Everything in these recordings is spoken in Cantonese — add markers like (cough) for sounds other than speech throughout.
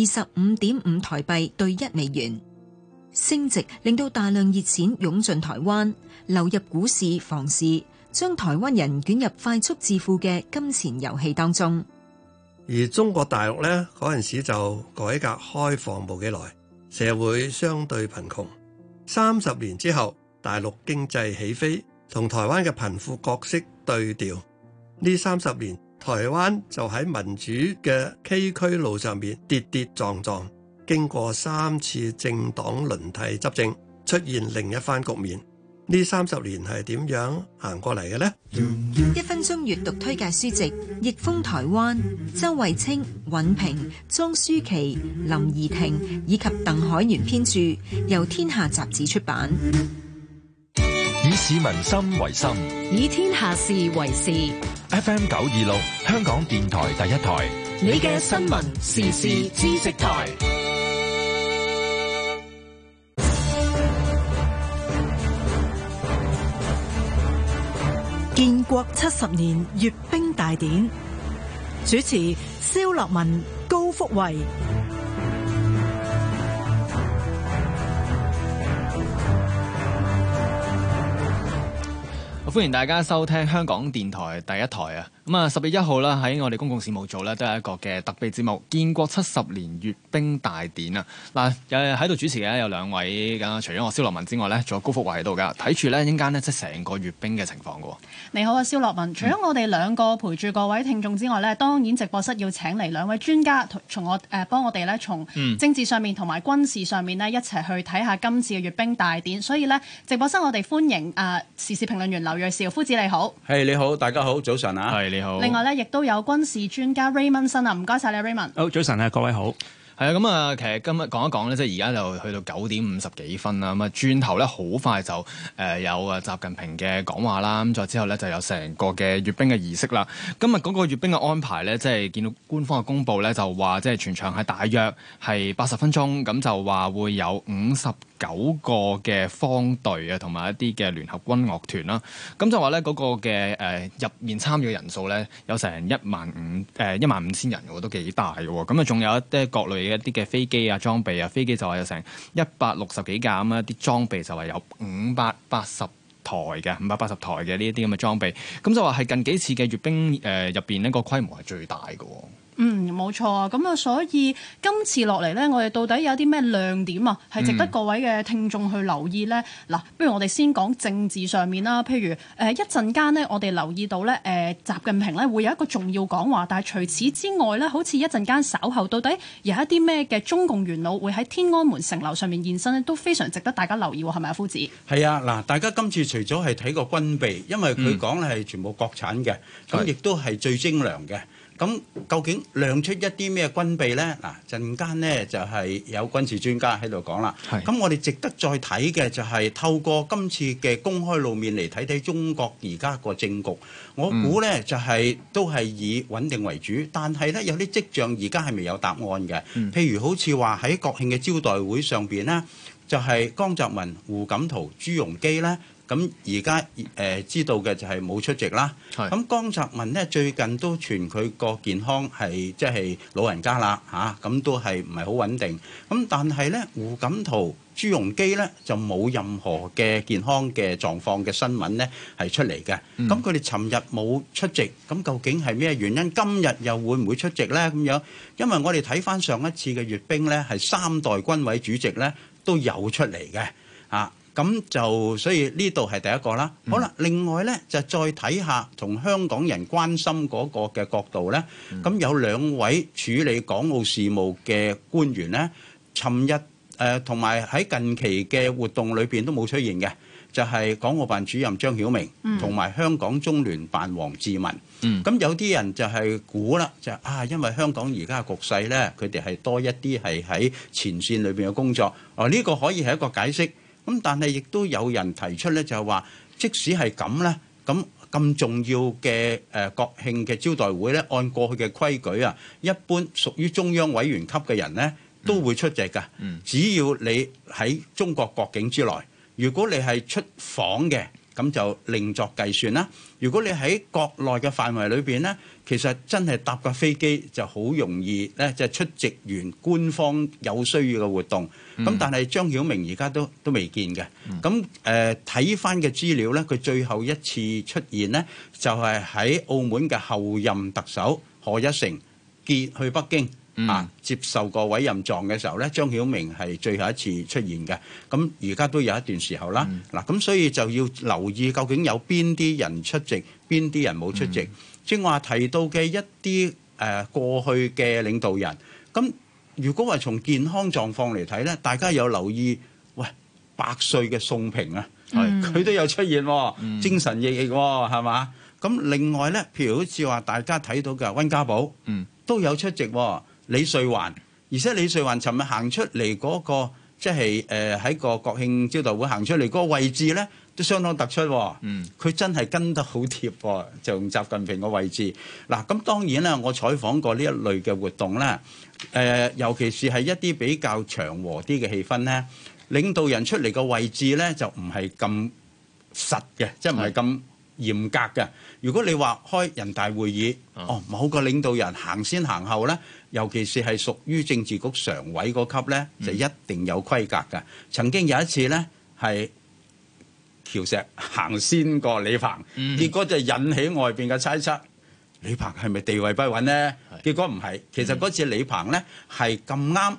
二十五點五台幣兌一美元，升值令到大量熱錢湧進台灣，流入股市、房市，將台灣人捲入快速致富嘅金錢遊戲當中。而中國大陸呢，嗰陣時就改革開放冇幾耐，社會相對貧窮。三十年之後，大陸經濟起飛，同台灣嘅貧富角色對調。呢三十年。台灣就喺民主嘅崎嶇路上面跌跌撞撞，經過三次政黨輪替執政，出現另一番局面。呢三十年係點樣行過嚟嘅呢？一分鐘閱讀推介書籍《逆風台灣》，周慧清、尹平、莊舒琪、林怡婷以及鄧海源編著，由天下雜誌出版。以市民心為心，以天下事為事。FM 九二六，香港電台第一台，你嘅新聞、時事、知識台。建國七十年閱兵大典，主持：蕭樂文、高福慧。歡迎大家收聽香港電台第一台啊！咁啊，十月一號啦，喺我哋公共事務組咧，都有一個嘅特備節目——建國七十年閱兵大典啊！嗱，誒喺度主持嘅有兩位噶，除咗我蕭樂文之外咧，仲有高福華喺度噶，睇住咧呢間咧即係成個閱兵嘅情況噶。你好啊，蕭樂文！嗯、除咗我哋兩個陪住各位聽眾之外咧，當然直播室要請嚟兩位專家，從我誒幫、呃、我哋咧從政治上面同埋軍事上面咧一齊去睇下今次嘅閱兵大典。所以呢，直播室我哋歡迎誒、呃、時事評論員劉銳紹夫子，你好。係、hey, 你好，大家好，早晨啊！係。另外咧，亦都有軍事專家 Raymond Sun 啊，唔該晒你 Raymond。好，早晨啊，各位好。係啊，咁啊，其實今日講一講咧，即係而家就去到九點五十幾分啦。咁啊，轉頭咧，好快就誒有啊習近平嘅講話啦。咁再之後咧，就有成個嘅閱兵嘅儀式啦。今日嗰個閱兵嘅安排咧，即係見到官方嘅公佈咧，就話即係全場係大約係八十分鐘，咁就話會有五十，九個嘅方隊啊，同埋一啲嘅聯合軍樂團啦，咁就話咧嗰個嘅誒入面參與嘅人數咧有成一萬五誒一萬五千人，我都幾大嘅喎。咁啊，仲有一啲各類嘅一啲嘅飛機啊、裝備啊，飛機就話有成一百六十幾架咁啊，啲裝備就話有五百八十台嘅五百八十台嘅呢一啲咁嘅裝備，咁就話係近幾次嘅閱兵誒入邊呢個規模係最大嘅。嗯，冇錯啊！咁啊，所以今次落嚟呢，我哋到底有啲咩亮點啊，係值得各位嘅聽眾去留意呢。嗱、嗯，不如我哋先講政治上面啦。譬如誒，一陣間呢，我哋留意到呢，誒習近平呢會有一個重要講話。但係除此之外呢，好似一陣間稍後到底有一啲咩嘅中共元老會喺天安門城樓上面現身呢，都非常值得大家留意喎。係咪啊，夫子？係啊，嗱，大家今次除咗係睇個軍備，因為佢講咧係全部國產嘅，咁亦都係最精良嘅。咁究竟亮出一啲咩軍備呢？嗱，陣間呢，就係有軍事專家喺度講啦。咁我哋值得再睇嘅就係透過今次嘅公開露面嚟睇睇中國而家個政局。我估呢，就係都係以穩定為主，嗯、但係呢，有啲跡象而家係未有答案嘅、嗯。譬如好似話喺國慶嘅招待會上邊呢，就係、是、江澤民、胡錦濤、朱鎔基呢。咁而家誒知道嘅就係冇出席啦。咁江澤民呢，最近都傳佢個健康係即係老人家啦嚇，咁都係唔係好穩定。咁但係呢，胡錦濤、朱鎔基呢，就冇任何嘅健康嘅狀況嘅新聞呢係出嚟嘅。咁佢哋尋日冇出席，咁究竟係咩原因？今日又會唔會出席呢？咁樣，因為我哋睇翻上一次嘅閱兵呢，係三代軍委主席呢都有出嚟嘅啊。咁就所以呢度係第一個啦。好啦，另外咧就再睇下同香港人關心嗰個嘅角度咧，咁有兩位處理港澳事務嘅官員咧，尋日誒同埋喺近期嘅活動裏邊都冇出現嘅，就係港澳辦主任張曉明，同埋香港中聯辦王志民。咁有啲人就係估啦，就啊，因為香港而家嘅局勢咧，佢哋係多一啲係喺前線裏邊嘅工作哦。呢個可以係一個解釋。咁但係亦都有人提出呢，就係話，即使係咁呢，咁咁重要嘅誒國慶嘅招待會呢，按過去嘅規矩啊，一般屬於中央委員級嘅人呢，都會出席㗎。只要你喺中國國境之內，如果你係出訪嘅，咁就另作計算啦。如果你喺國內嘅範圍裏邊呢，其實真係搭架飛機就好容易咧，就出席完官方有需要嘅活動。咁、嗯、但係張曉明而家都都未見嘅。咁誒睇翻嘅資料呢，佢最後一次出現呢，就係、是、喺澳門嘅候任特首賀一誠結去北京、嗯、啊，接受個委任狀嘅時候呢，張曉明係最後一次出現嘅。咁而家都有一段時候啦。嗱、嗯，咁、啊、所以就要留意究竟有邊啲人出席，邊啲人冇出席。嗯嗯正話提到嘅一啲誒過去嘅領導人，咁如果話從健康狀況嚟睇咧，大家有留意？喂，百歲嘅宋平啊，係佢都有出現，精神奕奕，係嘛？咁另外咧，譬如好似話大家睇到嘅溫家寶，都有出席，李瑞環，而且李瑞環尋日行出嚟嗰個，即係誒喺個國慶招待會行出嚟嗰個位置咧。都相當突出，佢、嗯、真係跟得好貼，就用習近平個位置。嗱，咁當然啦，我採訪過呢一類嘅活動咧，誒、呃，尤其是係一啲比較祥和啲嘅氣氛咧，領導人出嚟個位置咧就唔係咁實嘅、嗯，即係唔係咁嚴格嘅。如果你話開人大會議、嗯，哦，某個領導人行先行後咧，尤其是係屬於政治局常委嗰級咧，就一定有規格嘅、嗯。曾經有一次咧，係。喬石行先過李鵬，結果就引起外邊嘅猜測，李鵬係咪地位不穩呢？結果唔係，其實嗰次李鵬呢係咁啱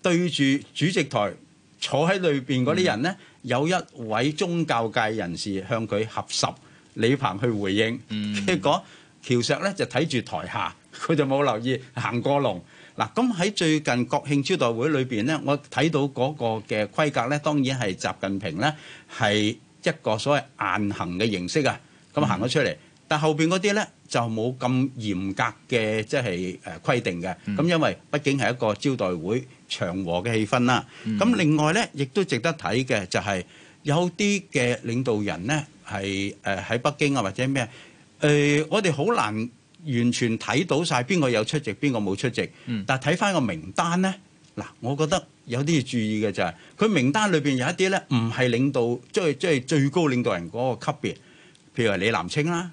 對住主席台坐喺裏邊嗰啲人呢，有一位宗教界人士向佢合十，李鵬去回應，結果喬石呢就睇住台下，佢就冇留意行過龍。嗱，咁喺最近國慶招待會裏邊呢，我睇到嗰個嘅規格呢，當然係習近平呢係。一個所謂硬行嘅形式啊，咁行咗出嚟，但後邊嗰啲呢就冇咁嚴格嘅即係誒規定嘅，咁因為畢竟係一個招待會祥和嘅氣氛啦。咁另外呢，亦都值得睇嘅就係有啲嘅領導人呢係誒喺北京啊或者咩誒，我哋好難完全睇到晒邊個有出席邊個冇出席，但睇翻個名單呢，嗱，我覺得。有啲要注意嘅就係佢名單裏邊有一啲咧，唔係領導即係即係最高領導人嗰個級別，譬如話李南清啦，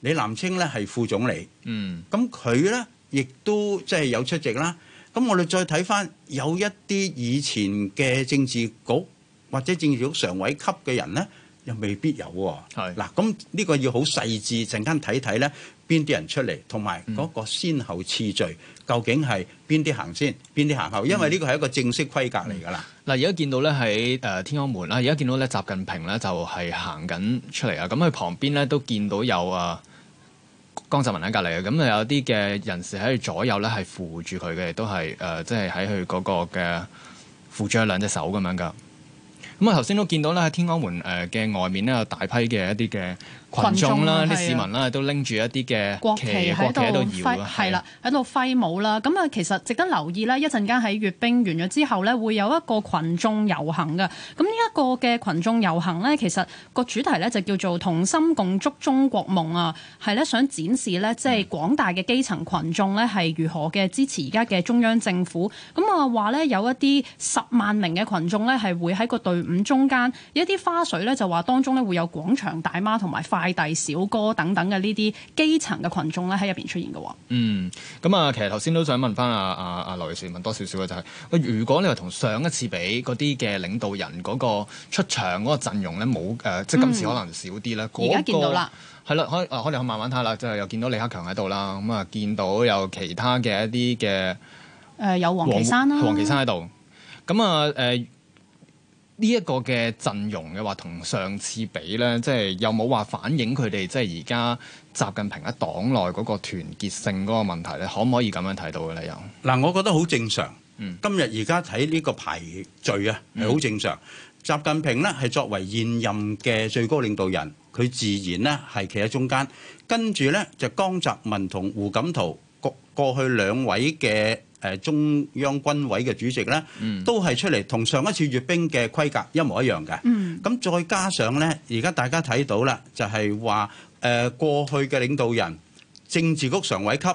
李南清咧係副總理，嗯，咁佢咧亦都即係有出席啦。咁我哋再睇翻，有一啲以前嘅政治局或者政治局常委級嘅人咧，又未必有喎。係。嗱，咁呢個要好細緻陣間睇睇咧，邊啲人出嚟，同埋嗰個先後次序。嗯究竟係邊啲行先，邊啲行後？因為呢個係一個正式規格嚟㗎啦。嗱、嗯，而家見到咧喺誒天安門啦，而家見到咧習近平咧就係行緊出嚟啊！咁佢旁邊咧都見到有誒江澤民喺隔籬嘅，咁啊有啲嘅人士喺佢左右咧係扶住佢嘅，都係誒即係喺佢嗰個嘅扶住咗兩隻手咁樣㗎。咁啊頭先都見到咧喺天安門誒嘅外面咧有大批嘅一啲嘅。羣眾啦，啲、啊、市民啦、啊、都拎住一啲嘅國旗喺度揮，係啦喺度揮舞啦。咁啊，其實值得留意咧，一陣間喺閱兵完咗之後咧，會有一個群眾遊行嘅。咁呢一個嘅群眾遊行咧，其實個主題咧就叫做同心共築中國夢啊，係咧想展示咧，即係廣大嘅基層群眾咧係如何嘅支持而家嘅中央政府。咁啊話咧有一啲十萬名嘅群眾咧係會喺個隊伍中間，有一啲花絮咧就話當中咧會有廣場大媽同埋快。快遞小哥等等嘅呢啲基層嘅群眾咧，喺入邊出現嘅、哦。嗯，咁啊，其實頭先都想問翻阿阿阿劉銳紹問多少少嘅就係、是，如果你話同上一次比，嗰啲嘅領導人嗰個出場嗰個陣容咧，冇、呃、誒，即係今次可能少啲啦。而、嗯、家、那個、見到啦，係啦，可可能可慢慢睇啦。就又見到李克強喺度啦，咁啊，見到有其他嘅一啲嘅，誒、呃，有王岐山啦，王岐山喺度，咁啊，誒。呢一個嘅陣容嘅話，同上次比咧，即係有冇話反映佢哋即係而家習近平喺黨內嗰個團結性嗰個問題咧？可唔可以咁樣睇到嘅咧？又嗱，我覺得好正常。今日而家睇呢個排序啊，係好正常、嗯。習近平咧係作為現任嘅最高領導人，佢自然咧係企喺中間，跟住咧就江澤民同胡錦濤過過去兩位嘅。誒、呃、中央軍委嘅主席咧、嗯，都係出嚟同上一次閱兵嘅規格一模一樣嘅。咁、嗯、再加上咧，而家大家睇到啦，就係話誒過去嘅領導人政治局常委級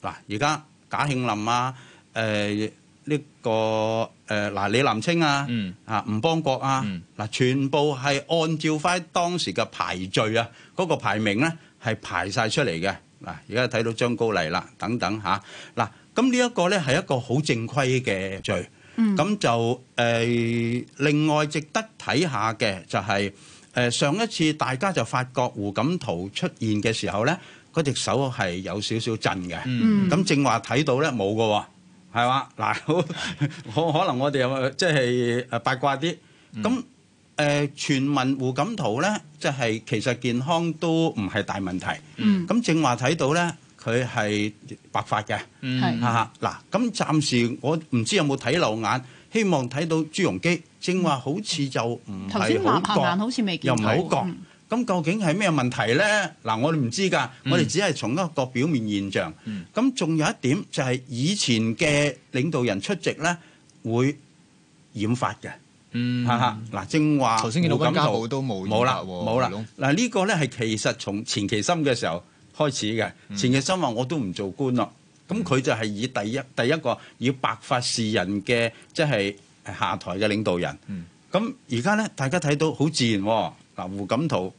嗱，而家賈慶林啊，誒、呃、呢、這個誒嗱、呃、李嵐清啊，嗯、啊吳邦國啊，嗱、嗯、全部係按照翻當時嘅排序啊，嗰、那個排名咧係排晒出嚟嘅嗱，而家睇到張高麗啦等等嚇嗱。啊啊咁呢一個咧係一個好正規嘅罪，咁就誒另外值得睇下嘅就係誒上一次大家就發覺胡錦濤出現嘅時候咧，嗰隻手係有少少震嘅，咁正話睇到咧冇㗎，係嘛嗱？好，可可能我哋又即係誒八卦啲，咁誒傳聞胡錦濤咧，即係其實健康都唔係大問題，咁正話睇到咧。佢係白髮嘅，係啊嗱，咁暫時我唔知有冇睇漏眼，希望睇到朱鎔基正話好似就頭先話黑眼好似未見，又唔係好覺，咁、嗯、究竟係咩問題咧？嗱，我哋唔知噶，我哋只係從一個表面現象。咁、嗯、仲有一點就係、是、以前嘅領導人出席咧會染髮嘅，嗯，嗯，嚇嗱，正話頭先見到人家都冇，冇啦，冇啦，嗱呢、這個咧係其實從前期深嘅時候。開始嘅，錢其琛話我都唔做官咯，咁、嗯、佢就係以第一第一個以白髮示人嘅，即、就、係、是、下台嘅領導人。咁而家呢，大家睇到好自然、哦。嗱，胡錦濤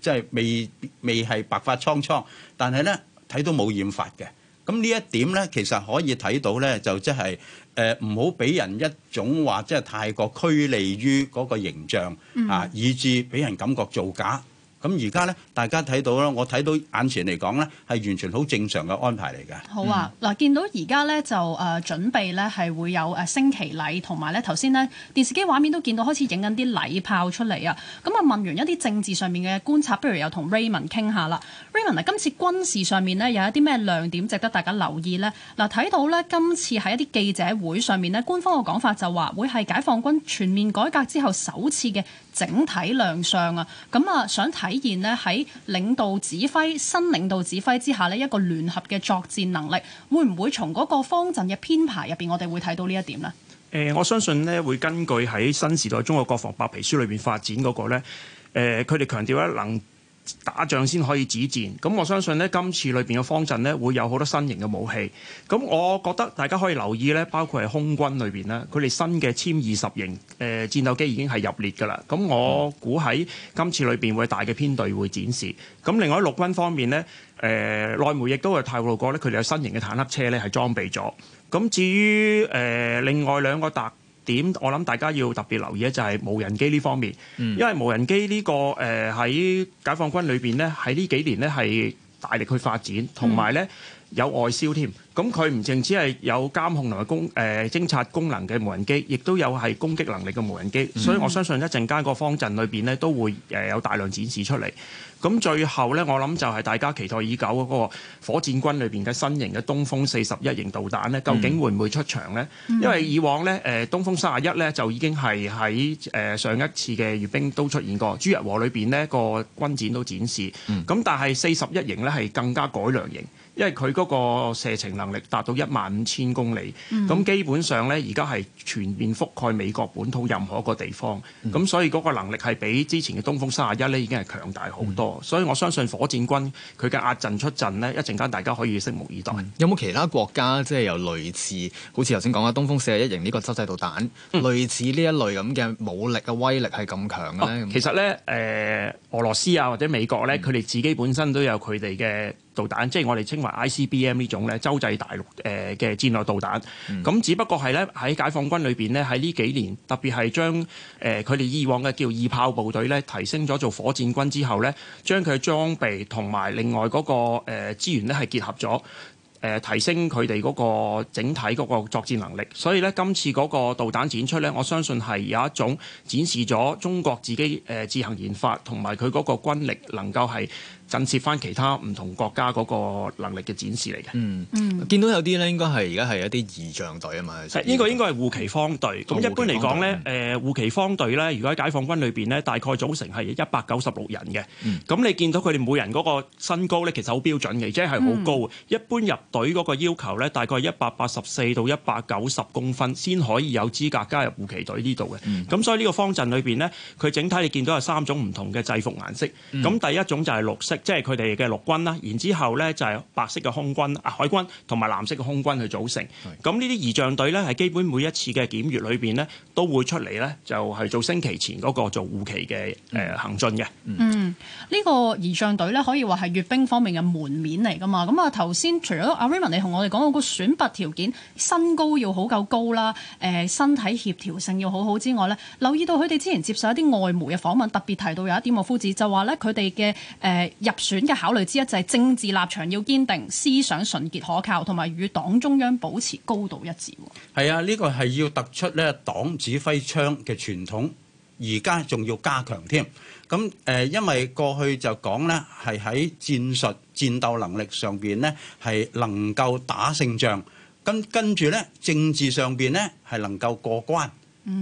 即係、就是、未未係白髮蒼蒼，但係呢，睇到冇染髮嘅。咁呢一點呢，其實可以睇到呢，就即係誒唔好俾人一種話即係太過拘離於嗰個形象、嗯、啊，以至俾人感覺造假。咁而家呢，大家睇到啦，我睇到眼前嚟講呢，係完全好正常嘅安排嚟嘅。好啊，嗱、嗯，見到而家呢，就誒準備呢，係會有誒升旗禮同埋呢頭先呢電視機畫面都見到開始影緊啲禮炮出嚟啊！咁啊問完一啲政治上面嘅觀察，不如又同 Raymond 傾下啦。Raymond 啊，今次軍事上面呢，有一啲咩亮點值得大家留意呢？嗱，睇到呢，今次喺一啲記者會上面呢，官方嘅講法就話會係解放軍全面改革之後首次嘅整體亮相啊！咁啊，想睇。體現咧喺領導指揮，新領導指揮之下咧，一個聯合嘅作戰能力會唔會從嗰個方陣嘅編排入邊我哋會睇到呢一點？誒、呃，我相信咧會根據喺新時代中國國防白皮書裏邊發展嗰、那個咧，誒、呃，佢哋強調咧能。打仗先可以止戰，咁我相信呢，今次裏面嘅方陣呢，會有好多新型嘅武器，咁我覺得大家可以留意呢，包括係空軍裏面啦，佢哋新嘅殲二十型誒、呃、戰鬥機已經係入列㗎啦，咁我估喺今次裏面會大嘅編隊會展示，咁另外陸軍方面呢，誒、呃、內媒亦都係透露過呢佢哋有新型嘅坦克車呢，係裝備咗，咁至於、呃、另外兩個特點我諗大家要特別留意咧，就係、是、無人機呢方面、嗯，因為無人機呢、呢個誒喺、呃、解放軍裏面，咧，喺呢幾年咧係大力去發展，同埋咧有外銷添。咁佢唔淨止係有監控同埋攻誒偵察功能嘅無人機，亦都有係攻擊能力嘅無人機。所以我相信一陣間個方陣裏邊咧都會誒有大量展示出嚟。咁最後咧，我諗就係大家期待已久嗰個火箭軍裏邊嘅新型嘅東風四十一型導彈咧，究竟會唔會出場咧？因為以往咧誒東風三十一咧就已經係喺誒上一次嘅閱兵都出現過，朱日和裏邊咧個軍展都展示。咁但係四十一型咧係更加改良型。因為佢嗰個射程能力達到一萬五千公里，咁、嗯、基本上咧，而家係全面覆蓋美國本土任何一個地方，咁、嗯、所以嗰個能力係比之前嘅東風三十一咧已經係強大好多、嗯，所以我相信火箭軍佢嘅壓陣出陣呢，一陣間大家可以拭目以待。嗯、有冇其他國家即係由類似，好似頭先講嘅東風四十一型呢個洲際導彈，嗯、類似呢一類咁嘅武力嘅威力係咁強嘅、哦？其實咧，誒、呃，俄羅斯啊或者美國咧，佢、嗯、哋自己本身都有佢哋嘅導彈即係我哋稱為 ICBM 種呢種咧洲際大陸誒嘅戰略導彈，咁、嗯、只不過係咧喺解放軍裏邊咧喺呢幾年，特別係將誒佢哋以往嘅叫二炮部隊咧提升咗做火箭軍之後咧，將佢嘅裝備同埋另外嗰、那個誒資、呃、源咧係結合咗，誒、呃、提升佢哋嗰個整體嗰個作戰能力。所以咧今次嗰個導彈展出咧，我相信係有一種展示咗中國自己誒、呃、自行研發同埋佢嗰個軍力能夠係。震懾翻其他唔同國家嗰個能力嘅展示嚟嘅。嗯嗯，見到有啲咧，應該係而家係一啲儀仗隊啊嘛。呢、嗯、個應該係護旗方隊。咁、那個、一般嚟講咧，誒、嗯呃、護旗方隊咧，嗯、如果喺解放軍裏邊咧，大概組成係一百九十六人嘅。咁、嗯、你見到佢哋每人嗰個身高咧，其實好標準嘅，即係好高。嗯、一般入隊嗰個要求咧，大概一百八十四到一百九十公分先可以有資格加入護旗隊呢度嘅。咁、嗯、所以呢個方陣裏邊，咧，佢整體你見到有三種唔同嘅制服顏色。咁、嗯、第一種就係綠色。即係佢哋嘅陸軍啦，然之後呢就係白色嘅空軍，啊、海軍同埋藍色嘅空軍去組成。咁呢啲儀仗隊呢，係基本每一次嘅檢閱裏邊呢，都會出嚟呢，就係做升旗前嗰個做護旗嘅誒行進嘅。嗯，呢、嗯嗯嗯嗯呢個儀仗隊呢，可以話係閱兵方面嘅門面嚟噶嘛？咁啊，頭先除咗阿 Raymond，你同我哋講嗰個選拔條件，身高要好夠高啦，誒，身體協調性要好好之外呢，留意到佢哋之前接受一啲外媒嘅訪問，特別提到有一點，黃夫子就話呢，佢哋嘅誒入選嘅考慮之一就係政治立場要堅定、思想純潔可靠，同埋與黨中央保持高度一致。係啊，呢個係要突出咧黨指揮槍嘅傳統，而家仲要加強添。咁誒，因為過去就講咧係喺戰術戰鬥能力上邊咧係能夠打勝仗，跟跟住咧政治上邊咧係能夠過關。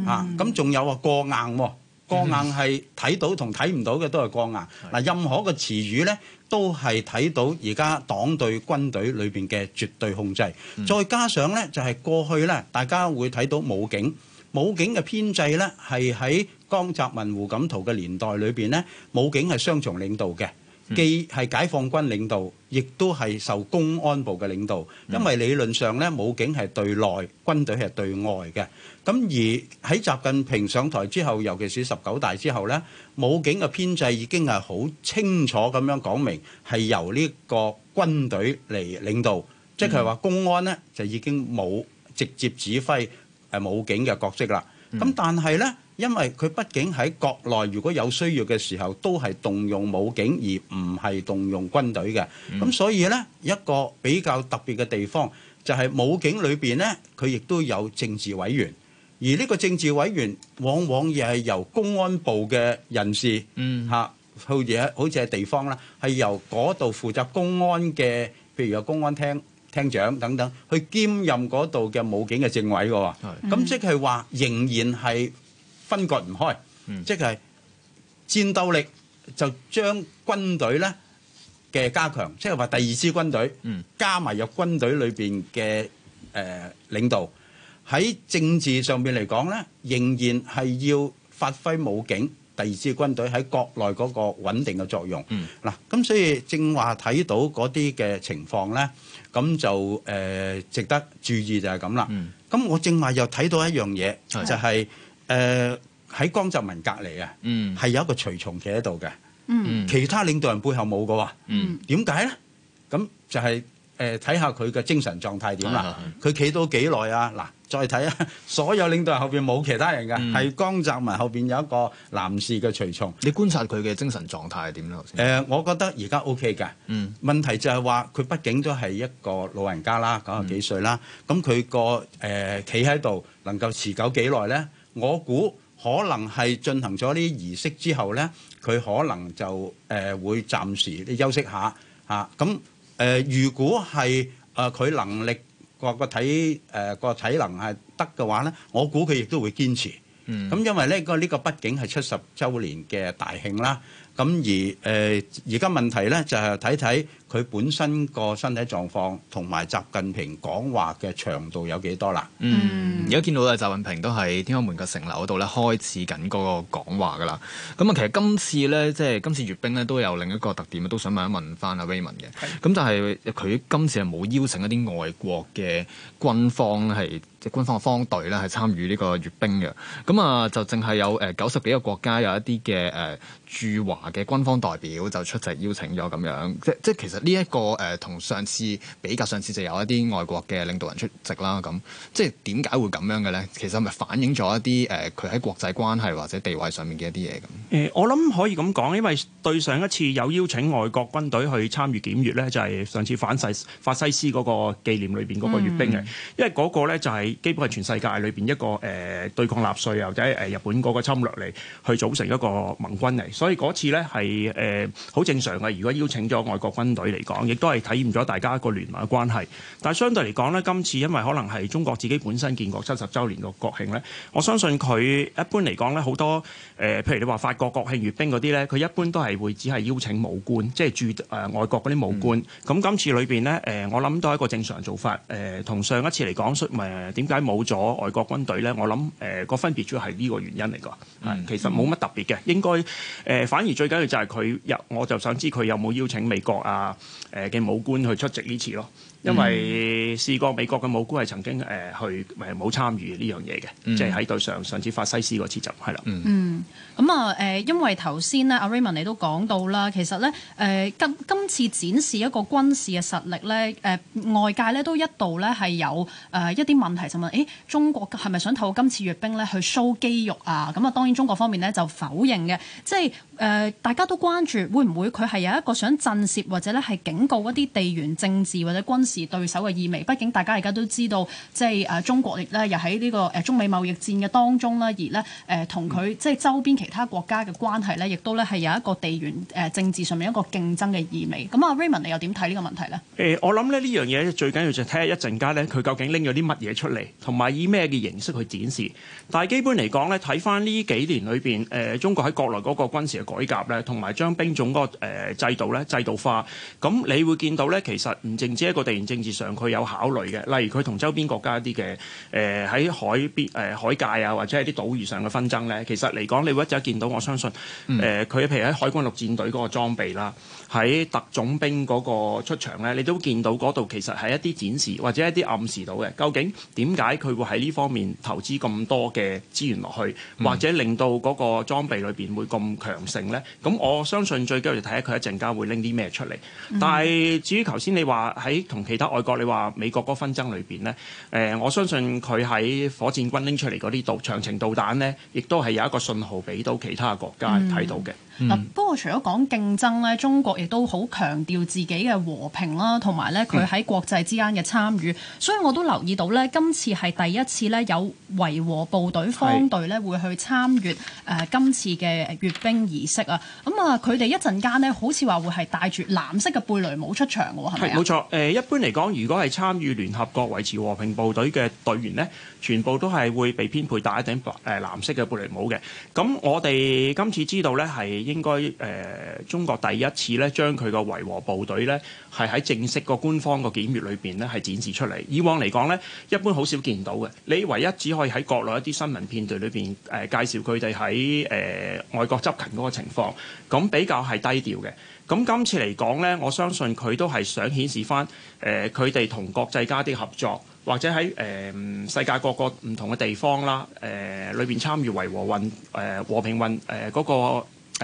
吓，咁仲有啊過硬。過硬係睇到同睇唔到嘅都係過硬，嗱，任何一個詞語咧都係睇到而家黨對軍隊裏邊嘅絕對控制，再加上呢，就係過去呢，大家會睇到武警，武警嘅編制呢，係喺江澤民、胡錦濤嘅年代裏邊呢，武警係雙重領導嘅。既係解放軍領導，亦都係受公安部嘅領導，因為理論上咧，武警係對內，軍隊係對外嘅。咁而喺習近平上台之後，尤其是十九大之後咧，武警嘅編制已經係好清楚咁樣講明係由呢個軍隊嚟領導，即係話公安呢就已經冇直接指揮誒武警嘅角色啦。咁但係咧。因為佢畢竟喺國內，如果有需要嘅時候，都係動用武警而唔係動用軍隊嘅。咁所以呢，一個比較特別嘅地方就係武警裏邊呢，佢亦都有政治委員。而呢個政治委員往往亦係由公安部嘅人士嚇，好似好似係地方啦，係由嗰度負責公安嘅，譬如由公安廳廳長等等，去兼任嗰度嘅武警嘅政委嘅喎。咁即係話仍然係。分割唔開，即係戰鬥力就將軍隊呢嘅加強，即係話第二支軍隊加埋入軍隊裏邊嘅誒領導，喺政治上面嚟講呢，仍然係要發揮武警第二支軍隊喺國內嗰個穩定嘅作用。嗱，咁所以正話睇到嗰啲嘅情況呢，咁就誒值得注意就係咁啦。咁我正話又睇到一樣嘢，就係。誒喺江澤民隔籬啊，係有一個隨從企喺度嘅，其他領導人背後冇嘅。點解咧？咁就係誒睇下佢嘅精神狀態點啦。佢企到幾耐啊？嗱，再睇啊！所有領導人後邊冇其他人嘅，係江澤民後邊有一個男士嘅隨從。你觀察佢嘅精神狀態係點咯？誒，我覺得而家 OK 嘅。問題就係話佢畢竟都係一個老人家啦，九十幾歲啦，咁佢個誒企喺度能夠持久幾耐咧？我估可能係進行咗呢啲儀式之後咧，佢可能就誒會暫時啲休息下嚇。咁誒，如果係啊佢能力個個體誒個體能係得嘅話咧，我估佢亦都會堅持。嗯，咁因為咧個呢個畢竟係七十週年嘅大慶啦。咁而誒而家問題咧就係睇睇。佢本身個身體狀況同埋習近平講話嘅長度有幾多啦？嗯，而家見到啊，習近平都喺天安門嘅城樓度咧開始緊嗰個講話噶啦。咁啊，其實今次咧，即係今次閱兵咧，都有另一個特點，都想問一問翻阿 Raymond 嘅。咁就係佢今次係冇邀請一啲外國嘅軍方係即係軍方嘅方隊咧，係參與呢個閱兵嘅。咁啊，就淨係有誒九十幾個國家有一啲嘅誒駐華嘅軍方代表就出席邀請咗咁樣，即即係其實。呢、這、一個誒同、呃、上次比較，上次就有一啲外國嘅領導人出席啦，咁即係點解會咁樣嘅咧？其實咪反映咗一啲誒佢喺國際關係或者地位上面嘅一啲嘢咁。誒、呃、我諗可以咁講，因為對上一次有邀請外國軍隊去參與檢閱咧，就係、是、上次反世法西斯嗰個紀念裏邊嗰個閱兵嘅，嗯，因為嗰個咧就係基本係全世界裏邊一個誒、呃、對抗納粹又或者誒日本嗰個侵略嚟，去組成一個盟軍嚟，所以嗰次咧係誒好正常嘅。如果邀請咗外國軍隊。嚟講，亦都係體驗咗大家一個聯盟嘅關係。但係相對嚟講呢，今次因為可能係中國自己本身建國七十週年個國慶呢，我相信佢一般嚟講呢好多，譬如你話法國國慶閱兵嗰啲呢，佢一般都係會只係邀請武官，即係駐、呃、外國嗰啲武官。咁、嗯、今次裏面呢、呃，我諗都係一個正常做法。同、呃、上一次嚟講，誒點解冇咗外國軍隊呢？我諗誒個分別主要係呢個原因嚟㗎、嗯。其實冇乜特別嘅，應該、呃、反而最緊要就係佢有，我就想知佢有冇邀請美國啊？誒嘅武官去出席呢次咯，因為試過美國嘅武官係曾經誒去誒冇參與呢樣嘢嘅，即係喺對上上次法西斯嗰次就係啦。嗯。咁啊，誒，因為頭先咧，阿 Raymond 你都講到啦，其實咧，誒，今今次展示一個軍事嘅實力咧，誒，外界咧都一度咧係有誒一啲問題就問誒中國係咪想透過今次閱兵咧去 show 肌肉啊？咁啊，當然中國方面咧就否認嘅，即係誒大家都關注會唔會佢係有一個想震懾或者咧係警告一啲地緣政治或者軍事對手嘅意味。畢竟大家而家都知道，即係誒中國咧又喺呢個誒中美貿易戰嘅當中啦，而咧誒同佢即係周邊。嗯其他國家嘅關係咧，亦都咧係有一個地緣誒、呃、政治上面一個競爭嘅意味。咁啊，Raymond 你又點睇呢個問題咧？誒、呃，我諗咧呢這樣嘢最緊要就聽一陣間咧，佢究竟拎咗啲乜嘢出嚟，同埋以咩嘅形式去展示。但係基本嚟講咧，睇翻呢幾年裏邊誒中國喺國內嗰個軍事嘅改革咧，同埋將兵種嗰、嗰個、呃、制度咧制度化，咁你會見到咧，其實唔淨止一個地緣政治上佢有考慮嘅，例如佢同周邊國家一啲嘅誒喺海邊誒、呃、海界啊，或者係啲島嶼上嘅紛爭咧，其實嚟講你會一陣。見到我相信，誒、呃，佢譬如喺海軍陸戰隊嗰個裝備啦。喺特種兵嗰個出場咧，你都見到嗰度其實，係一啲展示或者一啲暗示到嘅。究竟點解佢會喺呢方面投資咁多嘅資源落去、嗯，或者令到嗰個裝備裏邊會咁強盛咧？咁我相信最緊要睇下佢一陣間會拎啲咩出嚟、嗯。但係至於頭先你話喺同其他外國，你話美國嗰個紛爭裏邊呢咧、呃，我相信佢喺火箭軍拎出嚟嗰啲導長程導彈咧，亦都係有一個信號俾到其他國家睇到嘅。嗯嗱、嗯，不過除咗講競爭咧，中國亦都好強調自己嘅和平啦，同埋咧佢喺國際之間嘅參與、嗯，所以我都留意到咧，今次係第一次咧有維和部隊方隊咧會去參與誒今次嘅閱兵儀式啊，咁啊佢哋一陣間呢，好似話會係帶住藍色嘅貝雷帽出場嘅喎，係咪？冇錯，誒一般嚟講，如果係參與聯合國維持和平部隊嘅隊員呢。全部都係會被編配戴一頂白誒藍色嘅貝雷帽嘅。咁我哋今次知道咧，係應該誒、呃、中國第一次咧將佢個維和部隊咧係喺正式個官方的個檢閱裏邊咧係展示出嚟。以往嚟講咧，一般好少見到嘅。你唯一只可以喺國內一啲新聞片段裏邊誒介紹佢哋喺誒外國執勤嗰個情況，咁比較係低調嘅。咁今次嚟講咧，我相信佢都係想顯示翻誒佢哋同國際家啲合作。或者喺誒、呃、世界各個唔同嘅地方啦，誒裏邊參與維和運誒、呃、和平運誒嗰、呃那個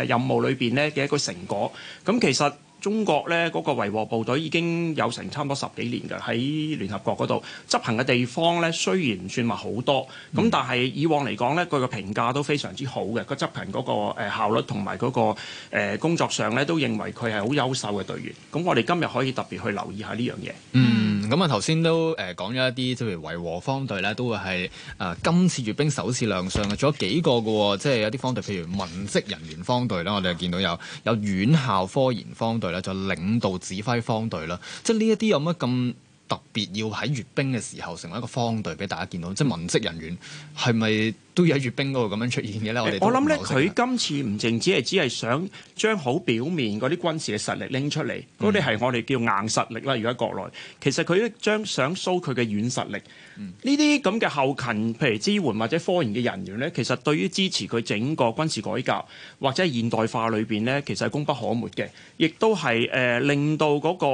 誒任務裏邊咧嘅一個成果，咁其實。中國呢嗰、那個維和部隊已經有成差唔多十幾年嘅喺聯合國嗰度執行嘅地方呢，雖然唔算話好多，咁、嗯、但係以往嚟講呢，佢嘅評價都非常之好嘅，個執行嗰、那個、呃、效率同埋嗰個、呃、工作上呢，都認為佢係好優秀嘅隊員。咁我哋今日可以特別去留意下呢樣嘢。嗯，咁啊頭先都誒講咗一啲，即係維和方隊呢，都會係誒、呃、今次閱兵首次亮相嘅，仲有幾個嘅喎、哦，即係有啲方隊，譬如文職人員方隊啦，我哋見到有有院校科研方隊。就領導指揮方隊啦，即係呢一啲有乜咁特別？要喺閱兵嘅時候成為一個方隊俾大家見到，即係文職人員係咪？都要喺閱兵嗰度咁樣出現嘅咧。我諗咧，佢、欸、今次唔淨只係只係想將好表面嗰啲軍事嘅實力拎出嚟，嗰啲係我哋叫硬實力啦。而家國內其實佢咧將想 show 佢嘅軟實力。呢啲咁嘅後勤，譬如支援或者科研嘅人員咧，其實對於支持佢整個軍事改革或者現代化裏邊咧，其實係功不可沒嘅，亦都係誒令到嗰、那個、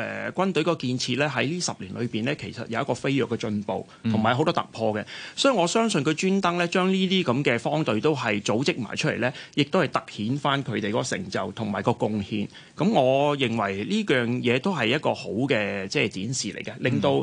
呃、軍隊個建設咧喺呢十年裏邊咧，其實有一個飛躍嘅進步同埋好多突破嘅。所以我相信佢專登咧，將呢啲咁嘅方隊都係組織埋出嚟咧，亦都係突顯翻佢哋嗰個成就同埋個貢獻。咁我認為呢樣嘢都係一個好嘅即係展示嚟嘅，令到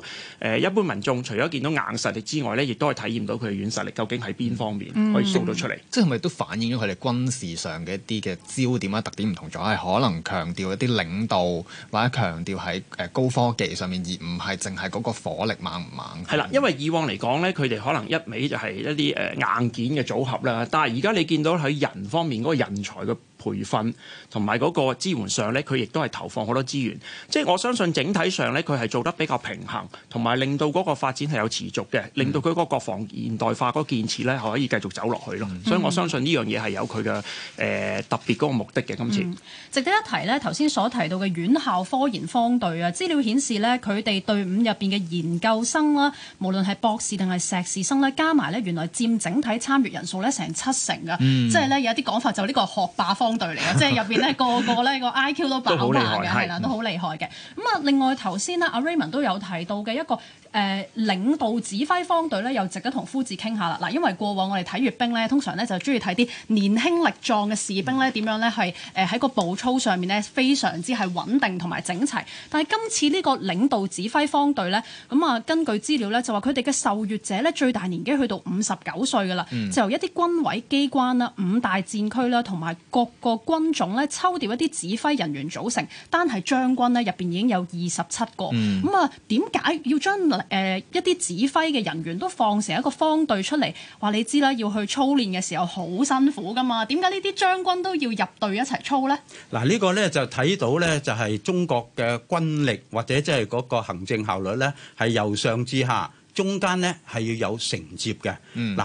一般民眾除咗見到硬實力之外咧，亦都係體驗到佢嘅軟實力究竟喺邊方面可以 show 到出嚟、嗯。即係咪都反映咗佢哋軍事上嘅一啲嘅焦點啊、特點唔同咗，係可能強調一啲領導或者強調喺高科技上面，而唔係淨係嗰個火力猛唔猛？係啦，因為以往嚟講咧，佢哋可能一味就係一啲誒硬件嘅組合啦，但係而家你見到喺人方面嗰個人才嘅。培訓同埋嗰個支援上呢，佢亦都係投放好多資源。即係我相信整體上呢，佢係做得比較平衡，同埋令到嗰個發展係有持續嘅，令到佢嗰個國防現代化嗰個建設呢，係可以繼續走落去咯、嗯。所以我相信呢樣嘢係有佢嘅誒特別嗰個目的嘅。今次、嗯、值得一提呢，頭先所提到嘅院校科研方隊啊，資料顯示呢，佢哋隊伍入邊嘅研究生啦，無論係博士定係碩士生呢，加埋呢原來佔整體參與人數呢，成七成㗎、嗯，即係呢，有啲講法就呢個學霸方隊嚟嘅，即係入邊咧個個咧，個，個 I.Q 都飽滿嘅，係啦，都好厲害嘅。咁啊，另外頭先呢阿、啊、Raymond 都有提到嘅一個誒、呃、領導指揮方隊咧，又值得同夫子傾下啦。嗱，因為過往我哋睇閱兵咧，通常咧就中意睇啲年輕力壯嘅士兵咧，點樣咧係誒喺個步操上面咧非常之係穩定同埋整齊。但係今次呢個領導指揮方隊咧，咁、嗯、啊根據資料咧就話佢哋嘅受閱者咧最大年紀去到五十九歲噶啦，就、嗯、由一啲軍委機關啦、五大戰區啦同埋各。個軍種咧抽調一啲指揮人員組成，單係將軍咧入邊已經有二十七個。咁、嗯、啊，點解要將誒一啲指揮嘅人員都放成一個方隊出嚟？話你知啦，要去操練嘅時候好辛苦噶嘛。點解呢啲將軍都要入隊一齊操呢？嗱，呢個呢就睇到呢，就係中國嘅軍力或者即係嗰個行政效率呢，係由上至下中間呢係要有承接嘅。嗱、嗯，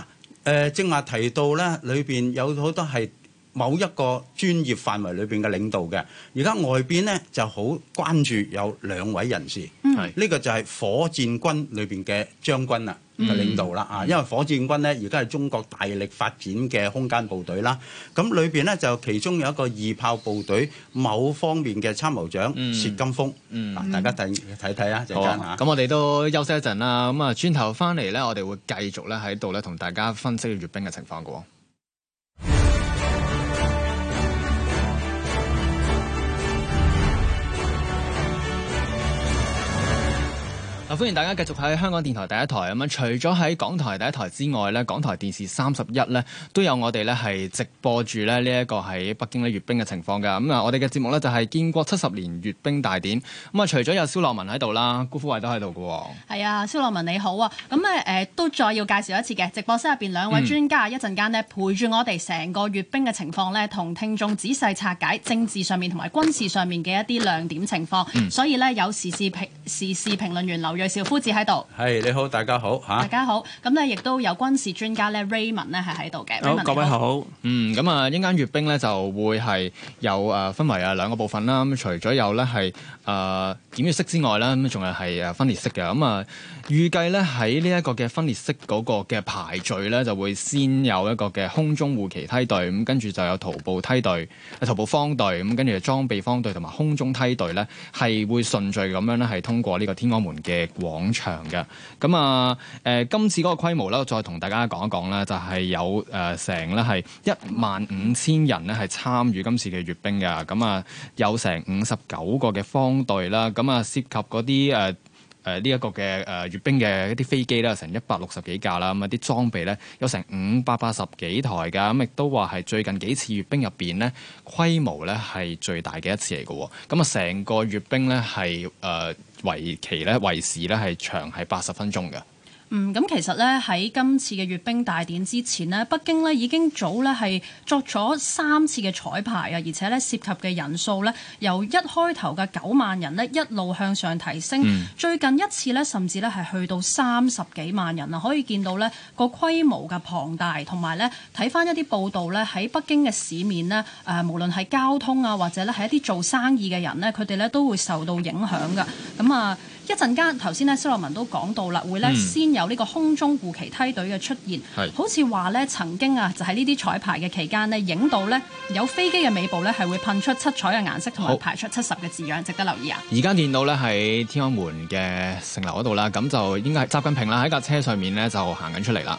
誒正話提到呢，裏邊有好多係。某一個專業範圍裏邊嘅領導嘅，而家外邊呢就好關注有兩位人士，係、嗯、呢、這個就係火箭軍裏邊嘅將軍啊嘅領導啦啊、嗯，因為火箭軍呢，而家係中國大力發展嘅空間部隊啦，咁裏邊呢，就其中有一個二炮部隊某方面嘅參謀長、嗯、薛金峰，啊、嗯嗯、大家睇睇睇啊，就陣間咁我哋都休息一陣啦，咁啊轉頭翻嚟呢，我哋會繼續咧喺度呢，同大家分析嘅閱兵嘅情況嘅歡迎大家繼續喺香港電台第一台咁樣。除咗喺港台第一台之外咧，港台電視三十一咧都有我哋咧係直播住咧呢一個喺北京嘅閱兵嘅情況㗎。咁啊，我哋嘅節目咧就係、是、建國七十年閱兵大典。咁啊，除咗有蕭諾文喺度啦，辜富慧都喺度㗎喎。係啊，蕭諾文你好啊。咁咧誒都再要介紹一次嘅，直播室入邊兩位專家一陣間咧陪住我哋成個閱兵嘅情況咧，同聽眾仔細拆解政治上面同埋軍事上面嘅一啲亮點情況、嗯。所以呢，有時事評時事評論員劉銳紹夫子喺度，係，你好，大家好吓，大家好，咁咧亦都有軍事專家咧 Raymond 咧係喺度嘅，各位好，好，嗯，咁啊，一陣間閱兵咧就會係有誒分為啊兩個部分啦，咁除咗有咧係誒檢閱式之外啦，咁仲係係誒分列式嘅，咁啊預計咧喺呢一個嘅分列式嗰個嘅排序咧就會先有一個嘅空中護旗梯隊，咁跟住就有徒步梯隊、徒步方隊，咁跟住裝備方隊同埋空中梯隊咧係會順序咁樣咧係通過呢個天安門嘅。廣場嘅。咁啊誒今次嗰個規模啦，我再同大家講一講啦。就係、是、有誒成咧係一萬五千人咧係參與今次嘅閱兵嘅。咁啊有成五十九個嘅方隊啦，咁啊涉及嗰啲誒誒呢一個嘅誒、呃、閱兵嘅一啲飛機啦，成一百六十幾架啦，咁啊啲裝備咧有成五百八十幾台㗎，咁亦都話係最近幾次閱兵入邊咧規模咧係最大嘅一次嚟嘅，咁啊成個閱兵咧係誒。呃為期咧，為時咧係長係八十分鐘嘅。嗯，咁其實咧喺今次嘅閱兵大典之前呢，北京呢已經早呢係作咗三次嘅彩排啊，而且呢，涉及嘅人數呢由一開頭嘅九萬人呢一路向上提升，嗯、最近一次呢，甚至呢係去到三十幾萬人啊，可以見到呢個規模嘅龐大，同埋呢睇返一啲報道呢，喺北京嘅市面呢，誒、呃、無論係交通啊或者呢係一啲做生意嘅人呢，佢哋呢都會受到影響㗎，咁、嗯、啊。一陣間，頭先咧，施洛文都講到啦，會咧先有呢個空中護旗梯隊嘅出現，嗯、好似話咧曾經啊，就喺呢啲彩排嘅期間咧，影到咧有飛機嘅尾部咧係會噴出七彩嘅顏色同埋排出七十嘅字樣，值得留意啊！而家見到咧喺天安門嘅城樓嗰度啦，咁就應該係習近平啦喺架車上面咧就行緊出嚟啦。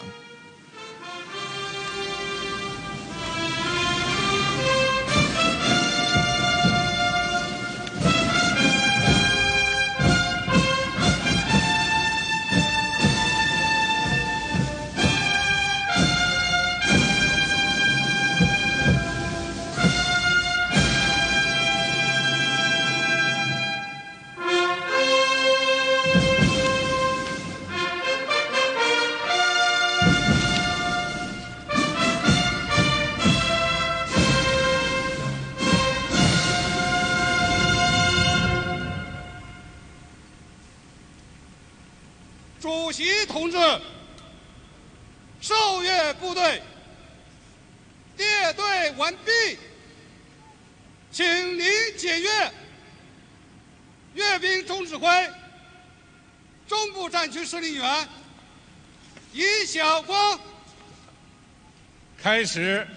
開始，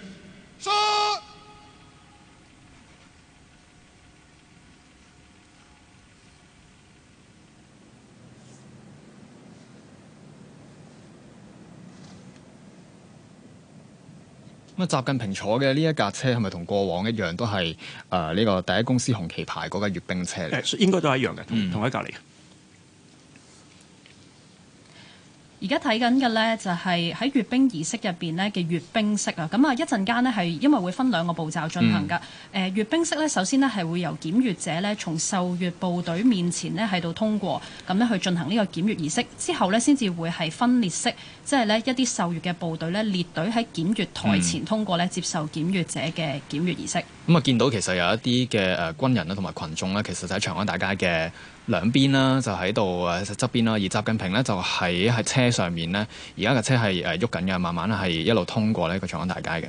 咁啊！習近平坐嘅呢一架車係咪同過往一樣都係誒呢個第一公司紅旗牌嗰架閱兵車嚟？誒，應該都係一樣嘅，同一隔籬。而家睇緊嘅呢，就係喺閱兵儀式入邊呢嘅閱兵式啊，咁啊一陣間呢，係因為會分兩個步驟進行㗎，誒、嗯、閱兵式呢，首先呢，係會由檢閱者呢，從受閱部隊面前呢，喺度通過，咁呢去進行呢個檢閱儀式，之後呢，先至會係分列式，即係呢一啲受閱嘅部隊呢，列隊喺檢閱台前通過呢，接受檢閱者嘅檢閱儀式。咁啊見到其實有一啲嘅誒軍人呢同埋群眾呢，其實就喺長安大街嘅。兩邊啦，就喺度誒側邊啦，而習近平咧就喺喺車上面咧，而家架車係誒喐緊嘅，慢慢係一路通過呢個長安大街嘅。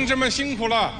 同志們辛苦了！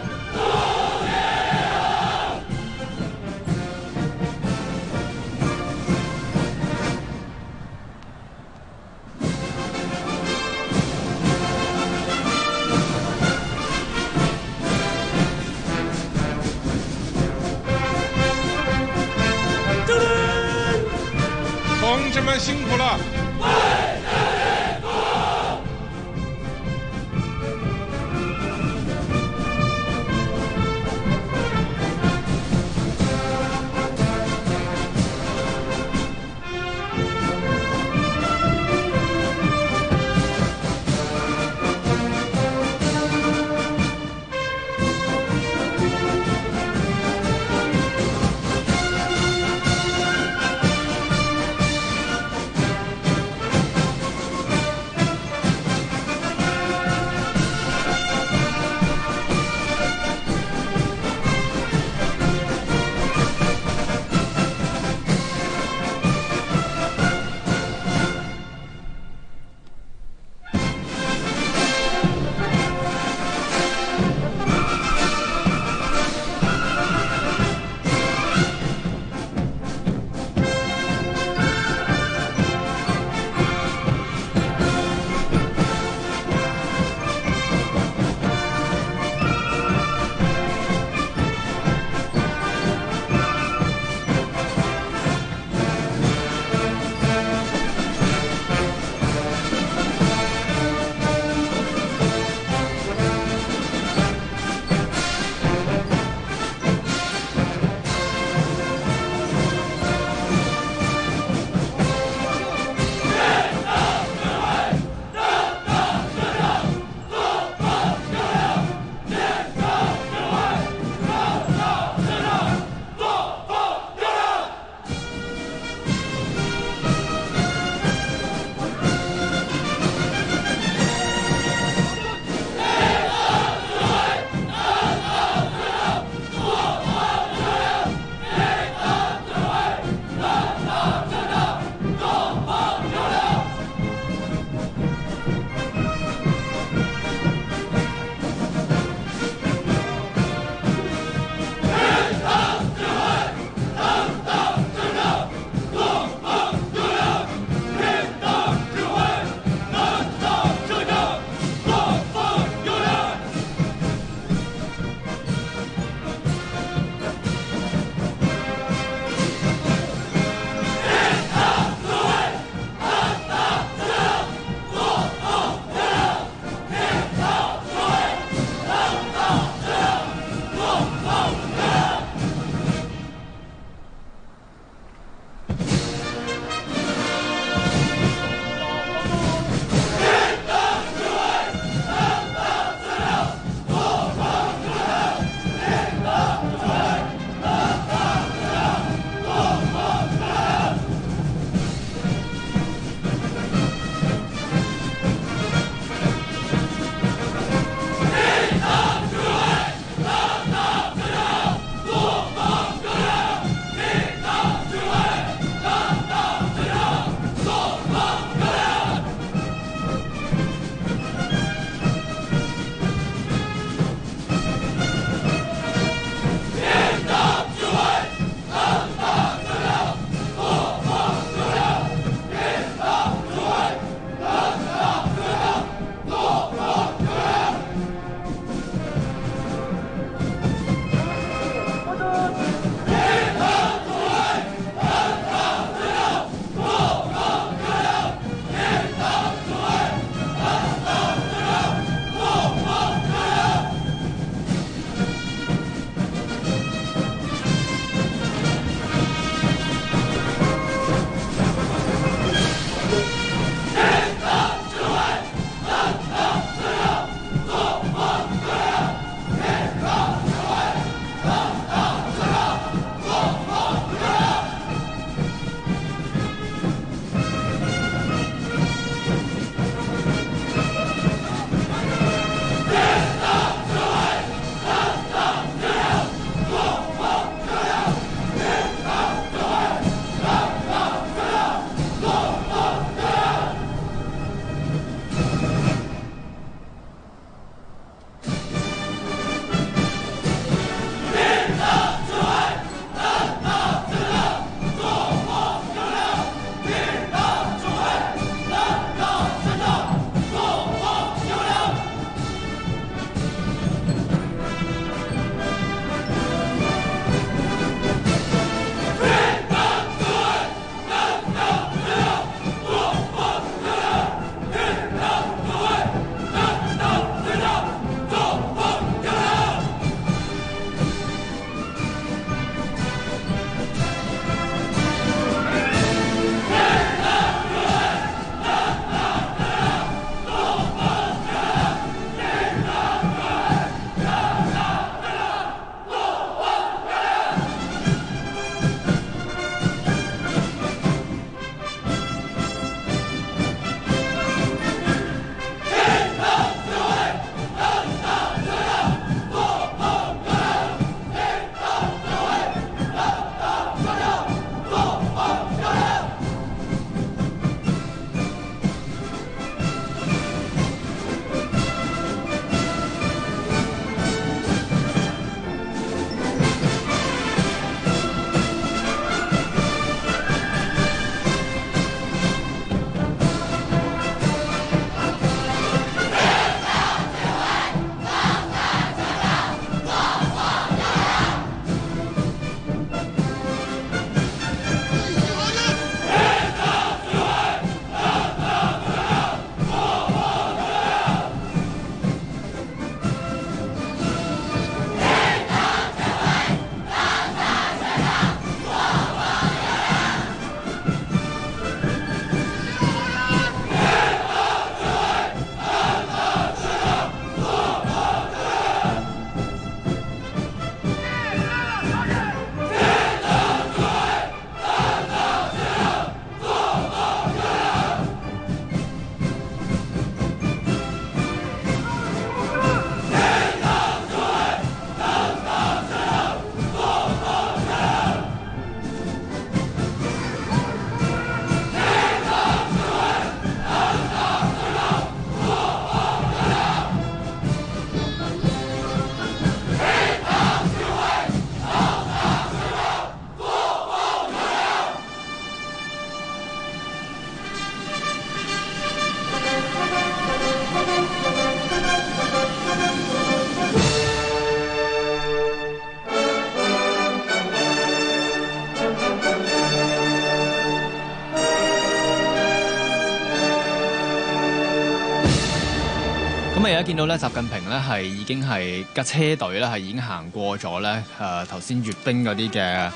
見到咧，習近平咧係已經係架車隊咧係已經行過咗咧，誒、呃，頭先閱兵嗰啲嘅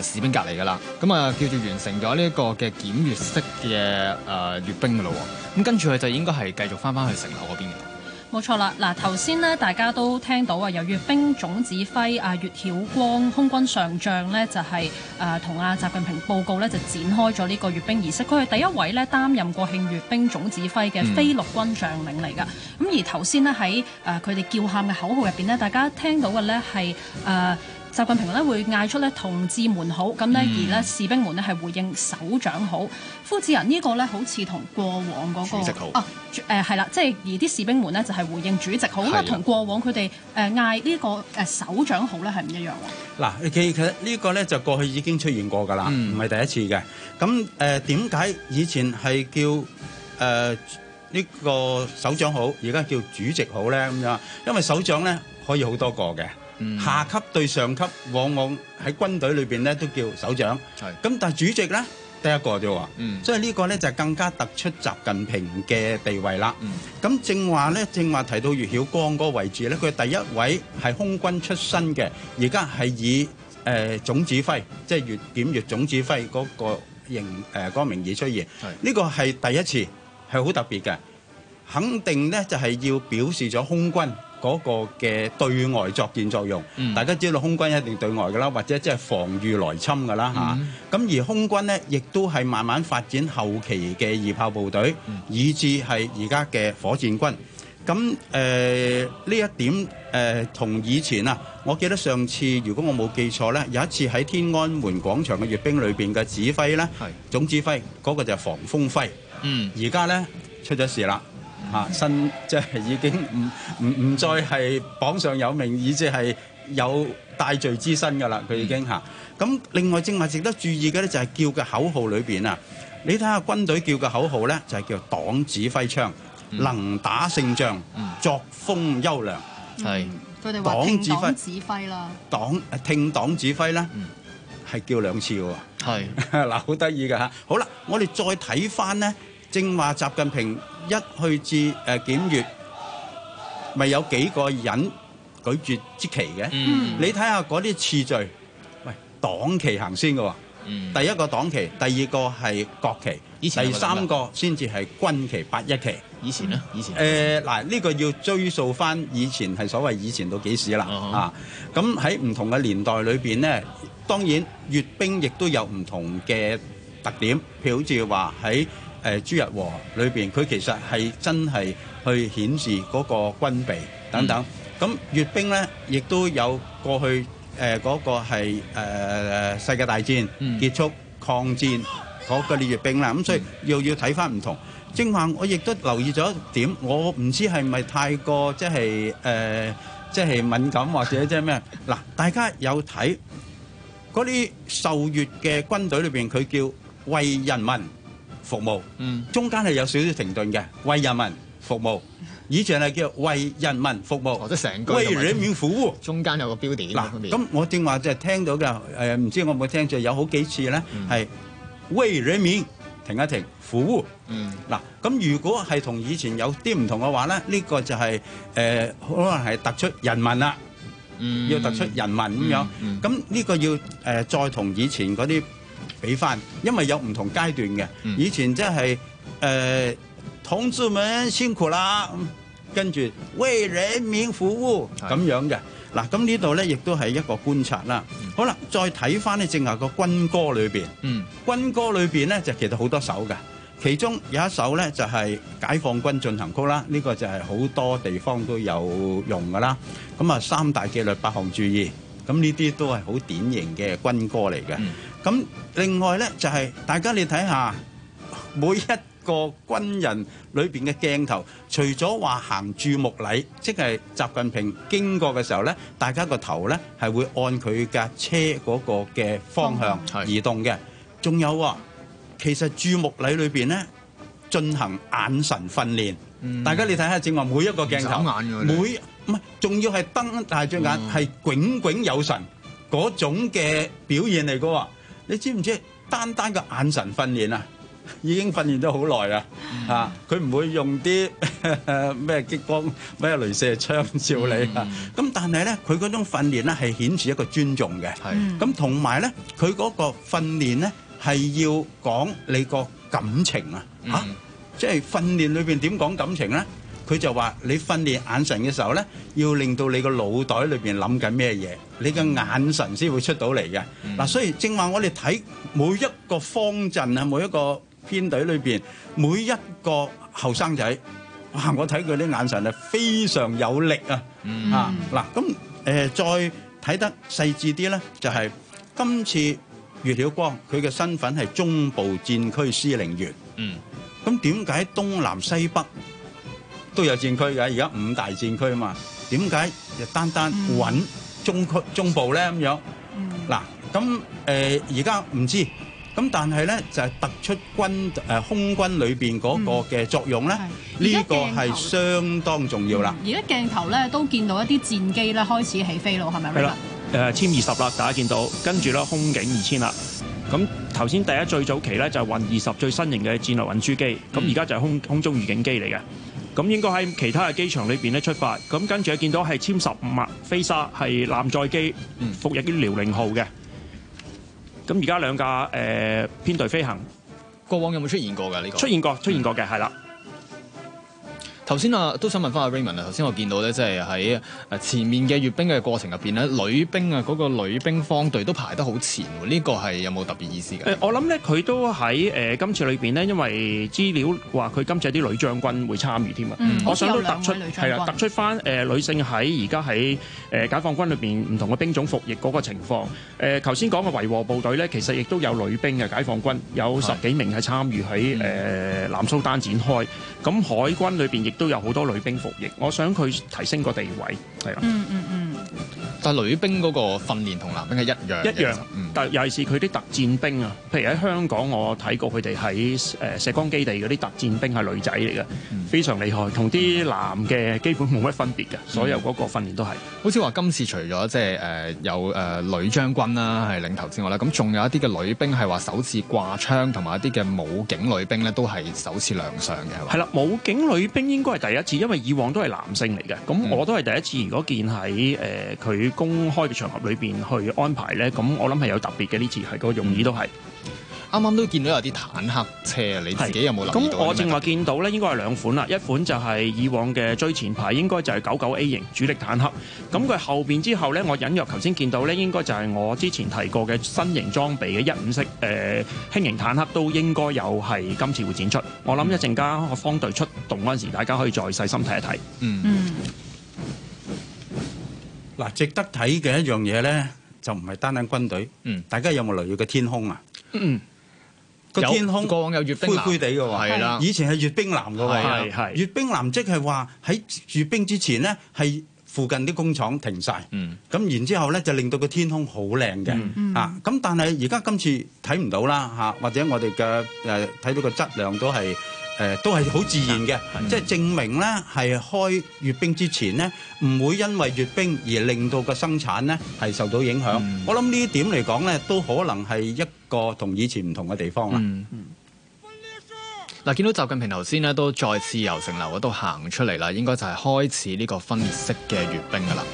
誒士兵隔籬噶啦，咁、嗯、啊，叫做完成咗呢一個嘅檢閱式嘅誒閱兵噶咯，咁、嗯、跟住佢就應該係繼續翻翻去城樓嗰邊嘅。冇錯啦，嗱頭先呢，大家都聽到啊，由閱兵總指揮啊，乙曉光空軍上將呢，就係誒同啊習近平報告呢，就展開咗呢個閱兵儀式。佢係第一位呢擔任國慶閱兵總指揮嘅非陸軍將領嚟㗎。咁、嗯、而頭先呢，喺誒佢哋叫喊嘅口號入邊呢，大家聽到嘅呢係誒。呃習近平咧會嗌出咧，同志們好，咁咧而咧士兵們咧係回應首長好。夫、嗯、子人呢、這個咧好似同過往嗰、那個主席好啊，誒係啦，即係而啲士兵們咧就係回應主席好，同過往佢哋誒嗌呢個誒首長好咧係唔一樣嗱，其實呢個咧就過去已經出現過噶啦，唔係第一次嘅。咁誒點解以前係叫誒呢、呃這個首長好，而家叫主席好咧咁樣？因為首長咧可以好多個嘅。下級對上級，往往喺軍隊裏邊咧都叫首長。係，咁但係主席咧得一個啫。嗯，所以呢個咧就更加突出習近平嘅地位啦。咁正話咧，正話提到岳曉光嗰個位置咧，佢第一位係空軍出身嘅，而家係以誒總指揮，即係越檢越總指揮嗰個形誒名義出現。係，呢個係第一次，係好特別嘅，肯定咧就係要表示咗空軍。嗰、那個嘅對外作戰作用、嗯，大家知道空軍一定對外嘅啦，或者即係防禦來侵嘅啦嚇。咁、嗯啊、而空軍呢，亦都係慢慢發展後期嘅二炮部隊，嗯、以至係而家嘅火箭軍。咁誒呢一點誒，同、呃、以前啊，我記得上次如果我冇記錯呢，有一次喺天安門廣場嘅閱兵裏邊嘅指揮咧，總指揮嗰、那個就係房峰輝。嗯，而家呢，出咗事啦。嚇，新即係已經唔唔唔再係榜上有名，以至係有大罪之身嘅啦。佢已經嚇。咁另外正話值得注意嘅咧，就係叫嘅口號裏邊啊，你睇下軍隊叫嘅口號咧，就係叫黨指揮槍，能打勝仗，作風優良。係，佢哋話聽黨指揮啦，黨聽黨指揮咧，係叫兩次嘅喎。係嗱，好得意嘅嚇。好啦，我哋再睇翻咧，正話習近平。一去至誒、呃、檢閲，咪有幾個人舉住支旗嘅、嗯？你睇下嗰啲次序，喂，黨旗行先嘅喎、嗯，第一個黨旗，第二個係國旗以前是，第三個先至係軍旗、八一旗。以前呢，以前誒嗱，呢、呢個要追溯翻以前係所謂以前到幾時啦、uh -huh. 啊？咁喺唔同嘅年代裏邊呢，當然閱兵亦都有唔同嘅特點，譬如好似話喺。誒朱日和裏邊，佢其實係真係去顯示嗰個軍備等等。咁，閱兵咧，亦都有過去誒嗰個係誒世界大戰結束抗戰嗰個列閱兵啦。咁所以又要睇翻唔同。正話，我亦都留意咗一點，我唔知係咪太過即係誒即係敏感或者即係咩嗱，大家有睇嗰啲受閱嘅軍隊裏邊，佢叫為人民服務，嗯，中間係有少少停頓嘅，為人民服務，以前係叫為人民服務，或者成個，為人民服務，中間有個標點。嗱，咁我正話就聽到嘅，誒，唔知我冇聽住，有好幾次咧係為人民停一停服務。嗯，嗱，咁如果係同以前有啲唔同嘅話咧，呢個就係誒，可能係突出人民啦，嗯，要突出人民咁樣，咁呢個要誒，再同以前嗰啲。俾翻，因為有唔同階段嘅。以前即係誒，同志們辛苦啦，跟住為人民服務咁樣嘅。嗱、啊，咁呢度咧，亦都係一個觀察啦。嗯、好啦，再睇翻咧，正係個軍歌裏邊、嗯，軍歌裏邊咧就是、其實好多首嘅。其中有一首咧就係、是《解放軍進行曲》啦，呢、這個就係好多地方都有用噶啦。咁啊，三大紀律八項注意，咁呢啲都係好典型嘅軍歌嚟嘅。嗯咁另外咧就係大家你睇下每一個軍人裏邊嘅鏡頭，除咗話行注目禮，即係習近平經過嘅時候咧，大家個頭咧係會按佢架車嗰個嘅方向移動嘅。仲有啊，其實注目禮裏邊咧進行眼神訓練，大家你睇下正話每一個鏡頭，每唔係仲要係瞪大隻眼，係炯炯有神嗰種嘅表現嚟嘅。你知唔知？單單個眼神訓練啊，已經訓練咗好耐啦。嚇，佢唔會用啲咩激光、咩雷射槍照你啊。咁但係咧，佢嗰種訓練咧係顯示一個尊重嘅。咁同埋咧，佢嗰個訓練咧係要講你個感情啊。嚇，即係訓練裏邊點講感情咧？佢就話：你訓練眼神嘅時候咧，要令到你個腦袋裏邊諗緊咩嘢，你嘅眼神先會出到嚟嘅。嗱，所以正話我哋睇每一個方陣啊，每一個編隊裏邊，每一個後生仔，哇！我睇佢啲眼神係非常有力啊。啊，嗱，咁誒，再睇得細緻啲咧，就係今次乙曉光，佢嘅身份係中部戰區司令員。嗯。咁點解東南西北，都有戰區嘅，而家五大戰區啊嘛。點解就單單揾中區中部咧咁樣？嗱，咁誒而家唔知咁，但係咧就係突出軍誒空軍裏邊嗰個嘅作用咧，呢、嗯嗯嗯嗯、個係相當重要啦，嗯。而家鏡頭咧都見到一啲戰機咧開始起飛咯，係咪啊？係啦，誒殲二十啦，大家見到，跟住咧空警二千啦。咁頭先第一最早期咧就係運二十最新型嘅戰略運輸機，咁而家就係空空中預警機嚟嘅。咁應該喺其他嘅機場裏面咧出發，咁跟住又見到係殲十五啊飛鯊係艦載機服役於遼寧號嘅，咁而家兩架誒編隊飛行，過往有冇出現過㗎呢個？出現過，出現過嘅，係啦。頭先啊，都想問翻阿 Raymond 啊。頭先我見到咧，即係喺前面嘅閱兵嘅過程入邊咧，女兵啊嗰個女兵方隊都排得好前喎。呢個係有冇特別意思嘅？誒，我諗咧，佢都喺誒今次裏邊咧，因為資料話佢今次有啲女將軍會參與添啊。我想都突出係啦，突出翻誒女性喺而家喺誒解放軍裏邊唔同嘅兵種服役嗰個情況。誒頭先講嘅維和部隊咧，其實亦都有女兵嘅，解放軍有十幾名係參與喺誒南蘇丹展開。咁海軍裏邊亦都有好多女兵服役，我想佢提升個地位，係啦。嗯嗯嗯。但係女兵嗰個訓練同男兵係一樣一樣，嗯。但係尤其是佢啲特戰兵啊，譬如喺香港我睇過佢哋喺誒石崗基地嗰啲特戰兵係女仔嚟嘅，非常厲害，同啲男嘅基本冇乜分別嘅，所有嗰個訓練都係。好似話今次除咗即係誒有誒女將軍啦係領頭之外咧，咁仲有一啲嘅女兵係話首次掛槍，同埋一啲嘅武警女兵咧都係首次亮相嘅係嘛？係啦，武警女兵應應該係第一次，因為以往都係男性嚟嘅，咁我都係第一次。如果見喺誒佢公開嘅場合裏面去安排呢，咁我諗係有特別嘅呢次，係、呢個用意都係。啱啱都見到有啲坦克車，你自己有冇留意到？咁我正話見到咧，應該係兩款啦。一款就係以往嘅最前排，應該就係九九 A 型主力坦克。咁佢後邊之後咧，我隱約頭先見到咧，應該就係我之前提過嘅新型裝備嘅一五式誒輕型坦克，都應該有係今次會展出。我諗一陣間個方隊出動嗰陣時，大家可以再細心睇一睇。嗯。嗱，值得睇嘅一樣嘢咧，就唔係單單軍隊。嗯。大家有冇留意個天空啊？嗯。個天空灰灰，過往有越灰灰地嘅喎，係啦，以前係閱兵藍嘅。係啊，閱兵藍即係話喺閱兵之前咧，係附近啲工廠停晒，咁、嗯、然之後咧就令到個天空好靚嘅啊！咁但係而家今次睇唔到啦嚇，或者我哋嘅誒睇到個質量都係。誒、呃，都係好自然嘅、嗯，即係證明咧係開閱兵之前咧，唔會因為閱兵而令到個生產咧係受到影響、嗯。我諗呢點嚟講咧，都可能係一個同以前唔同嘅地方啦。嗯，嗱、嗯，見到習近平頭先呢，都再次由城樓嗰度行出嚟啦，應該就係開始呢個分列式嘅閱兵噶啦。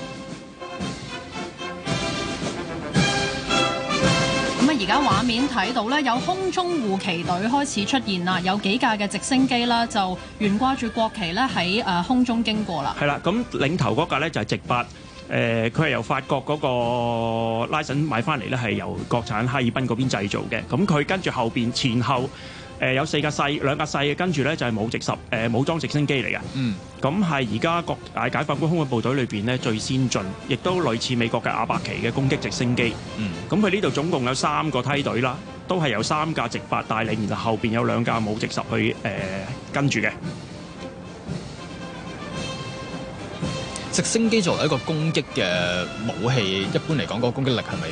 而家畫面睇到咧，有空中護旗隊開始出現啦，有幾架嘅直升機啦，就懸掛住國旗咧喺誒空中經過啦。係啦，咁領頭嗰架咧就係直八，誒佢係由法國嗰個拉臣買翻嚟咧，係由國產哈爾濱嗰邊製造嘅，咁佢跟住後邊前後。誒有四架細，兩架細嘅，跟住咧就係武直十誒武裝直升機嚟嘅。嗯，咁係而家國誒解放軍空軍部隊裏邊咧最先進，亦都類似美國嘅阿伯奇嘅攻擊直升機。嗯，咁佢呢度總共有三個梯隊啦，都係由三架直八帶領，然後後邊有兩架武直十去誒跟住嘅。直升機作為一個攻擊嘅武器，一般嚟講，個攻擊力係咪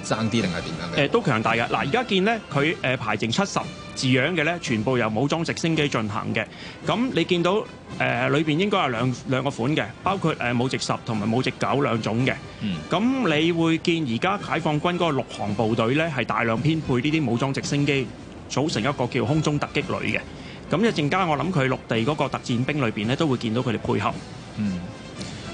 誒爭啲定係點樣嘅？誒，都強大嘅。嗱，而家見咧，佢誒排成七十字樣嘅咧，全部由武裝直升機進行嘅。咁你見到誒裏邊應該有兩兩個款嘅，包括誒武直十同埋武直九兩種嘅。嗯，咁你會見而家解放軍嗰個陸航部隊咧，係大量編配呢啲武裝直升機，組成一個叫空中突擊旅嘅。咁一陣間我諗佢陸地嗰個特戰兵裏邊咧，都會見到佢哋配合。嗯。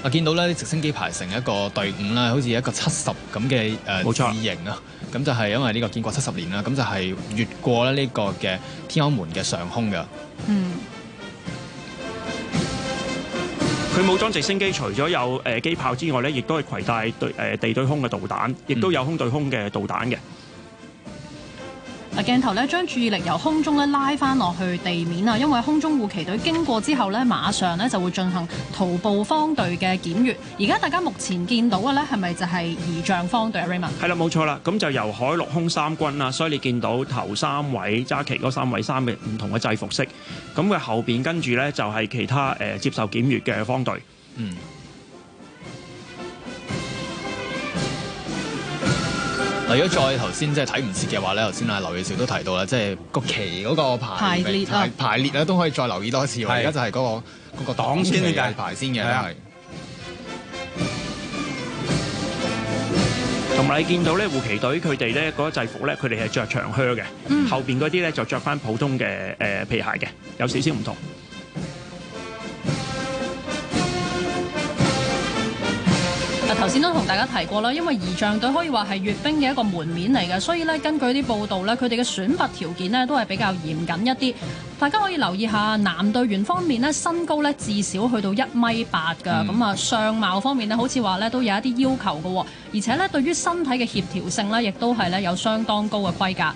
啊！見到咧，啲直升機排成一個隊伍啦，好似一個七十咁嘅誒字形啊！咁就係因為呢個建國七十年啦，咁就係越過咧呢個嘅天安門嘅上空嘅。嗯。佢武裝直升機除咗有誒機炮之外咧，亦都係攜帶對誒地對空嘅導彈，亦都有空對空嘅導彈嘅。鏡頭咧將注意力由空中咧拉翻落去地面啊，因為空中護旗隊經過之後咧，馬上咧就會進行徒步方隊嘅檢閱。而家大家目前見到嘅咧，係咪就係儀仗方隊？Raymond 係啦，冇錯啦。咁就由海陸空三軍啦，所以你見到頭三位揸旗嗰三位三個唔同嘅制服式。咁佢後面跟住咧就係其他接受檢閱嘅方隊。嗯。 (laughs) 如果再頭先即係睇唔切嘅話咧，頭先啊劉銳紹都提到啦，即係個旗嗰個排列排列啦，都可以再留意多一次。我而家就係嗰、那個個黨先嘅排列先嘅，同埋你見到咧護旗隊佢哋咧嗰制服咧，佢哋係着長靴嘅，後邊嗰啲咧就着翻普通嘅誒皮鞋嘅，有少少唔同。嗱、啊，頭先都同大家提過啦，因為儀仗隊可以話係閱兵嘅一個門面嚟嘅，所以咧根據啲報道咧，佢哋嘅選拔條件咧都係比較嚴謹一啲。大家可以留意下男隊員方面咧，身高咧至少去到一米八噶，咁啊相貌方面咧，好似話咧都有一啲要求嘅、哦，而且咧對於身體嘅協調性咧，亦都係咧有相當高嘅規格。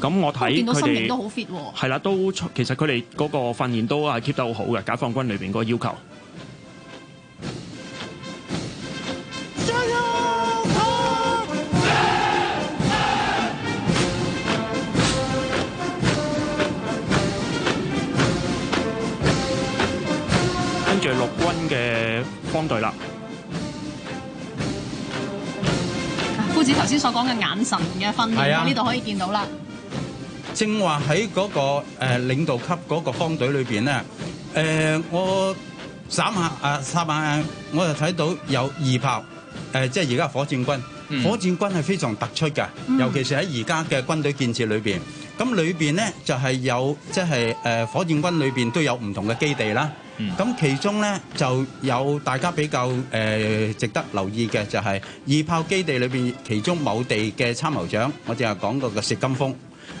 咁我睇見到佢哋都好 fit，係啦，都其實佢哋嗰個訓練都係 keep 得好好嘅。解放軍裏邊嗰個要求，啊啊啊、跟住陸軍嘅方隊啦、啊，夫子頭先所講嘅眼神嘅訓練，呢度，啊、可以見到啦。正話喺嗰個誒領導級嗰個方隊裏邊咧，誒我眨下啊，眨下我又睇到有二炮誒，即係而家火箭軍火箭軍係非常突出嘅，尤其是喺而家嘅軍隊建設裏邊。咁裏邊咧就係有即係誒火箭軍裏邊都有唔同嘅基地啦。咁其中咧就有大家比較誒值得留意嘅就係二炮基地裏邊其中某地嘅參謀長，我正話講過嘅石金峰。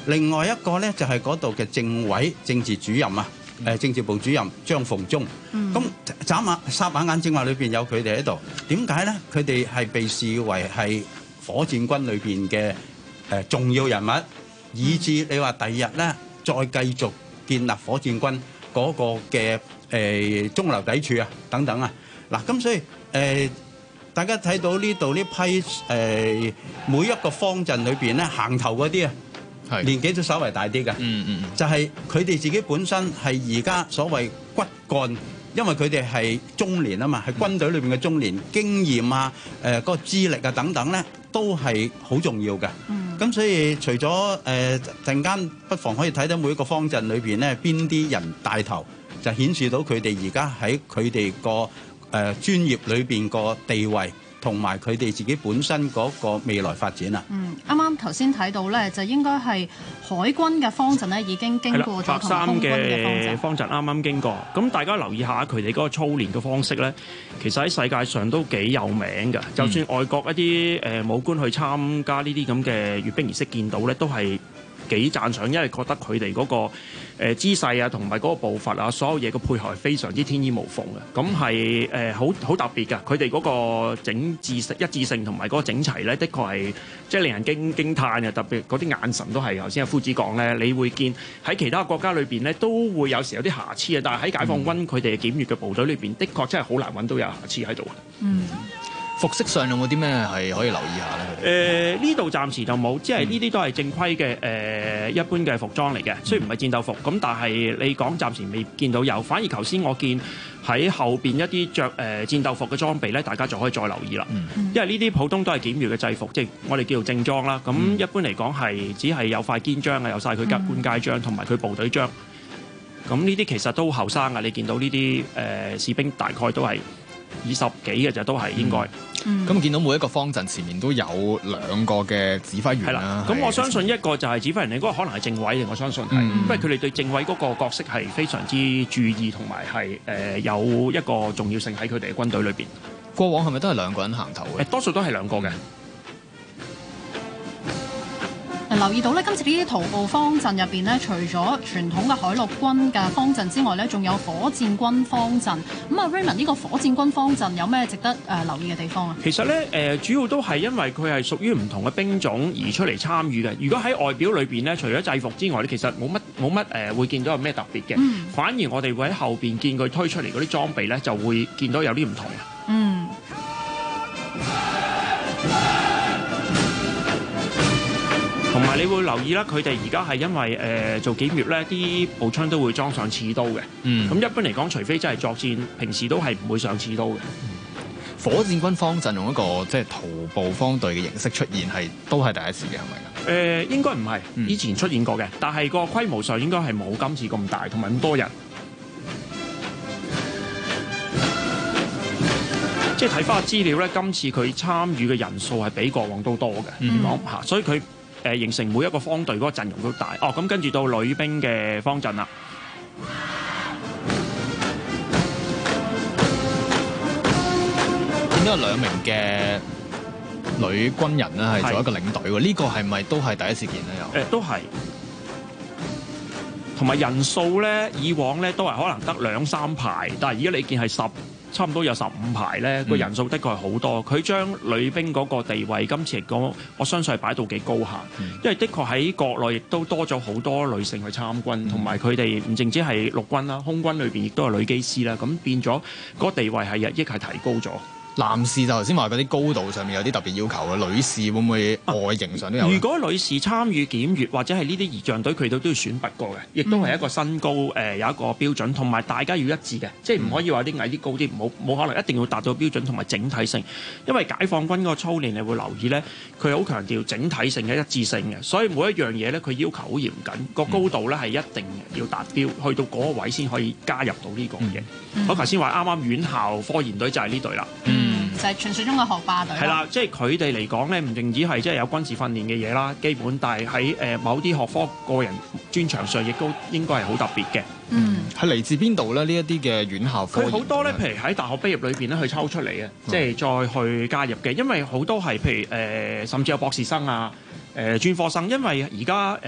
另外一個咧，就係嗰度嘅政委、政治主任啊，誒政治部主任張逢忠。咁眨眼、沙眼眼鏡話裏邊有佢哋喺度，點解咧？佢哋係被視為係火箭軍裏邊嘅誒重要人物，以至你話第二日咧再繼續建立火箭軍嗰個嘅誒中流砥柱啊，等等啊。嗱，咁所以誒，大家睇到呢度呢批誒每一個方陣裏邊咧行頭嗰啲啊。年紀都稍為大啲嘅、嗯嗯，就係佢哋自己本身係而家所謂骨幹，因為佢哋係中年啊嘛，係軍隊裏邊嘅中年經驗啊、誒、呃、嗰、那個資歷啊等等咧，都係好重要嘅。咁、嗯、所以除咗誒陣間，呃、不妨可以睇到每一個方陣裏邊咧，邊啲人帶頭，就顯示到佢哋而家喺佢哋個誒專業裏邊個地位。同埋佢哋自己本身嗰個未來發展啊！嗯，啱啱頭先睇到咧，就應該係海軍嘅方陣咧，已經經過咗。佛山嘅方陣啱啱經過，咁大家留意下佢哋嗰個操練嘅方式咧，其實喺世界上都幾有名嘅。就算外國一啲誒、嗯呃、武官去參加呢啲咁嘅閱兵儀式，見到咧都係。幾讚賞，因為覺得佢哋嗰個、呃、姿勢啊，同埋嗰個步伐啊，所有嘢嘅配合係非常之天衣無縫嘅。咁係誒好好特別㗎，佢哋嗰個整致一致性同埋嗰個整齊呢，的確係即係令人驚驚歎嘅。特別嗰啲眼神都係頭先阿夫子講呢，你會見喺其他國家裏邊呢，都會有時候有啲瑕疵啊。但係喺解放軍佢哋嘅檢閱嘅部隊裏邊、嗯，的確真係好難揾到有瑕疵喺度嗯。服飾上有冇啲咩係可以留意下咧？誒、呃，呢度暫時就冇，即係呢啲都係正規嘅誒一般嘅服裝嚟嘅，雖然唔係戰鬥服，咁、嗯、但係你講暫時未見到有，反而頭先我見喺後邊一啲着誒戰鬥服嘅裝備咧，大家就可以再留意啦。嗯、因為呢啲普通都係檢閲嘅制服，嗯、即係我哋叫做正裝啦。咁、嗯、一般嚟講係只係有塊肩章啊，有晒佢甲官階章同埋佢部隊章。咁呢啲其實都後生嘅，你見到呢啲誒士兵大概都係。二十幾嘅就都係應該、嗯。咁見到每一個方陣前面都有兩個嘅指揮員係啦。咁我相信一個就係指揮人你嗰個可能係政委嚟。我相信係，嗯、因為佢哋對政委嗰個角色係非常之注意，同埋係誒有一個重要性喺佢哋嘅軍隊裏邊。過往係咪都係兩個人行頭嘅？多數都係兩個嘅。啊、留意到咧，今次呢啲徒步方陣入邊咧，除咗傳統嘅海陸軍嘅方陣之外咧，仲有火箭軍方陣。咁啊，Raymond 呢個火箭軍方陣有咩值得誒、呃、留意嘅地方啊？其實咧，誒、呃、主要都係因為佢係屬於唔同嘅兵種而出嚟參與嘅。如果喺外表裏邊咧，除咗制服之外咧，其實冇乜冇乜誒會見到有咩特別嘅。嗯。反而我哋會喺後邊見佢推出嚟嗰啲裝備咧，就會見到有啲唔同啊。嗯。你會留意啦，佢哋而家係因為誒、呃、做檢閱咧，啲步槍都會裝上刺刀嘅。嗯，咁一般嚟講，除非真係作戰，平時都係唔會上刺刀嘅。火箭軍方陣用一個即係徒步方隊嘅形式出現是，係都係第一次嘅，係咪？誒、呃，應該唔係，以前出現過嘅、嗯，但係個規模上應該係冇今次咁大，同埋咁多人。即係睇翻資料咧，今次佢參與嘅人數係比過往都多嘅。嗯，講吓所以佢。誒、形成每一個方隊嗰個陣容都大哦，咁跟住到女兵嘅方陣啦，見到有兩名嘅女軍人咧，係做一個領隊喎，呢個係咪都係第一次見咧？又都係，同埋人數咧，以往咧都係可能得兩三排，但係而家你見係十。差唔多有十五排咧，個人數的確係好多。佢將女兵嗰個地位今次嚟講我相信係擺到幾高下，因為的確喺國內亦都多咗好多女性去參軍，同埋佢哋唔淨止係陸軍啦、空軍裏面亦都係女機師啦。咁變咗嗰個地位係日益係提高咗。男士就頭先話嗰啲高度上面有啲特別要求嘅，女士會唔會外形上都有、啊？如果女士參與檢閱或者係呢啲儀仗隊，佢哋都要選拔過嘅，亦都係一個身高、嗯呃、有一個標準，同埋大家要一致嘅，即係唔可以話啲矮啲高啲，冇、嗯、冇可能一定要達到標準同埋整體性。因為解放軍個操練你會留意咧，佢好強調整體性嘅一致性嘅，所以每一樣嘢咧佢要求好嚴謹，個高度咧係一定要達標，嗯、去到嗰個位先可以加入到呢個嘅、嗯嗯。我頭先話啱啱院校科研隊就係呢隊啦。嗯。就係傳說中嘅學霸隊。係啦，即係佢哋嚟講咧，唔淨止係即係有軍事訓練嘅嘢啦，基本，但係喺誒某啲學科個人專長上，亦都應該係好特別嘅。嗯，係嚟自邊度咧？呢一啲嘅院校佢好多咧，譬如喺大學畢業裏邊咧，去抽出嚟嘅，即係再去加入嘅。嗯。因為好多係譬如誒，甚至有博士生啊，誒專科生，因為而家誒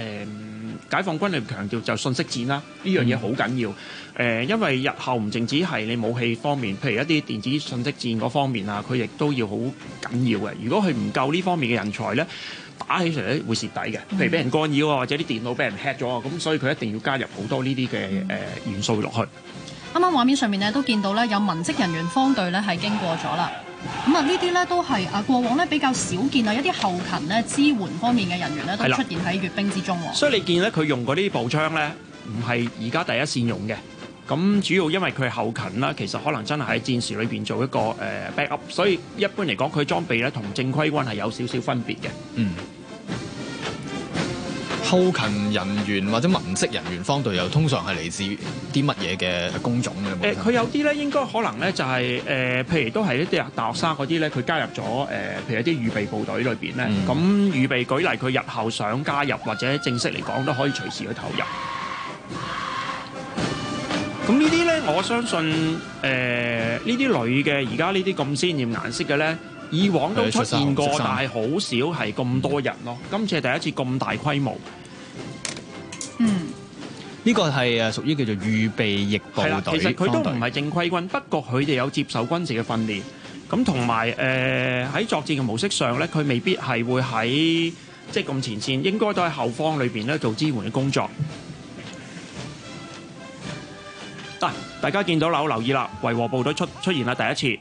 解放軍裏面強調就信息戰啦，嗯，呢樣嘢好緊要。誒，因為日後唔淨止係你武器方面，譬如一啲電子信息戰嗰方面啊，佢亦都要好緊要嘅。如果佢唔夠呢方面嘅人才咧，打起上嚟會蝕底嘅。譬如俾人干擾啊，或者啲電腦俾人 hack 咗啊，咁所以佢一定要加入好多呢啲嘅誒元素落去。啱啱畫面上面咧都見到咧有文職人員方隊咧係經過咗啦。咁啊，呢啲咧都係啊過往咧比較少見啊，一啲後勤咧支援方面嘅人員咧都出現喺閱兵之中喎。所以你見咧佢用嗰啲步槍咧，唔係而家第一線用嘅。咁主要因為佢係後勤啦，其實可能真係喺戰時裏邊做一個誒、呃、back up，所以一般嚟講，佢裝備咧同正規軍係有少少分別嘅。嗯，後勤人員或者文職人員方隊友通常係嚟自啲乜嘢嘅工種嘅？誒、呃，佢有啲咧，應該可能咧就係、是、誒，譬、呃、如都係一啲大學生嗰啲咧，佢加入咗誒，譬、呃、如一啲預備部隊裏邊咧，咁、嗯、預備舉例，佢日後想加入或者正式嚟講都可以隨時去投入。咁呢啲咧，我相信誒，呃、這這呢啲女嘅，而家呢啲咁鮮艷顏色嘅咧，以往都出現過，現過但係好少係咁多人咯。嗯、今次係第一次咁大規模。嗯，呢、這個係誒屬於叫做預備役部隊、啊、其實佢都唔係正規軍，不過佢哋有接受軍事嘅訓練。咁同埋誒喺作戰嘅模式上咧，佢未必係會喺即係咁前線，應該都喺後方裏邊咧做支援嘅工作。大家見到樓留意啦，維和部隊出出現啦，第一次。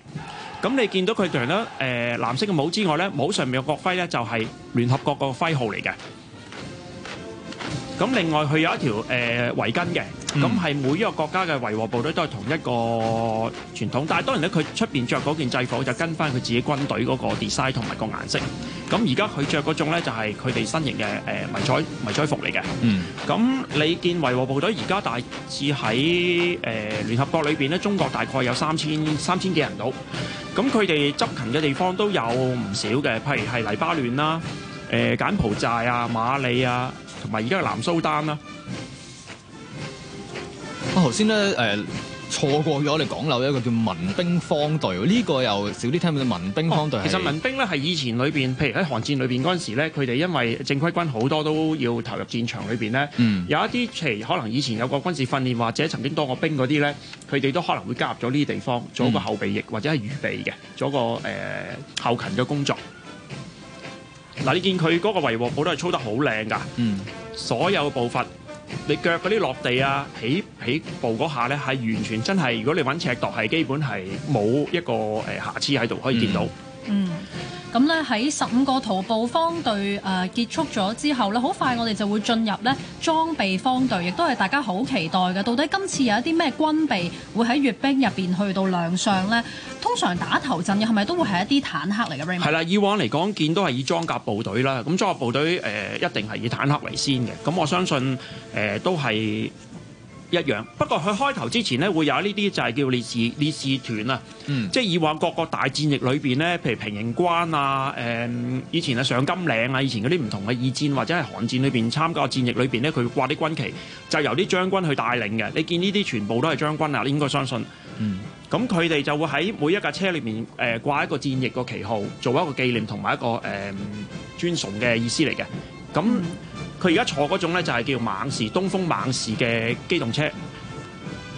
咁你見到佢除咗咧，藍色嘅帽之外咧，帽上面嘅國徽咧就係聯合國個徽號嚟嘅。咁另外佢有一條誒圍巾嘅，咁係每一個國家嘅維和部隊都係同一個傳統，但係當然咧，佢出邊著嗰件制服就跟翻佢自己軍隊嗰個 design 同埋個顏色。咁而家佢著嗰種咧就係佢哋新型嘅誒迷彩迷彩服嚟嘅。咁你見維和部隊而家大致喺誒聯合國裏邊咧，中國大概有三千三千幾人度。咁佢哋執勤嘅地方都有唔少嘅，譬如係黎巴嫩啦、誒柬埔寨啊、馬里啊。同埋而家係南蘇丹啦，啊頭先咧誒錯過咗我哋講漏一個叫民兵方隊呢、呢個又少啲聽。民兵方隊、啊、其實民兵咧係以前裏邊，譬如喺韓戰裏邊嗰陣時咧，佢哋因為正規軍好多都要投入戰場裏邊咧，有一啲譬如可能以前有個軍事訓練或者曾經當過兵嗰啲咧，佢哋都可能會加入咗呢啲地方，做一個後備役、嗯、或者係預備嘅，做一個誒、呃、後勤嘅工作。嗱，你見佢嗰個維和步都係操得好靚噶，所有嘅步伐，你腳嗰啲落地啊、起起步嗰下咧，係完全真係，如果你揾尺度，係基本係冇一個誒、呃、瑕疵喺度可以見到。嗯嗯，咁咧喺十五個徒步方隊誒結束咗之後咧，好快我哋就會進入咧裝備方隊，亦都係大家好期待嘅。到底今次有一啲咩軍備會喺閱兵入邊去到亮相咧？通常打頭陣嘅係咪都會係一啲坦克嚟嘅？係啦，以往嚟講見都係以裝甲部隊啦，咁裝甲部隊誒、呃、一定係以坦克為先嘅。咁我相信誒、呃、都係。一樣，不過佢開頭之前咧會有呢啲就係叫烈士烈士團啊，嗯，即係以往各個大戰役裏邊咧，譬如平型關啊，誒、嗯，以前啊上金嶺啊，以前嗰啲唔同嘅二戰或者係韓戰裏邊參加戰役裏邊咧，佢掛啲軍旗，就由啲將軍去帶領嘅。你見呢啲全部都係將軍啊，你應該相信。嗯，咁佢哋就會喺每一架車裏面誒、呃、掛一個戰役個旗號，做一個紀念同埋一個誒、呃、尊崇嘅意思嚟嘅。咁。嗯佢而家坐嗰種咧就係叫猛士，東風猛士嘅機動車，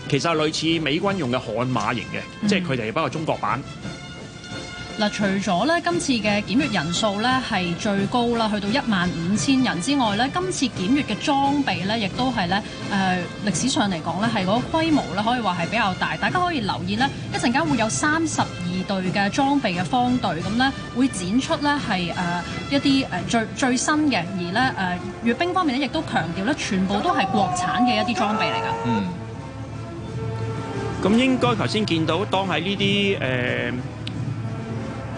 其實係類似美軍用嘅悍馬型嘅，即係佢哋包括中國版。嗱，除咗咧今次嘅檢閱人數咧係最高啦，去到一萬五千人之外咧，今次檢閱嘅裝備咧亦都係咧誒歷史上嚟講咧係嗰個規模咧可以話係比較大。大家可以留意咧一陣間會有三十二隊嘅裝備嘅方隊咁咧會展出咧係誒一啲誒最最新嘅，而咧誒、呃、閱兵方面咧亦都強調咧全部都係國產嘅一啲裝備嚟㗎。嗯。咁應該頭先見到當喺呢啲誒。呃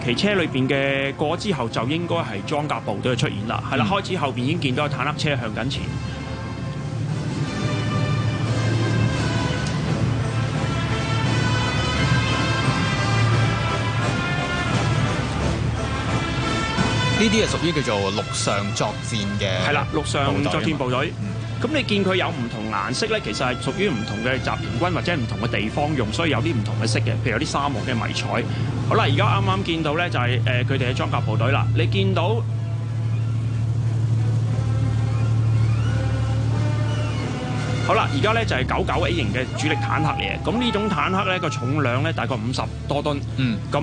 騎車裏邊嘅過之後，就應該係裝甲部隊出現啦。係啦，開始後邊已經見到有坦克車向緊前。呢啲係屬於叫做陸上作戰嘅，係啦，陸上作戰部隊，嗯。咁你見佢有唔同顏色呢，其實係屬於唔同嘅集團軍或者唔同嘅地方用，所以有啲唔同嘅色嘅。譬如有啲沙漠嘅迷彩。好啦，而家啱啱見到呢，就係誒佢哋嘅裝甲部隊啦。你見到好啦，而家呢，就係九九 A 型嘅主力坦克嚟嘅。咁呢種坦克呢，個重量呢，大概五十多噸。嗯。咁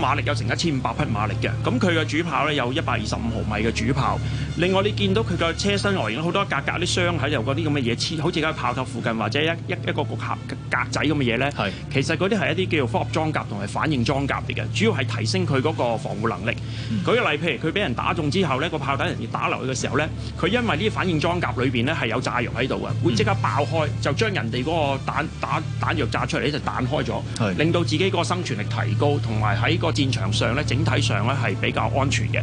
馬力有成一千五百匹馬力嘅。咁佢嘅主炮呢，有一百二十五毫米嘅主炮。另外你見到佢個車身外形好多格格啲箱喺度，嗰啲咁嘅嘢，黐好似喺炮塔附近或者一一一,一個局盒格仔咁嘅嘢咧，其實嗰啲係一啲叫做複合裝甲同埋反應裝甲嚟嘅，主要係提升佢嗰個防護能力。舉、嗯、個例，譬如佢俾人打中之後咧，個炮彈人要打落去嘅時候咧，佢因為啲反應裝甲裏面咧係有炸藥喺度嘅，會即刻爆開，就將人哋嗰個彈打彈藥炸出嚟，就彈開咗，令到自己嗰個生存力提高，同埋喺個戰場上咧整體上咧係比較安全嘅。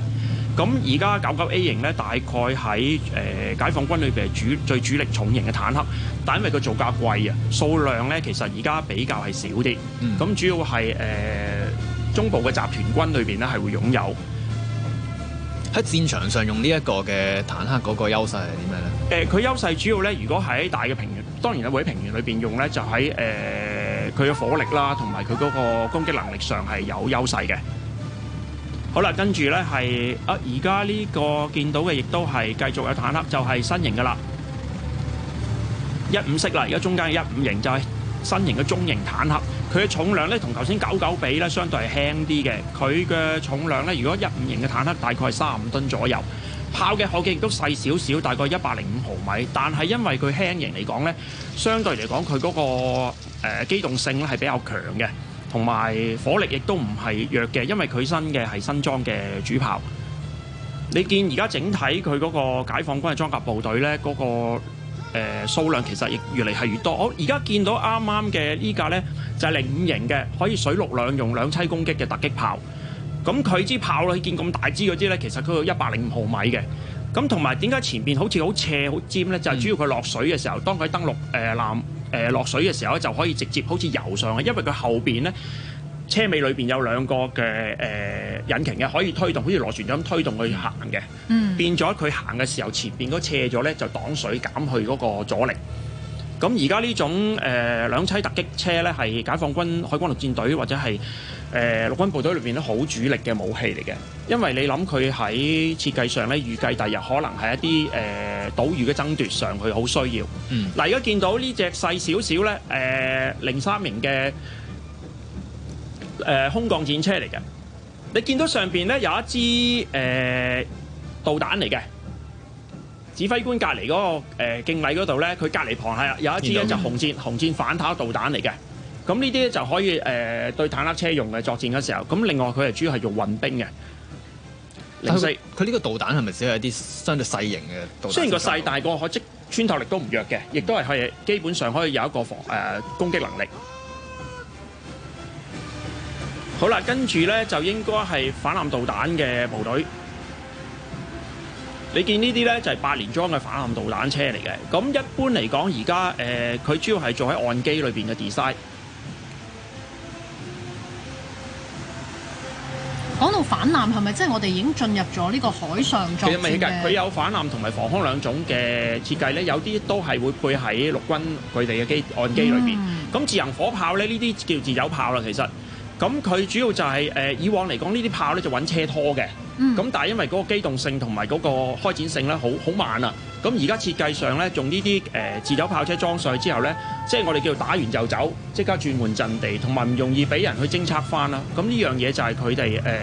咁而家九九 A 型咧，大概喺誒、呃、解放軍裏邊係主最主力重型嘅坦克，但因為佢造價貴啊，數量咧其實而家比較係少啲。咁、嗯、主要係誒、呃、中部嘅集團軍裏邊咧係會擁有喺戰場上用呢一個嘅坦克嗰個優勢係點樣咧？誒、呃，佢優勢主要咧，如果喺大嘅平原，當然係會喺平原裏邊用咧，就喺誒佢嘅火力啦，同埋佢嗰個攻擊能力上係有優勢嘅。好啦，跟住咧係啊，而家呢個見到嘅亦都係繼續有坦克，就係新型噶啦，一五式啦。而家中間嘅一五型就係新型嘅中型坦克，佢嘅重量咧同頭先九九比咧相對係輕啲嘅。佢嘅重量咧，如果一五型嘅坦克大概係三十五噸左右，炮嘅口徑亦都細少少，大概一百零五毫米。但係因為佢輕型嚟講咧，相對嚟講佢嗰個誒機動性咧係比較強嘅。同埋火力亦都唔係弱嘅，因為佢新嘅係新裝嘅主炮。你見而家整體佢嗰個解放軍嘅裝甲部隊呢，嗰、嗰個誒、呃、數量其實亦越嚟係越多。我而家見到啱啱嘅呢架呢，就係零五型嘅，可以水陸兩用、兩棲攻擊嘅突擊炮。咁佢支炮你見咁大支嗰支咧，其實佢有一百零五毫米嘅。咁同埋點解前邊好似好斜好尖呢？就係、是、主要佢落水嘅時候，嗯、當佢登陸誒、呃、艦。誒落水嘅時候就可以直接好似游上去，因為佢後面呢，車尾裏面有兩個嘅、呃、引擎嘅，可以推動，好似螺旋咁推動佢行嘅。嗯，變咗佢行嘅時候，前面嗰斜咗呢就擋水減去嗰個阻力。咁而家呢種誒、呃、兩棲突擊車呢，係解放軍海軍陸戰隊或者係誒、呃、陸軍部隊裏面都好主力嘅武器嚟嘅。因為你諗佢喺設計上呢預計第日可能係一啲誒、呃、島嶼嘅爭奪上，佢好需要。嗱、嗯，而家見到呢隻細少少呢，誒零三型嘅誒、呃、空降戰車嚟嘅，你見到上邊呢，有一支誒、呃、導彈嚟嘅。指揮官隔離嗰個誒敬禮嗰度咧，佢隔離旁係有一支咧，就紅箭紅箭反坦導彈嚟嘅。咁呢啲咧就可以誒對坦克車用嘅作戰嘅時候。咁另外佢係主要係用運兵嘅。但係佢呢個導彈係咪只係一啲相對細型嘅導彈？雖然個細，但係個可即穿透力都唔弱嘅，亦都係可以基本上可以有一個防誒、呃、攻擊能力。好啦，跟住咧就應該係反艦導彈嘅部隊。你見呢啲呢，就係八連裝嘅反艦導彈車嚟嘅，咁一般嚟講而家誒，佢、呃、主要係做喺岸基裏邊嘅 design。講到反艦係咪即係我哋已經進入咗呢個海上作戰嘅？其實唔係嘅，佢有反艦同埋防空兩種嘅設計呢，有啲都係會配喺陸軍佢哋嘅機岸基裏邊。咁、嗯、自行火炮呢，呢啲叫自走炮啦，其實。咁佢主要就係、呃、以往嚟講呢啲炮咧就揾車拖嘅，咁、嗯、但係因為嗰個機動性同埋嗰個開展性咧好好慢啊！咁而家設計上咧，用呢啲、呃、自走炮車裝上去之後咧，即係我哋叫打完就走，即刻轉換陣地，同埋唔容易俾人去偵測翻啦。咁呢樣嘢就係佢哋、呃、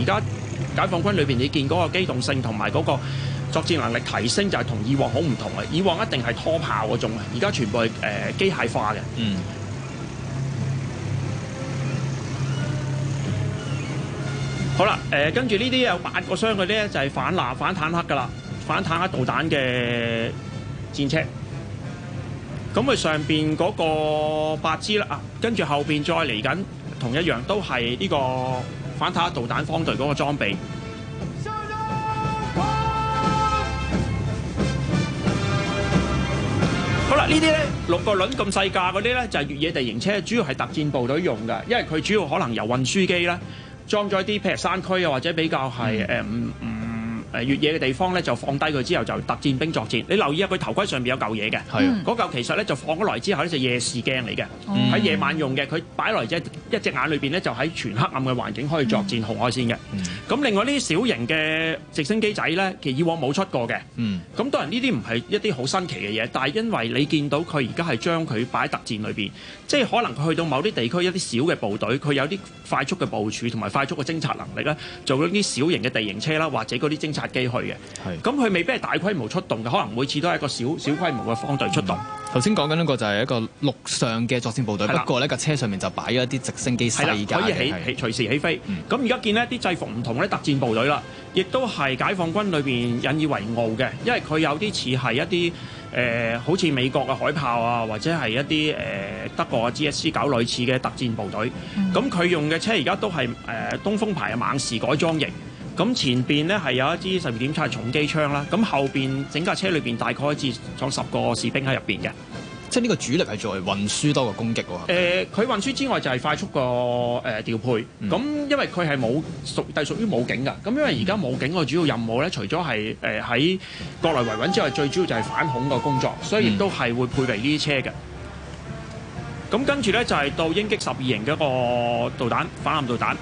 而家解放軍裏面你見嗰個機動性同埋嗰個作戰能力提升，就係同以往好唔同啊！以往一定係拖炮嗰種，而家全部係呃、機械化嘅。嗯。好啦，誒、呃，跟住呢啲有八個箱嗰啲咧，就係反拿反坦克噶啦，反坦克導彈嘅戰車。咁、嗯、佢上邊嗰個八支啦，啊，跟住後邊再嚟緊同一樣，都係呢個反坦克導彈方隊嗰個裝備。了啊、好啦，這些呢啲咧六個輪咁細架嗰啲咧，就係、是、越野地形車，主要係特戰部隊用嘅，因為佢主要可能由運輸機啦。裝咗一啲譬如山區啊，或者比較係唔唔越野嘅地方咧，就放低佢之後就特戰兵作戰。你留意下佢頭盔上面有嚿嘢嘅，嗰嚿其實咧就放咗落嚟之後呢隻夜視鏡嚟嘅，喺、嗯、夜晚用嘅。佢擺落嚟一隻眼裏邊咧就喺全黑暗嘅環境可以作戰、嗯、紅外線嘅。咁、嗯、另外呢啲小型嘅直升機仔咧，其實以往冇出過嘅。咁、嗯、當然呢啲唔係一啲好新奇嘅嘢，但係因為你見到佢而家係將佢擺喺特戰裏面。即、就、係、是、可能佢去到某啲地區一啲小嘅部隊，佢有啲快速嘅部署同埋快速嘅偵察能力咧，做咗啲小型嘅地形車啦，或者嗰啲偵察。去嘅，咁佢未必係大規模出動嘅，可能每次都係一個小小規模嘅方隊出動。頭先講緊一個就係一個陸上嘅作戰部隊，不過呢架車上面就擺咗一啲直升機世界，可以起，起隨時起飛。咁而家見呢啲制服唔同嘅特戰部隊啦，亦都係解放軍裏面引以為傲嘅，因為佢有啲似係一啲、呃、好似美國嘅海豹啊，或者係一啲、呃、德國嘅 G S C 搞類似嘅特戰部隊。咁、嗯、佢用嘅車而家都係誒、呃、東風牌嘅猛士改裝型。咁前邊呢係有一支十二點七重機槍啦，咁後邊整架車裏邊大概可以裝十個士兵喺入邊嘅，即係呢個主力係作為運輸多過攻擊喎。佢、呃、運輸之外就係快速個誒、呃、調配，咁、嗯、因為佢係冇屬，隸屬於武警噶。咁因為而家武警嘅主要任務呢，除咗係誒喺國內維穩之外，最主要就係反恐嘅工作，所以亦都係會配備這些的、嗯、呢啲車嘅。咁跟住呢就係、是、到鷹擊十二型嘅一個導彈，反艦導彈。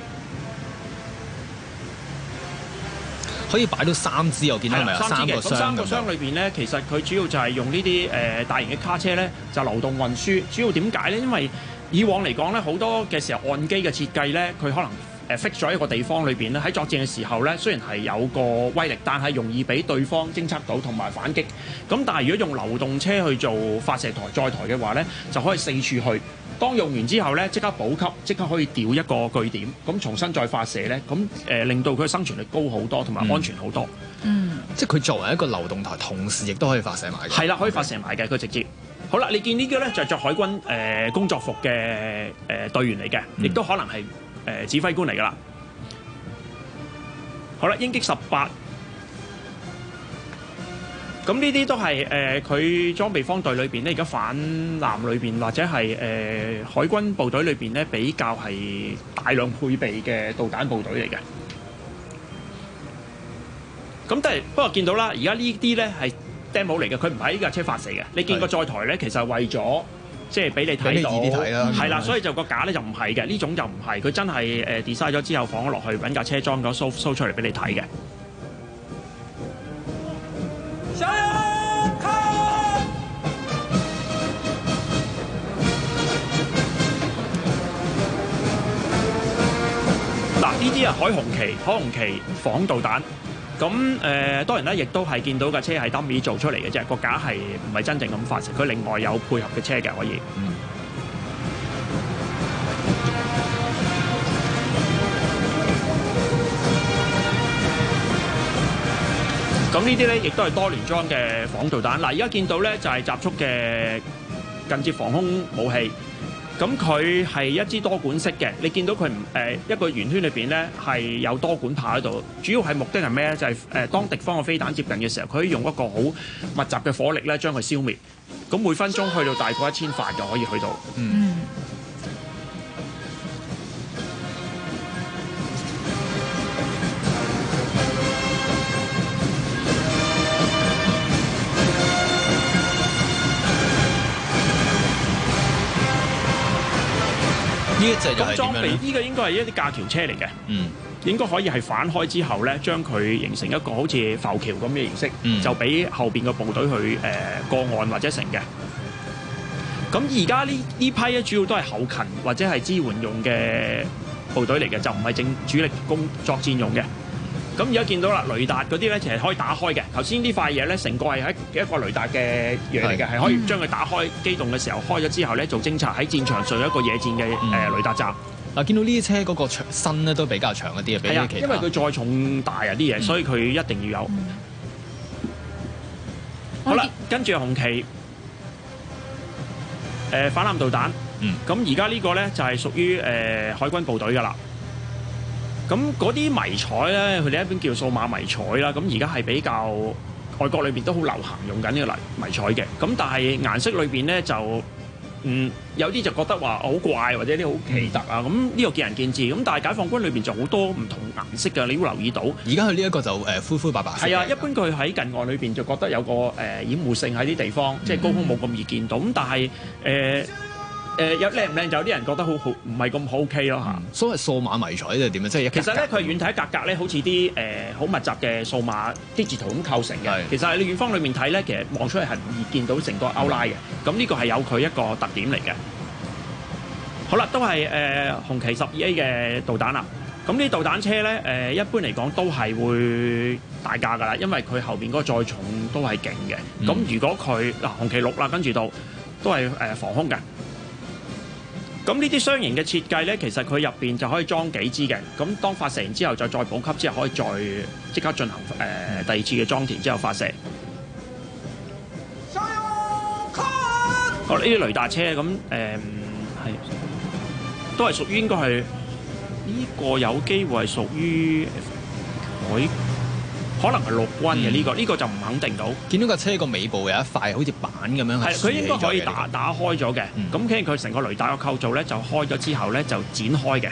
可以擺到三支，我見到係咪？三支嘅，咁三個箱裏邊咧，其實佢主要就係用呢啲誒大型嘅卡車咧，就流動運輸。主要點解咧？因為以往嚟講咧，好多嘅時候按機嘅設計咧，佢可能。誒咗一個地方裏邊咧，喺作戰嘅時候咧，雖然係有個威力，但係容易俾對方偵測到同埋反擊。咁但係如果用流動車去做發射台載台嘅話咧，就可以四處去。當用完之後咧，即刻補給，即刻可以調一個據點，咁重新再發射咧，咁誒令到佢生存率高好多，同埋安全好多。嗯，即係佢作為一個流動台，同時亦都可以發射埋。係啦，可以發射埋嘅，佢直接。好啦，你見呢個咧就係着海軍誒工作服嘅誒隊員嚟嘅，亦都可能係。誒，指揮官嚟噶啦，好啦，鷹擊十八，咁呢啲都係誒，佢、呃、裝備方隊裏邊呢。而家反艦裏邊或者係誒、呃、海軍部隊裏邊呢，比較係大量配備嘅導彈部隊嚟嘅。咁但係不過見到啦，而家呢啲呢係 demo 嚟嘅，佢唔係架車發射嘅。你見過在台呢，其實係為咗。即係俾你睇到，係啦，所以就個架咧就唔係嘅，呢種就唔係，佢真係誒 design 咗之後放咗落去揾架車裝咗 show show 出嚟俾你睇嘅。嗱，呢啲啊，海紅旗、海紅旗仿導彈。咁誒，當然咧，亦都係見到架車係 Dummy 做出嚟嘅啫，個架係唔係真正咁發射，佢另外有配合嘅車嘅可以。嗯。咁呢啲咧，亦都係多聯裝嘅防空導彈。嗱，而家見到咧，就係集束嘅近接防空武器。咁佢係一支多管式嘅，你見到佢唔、呃、一個圓圈裏面咧係有多管炮喺度，主要係目的係咩咧？就係、是、誒、呃、當敵方嘅飛彈接近嘅時候，佢可以用一個好密集嘅火力咧將佢消滅。咁每分鐘去到大概一千塊就可以去到。嗯嗯。咁、呢個、裝備呢、呢個應該係一啲架橋車嚟嘅，嗯，應該可以係反開之後呢，將佢形成一個好似浮橋咁嘅形式，嗯、就俾後邊嘅部隊去誒、呃、過岸或者成嘅。咁而家呢呢批咧主要都係後勤或者係支援用嘅部隊嚟嘅，就唔係正主力工作戰用嘅。咁而家見到啦，雷達嗰啲咧其實可以打開嘅。頭先呢塊嘢咧，成個係喺一個雷達嘅嘢嚟嘅，係可以將佢打開。機動嘅時候開咗之後咧，做偵察喺戰場上，上一個野戰嘅誒雷達站。嗱、嗯啊，見到呢啲車嗰個長身咧都比較長一啲比一，因為佢再重大啊啲嘢，所以佢一定要有。嗯、好啦、哎，跟住紅旗，誒、呃、反艦導彈。咁而家呢個咧就係、是、屬於誒、呃、海軍部隊噶啦。咁嗰啲迷彩咧，佢哋一般叫數碼迷彩啦。咁而家係比較外國裏邊都好流行用緊呢個迷迷彩嘅。咁但係顏色裏邊咧就，嗯，有啲就覺得話好怪或者啲好奇特啊。咁呢個見仁見智。咁但係解放軍裏邊就好多唔同顏色嘅，你要留意到。而家佢呢一個就誒灰灰白白。係啊，一般佢喺近岸裏邊就覺得有個誒掩護性喺啲地方，即係高空冇咁易見到。咁但係誒。誒有靚唔靚就有啲人覺得好好，唔係咁好，OK 咯嚇。所謂數碼迷彩即係點樣？即係一其實咧，佢遠睇格格咧，好似啲誒好密集嘅數碼貼紙圖咁構成嘅。其實喺你遠方裏面睇咧，其實望出去係唔易見到成個勾拉嘅。咁呢個係有佢一個特點嚟嘅。好啦，都係誒紅旗十二 A 嘅導彈啦。咁呢導彈車咧誒，一般嚟講都係會大架噶啦，因為佢後邊嗰個載重都係勁嘅。咁如果佢嗱紅旗六啦，跟住到都係誒防空嘅。咁呢啲雙型嘅設計呢，其實佢入邊就可以裝幾支嘅。咁當發射完之後，就再補給之後，可以再即刻進行誒第二次嘅裝填之後發射。好，呢啲雷達車咁誒，係都係屬於應該係呢個有機會係屬於海。可能係陸軍嘅呢個，呢、嗯呢個就唔肯定到。見到架車個尾部有一塊好似板咁樣，係佢應該可以打、呢個、打開咗嘅。咁佢成個雷達個構造咧，就開咗之後咧，就展開嘅。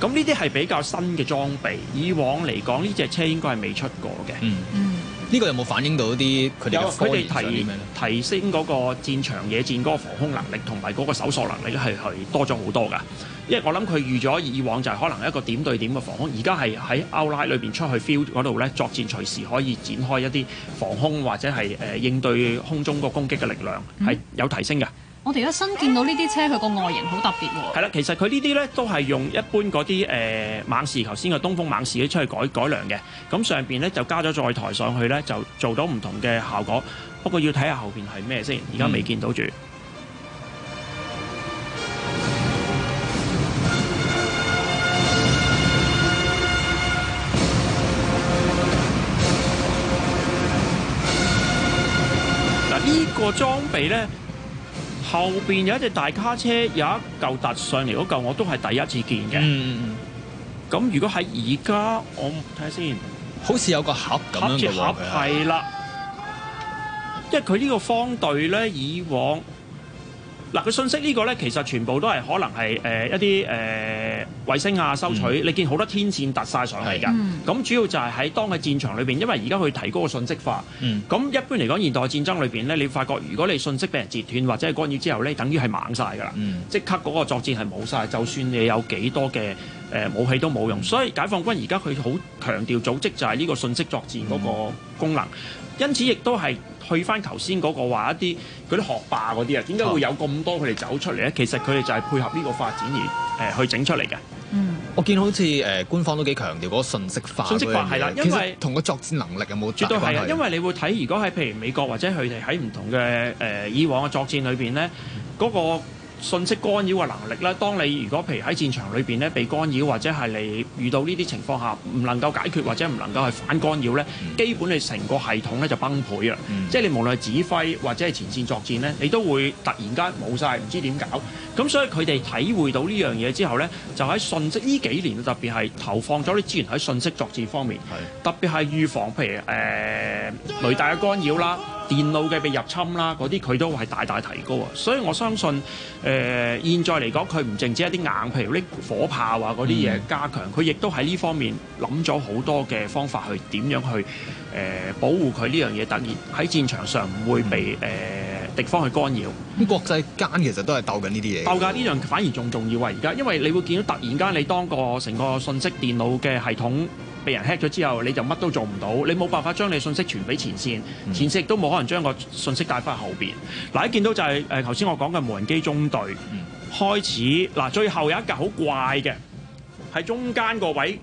咁呢啲係比較新嘅裝備，以往嚟講呢隻車應該係未出過嘅。嗯，呢、嗯呢個有冇反映到啲佢哋佢哋提提升嗰個戰場野戰嗰個防空能力同埋嗰個搜索能力係係多咗好多噶？即係我諗佢預咗以往就係可能一個點對點嘅防空，而家係喺歐拉裏邊出去 field 嗰度咧作戰，隨時可以展開一啲防空或者係誒應對空中個攻擊嘅力量係有提升㗎。我哋而家新見到呢啲車，佢個外形好特別喎。係啦，其實佢呢啲咧都係用一般嗰啲誒猛士頭先嘅東風猛士去出去改改良嘅。咁上邊咧就加咗載台上去咧，就做到唔同嘅效果。不過要睇下後邊係咩先，而家未見到住。個裝備呢，後邊有一隻大卡車，有一嚿突上嚟嗰嚿，我都係第一次見嘅。咁、嗯、如果喺而家，我睇下先，好似有個盒咁住盒喎。係啦、啊，因為佢呢個方隊呢，以往嗱，佢信息呢個呢，其實全部都係可能係誒、呃、一啲誒、呃、衛星啊收取，嗯、你見好多天線突晒上去㗎。咁、嗯、主要就係喺當嘅戰場裏面，因為而家佢提高嗰個信息化，咁、嗯、一般嚟講現代戰爭裏面呢，你發覺如果你信息被人截斷或者係干擾之後呢，等於係盲晒㗎啦，即、嗯、刻嗰個作戰係冇晒。就算你有幾多嘅。誒武器都冇用，所以解放軍而家佢好強調組織就係呢個信息作戰嗰個功能，嗯、因此亦都係去翻頭先嗰個話一啲嗰啲學霸嗰啲啊，點解會有咁多佢哋走出嚟咧？其實佢哋就係配合呢個發展而誒、呃、去整出嚟嘅。嗯，我見好似誒、呃、官方都幾強調嗰個信息化，信息化係啦，其實同個作戰能力有冇關係？絕對係啊，因為你會睇如果喺譬如美國或者佢哋喺唔同嘅誒、呃、以往嘅作戰裏邊咧，嗰、嗰個。信息干擾嘅能力咧，當你如果譬如喺戰場裏邊咧被干擾，或者係你遇到呢啲情況下唔能夠解決或者唔能夠去反干擾咧、嗯，基本你成個系統咧就崩潰啊、嗯！即係你無論係指揮或者係前線作戰咧，你都會突然間冇晒唔知點搞。咁所以佢哋體會到呢樣嘢之後咧，就喺信息呢幾年特別係投放咗啲資源喺信息作戰方面，是特別係預防譬如誒、呃、雷達嘅干擾啦、電腦嘅被入侵啦嗰啲，佢都係大大提高啊！所以我相信誒。呃誒，現在嚟講，佢唔淨止一啲硬，譬如啲火炮啊嗰啲嘢加強，佢亦都喺呢方面諗咗好多嘅方法去點樣去誒、呃、保護佢呢樣嘢，突然喺戰場上唔會被誒、嗯呃、敵方去干擾。咁國際間其實都係鬥緊呢啲嘢，鬥㗎呢樣反而仲重要啊！而家，因為你會見到突然間，你當個成個信息電腦嘅系統。被人 hack 咗之後，你就乜都做唔到，你冇辦法將你信息傳俾前線，嗯、前線亦都冇可能將個信息帶翻後邊。嗱、啊，一見到就係誒頭先我講嘅無人機中隊、嗯、開始，嗱、啊、最後有一架好怪嘅，喺中間個位誒、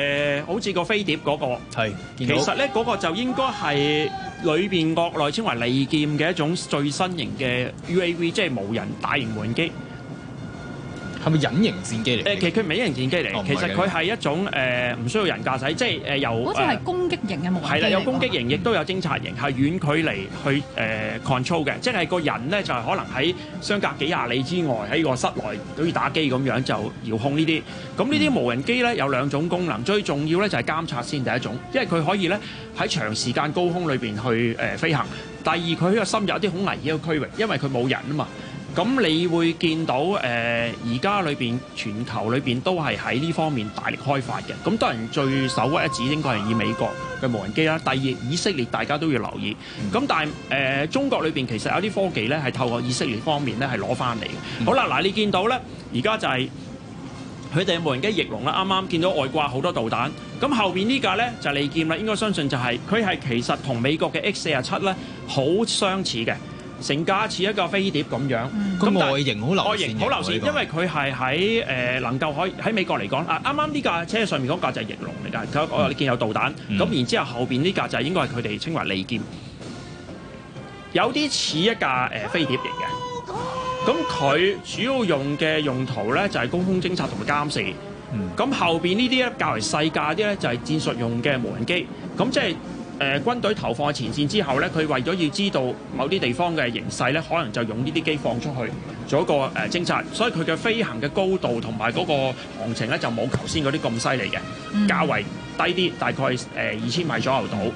呃，好似個飛碟嗰、那個，其實咧嗰、那個就應該係裏邊國內稱為利劍嘅一種最新型嘅 UAV，即係無人大型無人機。係咪隱形戰機嚟？誒，其實佢唔係隱形戰機嚟、哦，其實佢係一種誒，唔、呃、需要人駕駛，即係誒由嗰隻係攻擊型嘅無人機係啦，有攻擊型，亦都有偵察型，係遠距離去誒 control 嘅，即係個人咧就係、是、可能喺相隔幾廿里之外喺個室內，好似打機咁樣就遙控呢啲。咁呢啲無人機咧有兩種功能，最重要咧就係監察先，第一種，因為佢可以咧喺長時間高空裏邊去誒飛行。第二，佢喺個深入一啲好危險嘅區域，因為佢冇人啊嘛。咁你會見到誒，而、呃、家裏邊全球裏邊都係喺呢方面大力開發嘅。咁多人最首屈一指應該係以美國嘅無人機啦。第二以色列大家都要留意。咁但係誒、呃，中國裏邊其實有啲科技咧係透過以色列方面咧係攞翻嚟嘅。好啦，嗱你見到咧，而家就係佢哋無人機翼龍啦，啱啱見到外掛好多導彈。咁後面架呢架咧就利劍啦，應該相信就係佢係其實同美國嘅 X 四十七咧好相似嘅。成架似一架飛碟咁樣，咁、嗯、外形好流線嘅，因為佢係喺呃、能夠可以喺美國嚟講，啊啱啱呢架車上面嗰架就係翼龍嚟㗎，嗯、我我見有導彈，咁、嗯、然之後後面呢架就係、應該係佢哋稱為利劍，有啲似一架、呃、飛碟型嘅，咁佢主要用嘅用途咧就係高空偵察同埋監視，咁、嗯、後，後面呢啲咧較為細架啲咧就係戰術用嘅無人機，咁即係。誒、呃、軍隊投放喺前線之後呢佢為咗要知道某啲地方嘅形勢呢可能就用呢啲機放出去做一個誒、呃、偵察，所以佢嘅飛行嘅高度同埋嗰個行程呢，就冇頭先嗰啲咁犀利嘅，較為低啲，大概誒二千米左右度。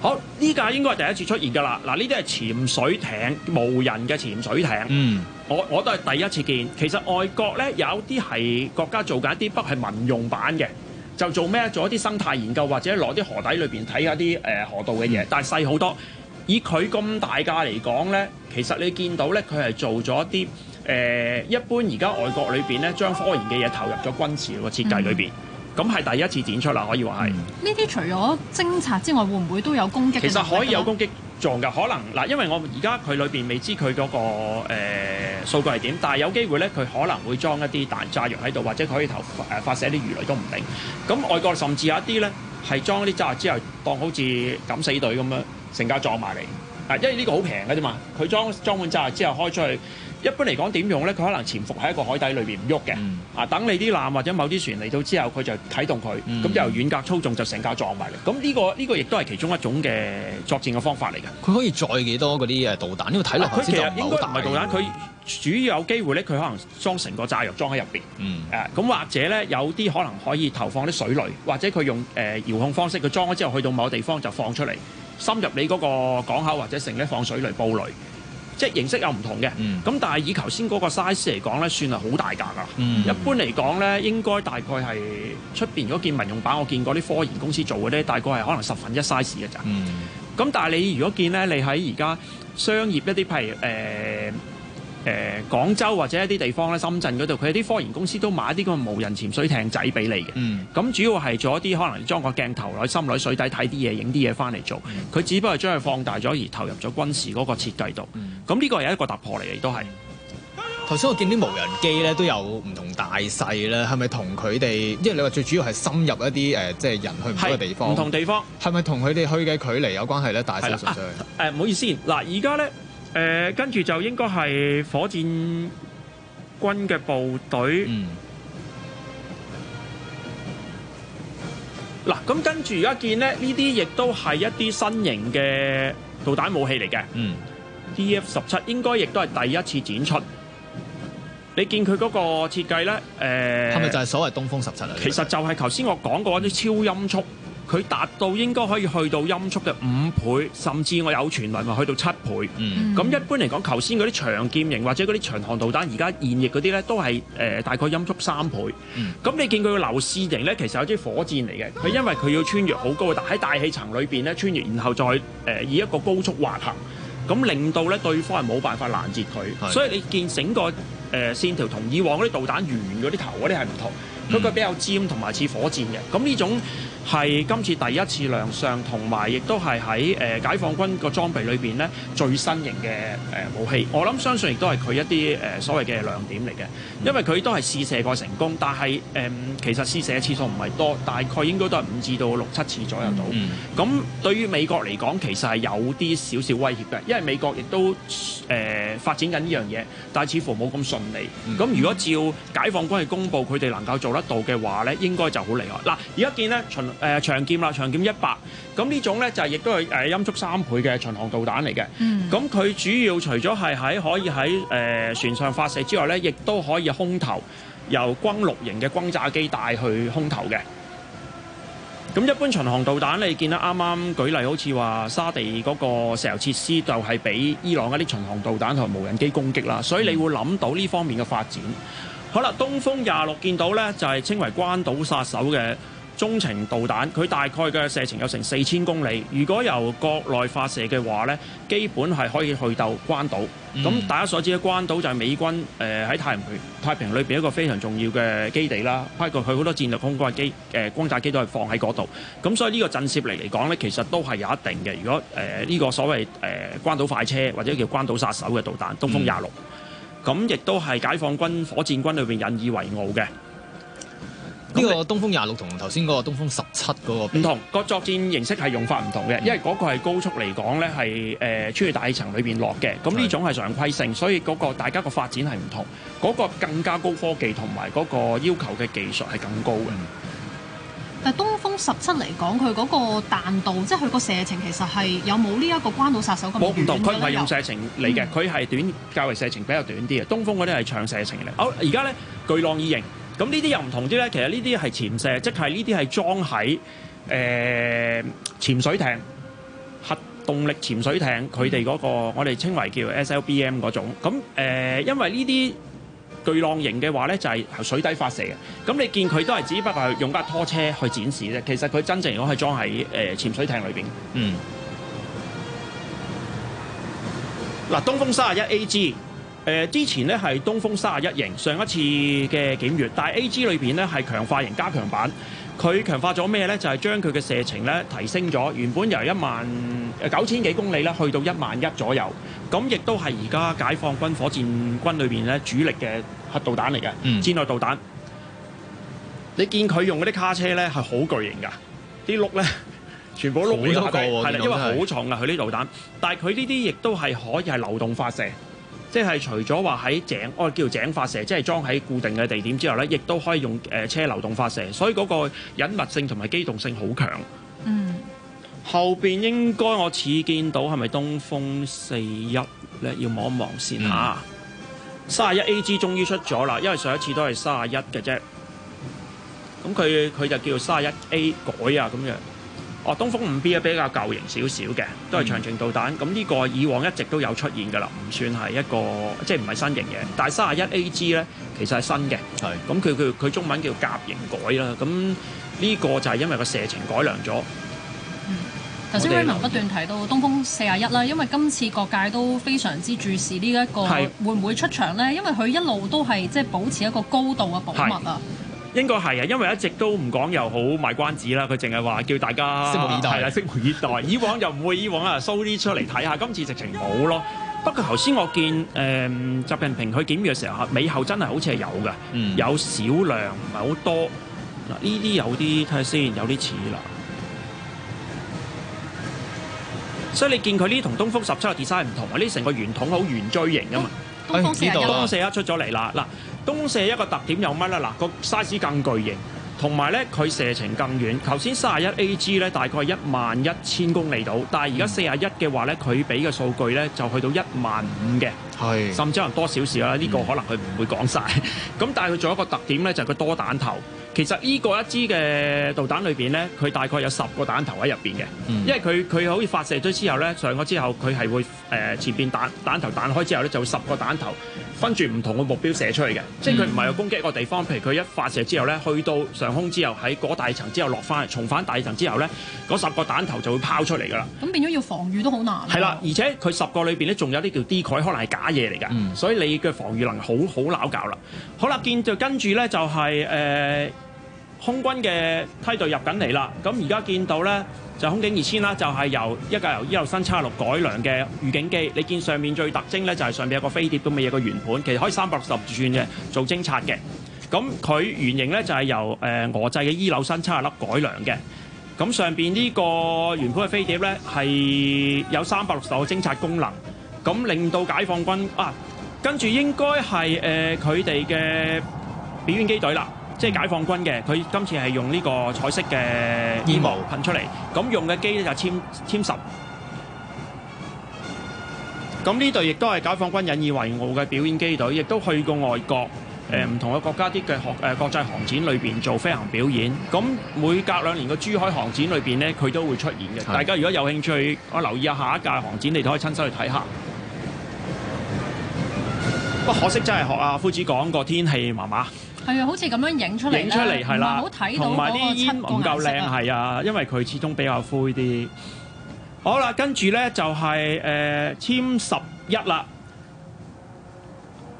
好，呢架應該係第一次出現㗎喇。嗱，呢啲係潛水艇，無人嘅潛水艇。嗯，我我都係第一次見。其實外國呢，有啲係國家做緊一啲，不係民用版嘅。就做咩？做一啲生態研究，或者攞啲河底裏邊睇下啲誒河道嘅嘢，但係細好多。以佢咁大架嚟講呢，其實你見到呢，佢係做咗啲誒一般而家外國裏邊呢，將科研嘅嘢投入咗軍事個設計裏邊。Mm-hmm. 咁係第一次展出啦，可以話係。呢啲除咗偵察之外，會唔會都有攻擊？其實可以有攻擊撞㗎，可能嗱，因為我而家佢裏面未知佢嗰個、呃、數據係點，但係有機會咧，佢可能會裝一啲彈炸藥喺度，或者佢可以投誒發射啲魚雷都唔定。咁外國甚至有一啲咧係裝一啲炸藥之後當好似敢死隊咁樣成架撞埋嚟，啊，因為呢個好平㗎啫嘛，佢裝裝滿炸藥之後開出去。一般嚟講點用咧？佢可能潛伏喺一個海底裏邊唔喐嘅，啊等你啲艦或者某啲船嚟到之後，佢就啟動佢，咁、嗯、由遠隔操縱就成架撞埋嚟。咁呢、呢個呢、呢個亦都係其中一種嘅作戰嘅方法嚟嘅。佢可以載幾多嗰啲誒導彈？呢、呢個睇落頭先就唔係導彈，佢主要有機會咧，佢可能裝成個炸藥裝喺入邊。誒、嗯、咁、啊、或者咧有啲可能可以投放啲水雷，或者佢用誒、呃、遙控方式，佢裝咗之後去到某個地方就放出嚟，深入你嗰個港口或者成咧放水雷、布雷。即係形式又唔同嘅，咁但係以頭先嗰個 size 嚟講咧，算係好大格噶。一般嚟講咧，應該大概係出邊嗰件民用版，我見過啲科研公司做嘅咧，大概係可能十分一 size 嘅咋。咁、mm. 但係你如果見咧，你喺而家商業一啲譬如、呃誒、呃、廣州或者一啲地方咧，深圳嗰度，佢有啲科研公司都買一啲咁嘅無人潛水艇仔俾你嘅。咁、嗯、主要係做一啲可能裝個鏡頭落去心裏水底睇啲嘢，影啲嘢翻嚟做。佢、嗯、只不過將佢放大咗而投入咗軍事嗰個設計度。咁、嗯、呢個係一個突破嚟，亦都係。頭先我見啲無人機咧都有唔同大細咧，係咪同佢哋？因為你話最主要係深入一啲即係人去唔同嘅地方，唔同地方係咪同佢哋去嘅距離有關係咧？大小實唔、啊呃、好意思，嗱而家咧。誒、呃，跟住就應該係火箭軍嘅部隊。嗱、嗯，咁跟住而家見呢呢啲亦都係一啲新型嘅導彈武器嚟嘅、嗯。DF 十七應該亦都係第一次展出。你見佢嗰個設計呢，誒、呃，係咪就係所謂東風十七啊？其實就係頭先我講過嗰啲超音速。佢達到應該可以去到音速嘅五倍，甚至我有傳聞話去到七倍。咁、嗯、一般嚟講，頭先嗰啲長劍型或者嗰啲長航導彈，而家現役嗰啲呢都係、呃、大概音速三倍。咁、嗯、你見佢個流線型呢，其實有啲火箭嚟嘅。佢因為佢要穿越好高嘅，但喺大氣層裏面呢，穿越，然後再、呃、以一個高速滑行，咁令到呢對方係冇辦法攔截佢。所以你見整個誒線條同以往嗰啲導彈圓嗰啲頭嗰啲係唔同，佢個比較尖同埋似火箭嘅。咁呢種係今次第一次亮相，同埋亦都係喺、呃、解放軍個裝備裏面呢最新型嘅、呃、武器。我諗相信亦都係佢一啲、呃、所謂嘅亮點嚟嘅，因為佢都係試射過成功，但係、呃、其實試射嘅次數唔係多，大概應該都係五至到六七次左右度。咁、嗯嗯、對於美國嚟講，其實係有啲少少威脅嘅，因為美國亦都誒、呃、發展緊呢樣嘢，但係似乎冇咁順利。咁如果照解放軍嘅公佈，佢哋能夠做得到嘅話呢，應該就好厲害。嗱、呃，而家誒長劍啦，長劍一百，咁呢種咧就係亦都係誒音速三倍嘅巡航導彈嚟嘅。咁佢主要除咗係喺可以喺誒船上發射之外咧，亦都可以空投，由轟六型嘅轟炸機帶去空投嘅。咁一般巡航導彈，你見得啱啱舉例，好似話沙地嗰個石油設施就係俾伊朗嗰啲巡航導彈同無人機攻擊啦，所以你會諗到呢方面嘅發展。好啦，東風廿六見到咧，就係稱為關島殺手嘅。中程導彈，佢大概嘅射程有成四千公里。如果由國內發射嘅話咧，基本係可以去到關島。咁大家所知咧，關島就係美軍誒喺太平洋太平洋裏邊一個非常重要嘅基地啦。包括佢好多戰略空軍嘅機誒轟炸機都係放喺嗰度。咁所以呢個震懾力嚟講咧，其實都係有一定嘅。如果誒呢個所謂誒關島快車或者叫關島殺手嘅導彈東風廿六，咁亦都係解放軍火箭軍裏邊引以為傲嘅。呢個東風廿六同頭先嗰個東風十七嗰個唔同，個作戰形式係用法唔同嘅，因為嗰個係高速嚟講咧，係誒穿越大氣層裏邊落嘅，咁呢種係常規性，所以嗰個大家個發展係唔同，嗰個更加高科技同埋嗰個要求嘅技術係更高嘅。但係東風十七嚟講，佢嗰個彈道即係佢個射程，其實係有冇呢一個關島殺手咁遠？冇唔同。佢唔係用射程嚟嘅，佢係短較為射程比較短啲嘅。東風嗰啲係長射程嚟。好，而家咧巨浪二型。咁呢啲又唔同啲咧，其實呢啲係潛射，即係呢啲係裝喺誒潛水艇、核動力潛水艇佢哋嗰個，我哋稱為叫 SLBM 嗰種。咁誒，因為呢啲巨浪型嘅話咧，就係水底發射嘅。咁你見佢都係只不過係用架拖車去展示啫，其實佢真正如果係裝喺誒潛水艇裏邊，嗯。嗱，東風三十一 AG。之前呢係東風三十一型，上一次嘅檢閱，但係 A G 裏邊呢係強化型加強版，佢強化咗咩呢？就係、是、將佢嘅射程呢提升咗，原本由一萬九千幾公里呢去到一萬一左右，咁亦都係而家解放軍火箭軍裏邊呢主力嘅核導彈嚟嘅、嗯，戰略導彈。你見佢用嗰啲卡車呢係好巨型噶，啲轆呢全部轆好多個、啊，因為好重啊佢呢導彈，但係佢呢啲亦都係可以係流動發射。即係除咗話喺井，我、啊、叫井發射，即係裝喺固定嘅地點之後呢，亦都可以用誒、呃、車流動發射，所以嗰個隱密性同埋機動性好強。嗯，後邊應該我似見到係咪東風四一呢？要望一望先吓。三、嗯、十一 AG 終於出咗啦，因為上一次都係三十一嘅啫。咁佢佢就叫三十一 A 改啊咁樣。哦、啊，東風五 B 比較舊型少少嘅，都係長程導彈。咁、嗯、呢個以往一直都有出現嘅啦，唔算係一個即係唔係新型嘅。但係 31AG 呢，其實係新嘅。係。咁佢佢佢中文叫甲型改啦。咁呢個就係因為個射程改良咗。頭先 Raymond 不斷提到東風四廿一啦，41，因為今次各界都非常之注視呢一個會唔會出場呢？因為佢一路都係即係保持一個高度嘅保密啊。應該係啊，因為一直都唔講又好賣關子啦，佢淨係話叫大家拭目以待係啦，拭目以待。 (laughs) 以往又唔會，以往啊 show 啲出嚟睇下，今次直情冇咯。不過頭先我見誒習近平佢檢閱嘅時候，後尾後真係好似係有嘅，有少量，唔係好多。嗱呢啲有啲睇下先，有啲似啦。所以你見佢呢同東風十七嘅 design 唔同，呢成個圓筒好圓錐形啊嘛。東風四啊，東風四一出咗嚟啦嗱。東射一個特點有乜咧？嗱，個 size 更巨型，同埋咧佢射程更遠。頭先三十一 AG 咧大概係一萬一千公里度，但係而家四十一嘅話咧，佢俾嘅數據咧就去到一萬五嘅，係甚至可能多少少啦。呢個可能佢唔會講晒。咁、嗯、但係佢仲有一個特點咧，就係佢多彈頭。其實呢個一支嘅導彈裏邊咧，佢大概有十個彈頭喺入邊嘅，因為佢佢好似發射咗之後咧，上咗之後佢係會誒、呃、前邊彈彈頭彈開之後咧，就會十個彈頭。分住唔同嘅目標射出嚟嘅，即係佢唔係有攻擊一個地方。譬如佢一發射之後咧，去到上空之後，喺嗰大層之後落翻，重返大層之後咧，嗰十個彈頭就會拋出嚟㗎啦。咁變咗要防禦都好難。係啦，而且佢十個裏邊咧，仲有啲叫 D 改，可能係假嘢嚟㗎，所以你嘅防禦能力好好難搞啦。好啦，見就跟住咧就係空軍嘅梯隊入緊嚟啦，咁而家見到呢，就是、空警二千啦，就係、是、由一架由伊柳申七十六改良嘅預警機。你見上面最特徵呢，就係、是、上面有個飛碟咁嘅嘢，有個圓盤其實可以三百六十度轉嘅做偵察嘅。咁佢原型呢，就係、是、由誒、呃、俄製嘅伊柳申七十六改良嘅。咁上面呢個圓盤嘅飛碟呢，係有三百六十個偵察功能，咁令到解放軍啊，跟住應該係誒佢哋嘅表演機隊啦。即係解放軍嘅，佢今次係用呢個彩色嘅煙霧噴出嚟，咁、嗯、用嘅機呢就殲殲十。咁呢隊亦都係解放軍引以為傲嘅表演機隊，亦都去過外國誒唔、嗯呃、同嘅國家啲嘅學誒國際航展裏邊做飛行表演。咁每隔兩年嘅珠海航展裏邊呢，佢都會出現嘅。大家如果有興趣，我留意下下一屆航展，你都可以親身去睇下。不過可惜真係學阿、啊、夫子講個天氣麻麻。媽媽係，好似咁樣影出嚟啦，唔好睇到嗰個七個顏色，唔夠靚係啊，因為佢始終比較灰啲。好啦，跟住咧就係誒殲十一啦。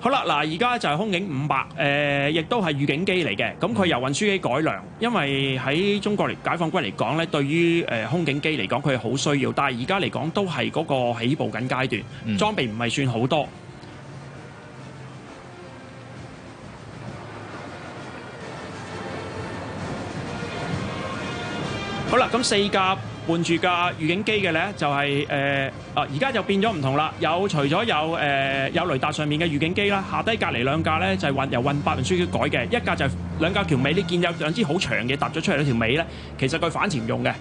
好啦，嗱，而家就係空警五百，誒亦都係預警機嚟嘅。咁佢由運輸機改良，因為喺中國嚟，解放軍嚟講咧，對於誒空警機嚟講，佢係好需要。但係而家嚟講，都係嗰個起步緊階段，裝備唔係算好多。好啦，咁四架伴住架預警機嘅呢，就係誒啊！而、呃、家、哦、就變咗唔同啦，除有除咗有誒有雷達上面嘅預警機啦，下低隔離兩架呢，就係、是、運由運八運輸機改嘅，一架就兩架條尾你見有兩支好長嘅搭咗出嚟，嗰條尾呢，其實佢反潛用嘅，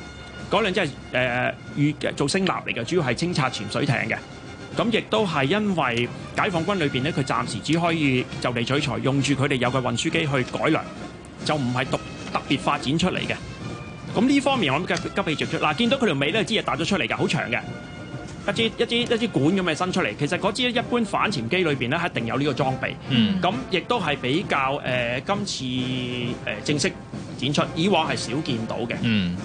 嗰兩支係誒預做聲納嚟嘅，主要係偵察潛水艇嘅。咁亦都係因為解放軍裏面呢，佢暫時只可以就地取材，用住佢哋有嘅運輸機去改良，就唔係特別發展出嚟嘅。咁呢方面我咁急急氣著出，嗱、啊、見到佢條尾咧支係彈咗出嚟㗎，好長嘅一支一支一支管咁嘅伸出嚟，其實嗰支一般反潛機裏面咧係一定有呢個裝備，咁、嗯、亦都係比較、呃、今次、呃、正式展出，以往係少見到嘅、嗯。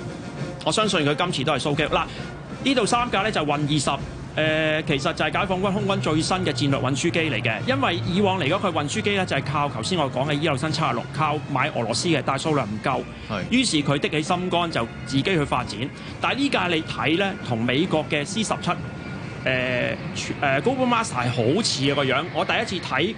我相信佢今次都係蘇擊嗱，呢、啊、度三架咧就運二十。誒、呃，其實就係解放軍空軍最新嘅戰略運輸機嚟嘅，因為以往嚟講佢運輸機咧就係靠頭先我講嘅伊留申七六，靠買俄羅斯嘅，但係數量唔夠，於是佢的起心肝就自己去發展。但係呢架你睇呢，同美國嘅 C 十七誒誒 Globemaster 係好似嘅個樣，我第一次睇。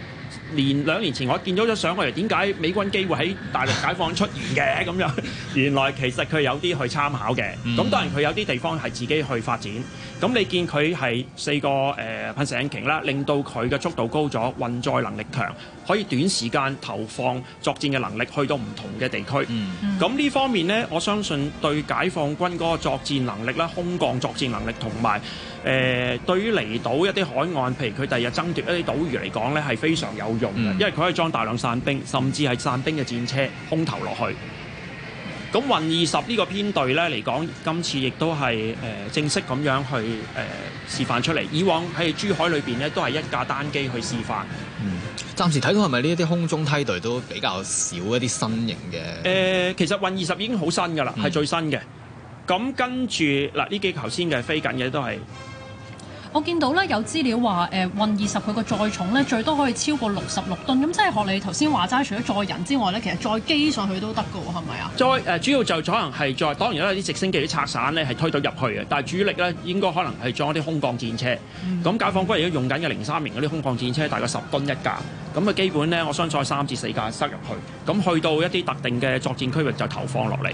連兩年前我見到張相，我哋點解美軍機會喺大陸解放出現嘅咁樣，原來其實佢有啲去參考嘅。咁、嗯、當然佢有啲地方係自己去發展。咁你見佢係四個噴射引擎啦，令到佢嘅速度高咗，運載能力強。可以短時間投放作戰嘅能力去到唔同嘅地區。咁、嗯、呢方面呢，我相信對解放軍嗰個作戰能力啦、空降作戰能力同埋誒，對於離島一啲海岸，譬如佢第日爭奪一啲島嶼嚟講呢，係非常有用嘅、嗯，因為佢可以裝大量散兵，甚至係散兵嘅戰車空投落去。咁運二十呢個編隊呢，嚟講，今次亦都係、呃、正式咁樣去、呃、示範出嚟。以往喺珠海裏邊呢，都係一架單機去示範。嗯，暫時睇到係咪呢一啲空中梯隊都比較少一啲新型嘅、呃？其實運二十已經好新㗎啦，係、嗯、最新嘅。咁跟住嗱，呢、啊、幾頭先嘅飛緊嘅都係。我見到咧有資料話，誒運二十佢個載重咧最多可以超過六十六噸，咁即係學你頭先話齋，除咗載人之外咧，其實載機上去都得噶喎，係咪啊？載誒、呃、主要就可能係載，當然啦啲直升機啲拆散咧係推到入去嘅，但係主力咧應該可能係裝一啲空降戰車。咁、嗯、解放軍而家用緊嘅零三型嗰啲空降戰車，大概十噸一架，咁啊基本咧我相信三至四架塞入去，咁去到一啲特定嘅作戰區域就投放落嚟。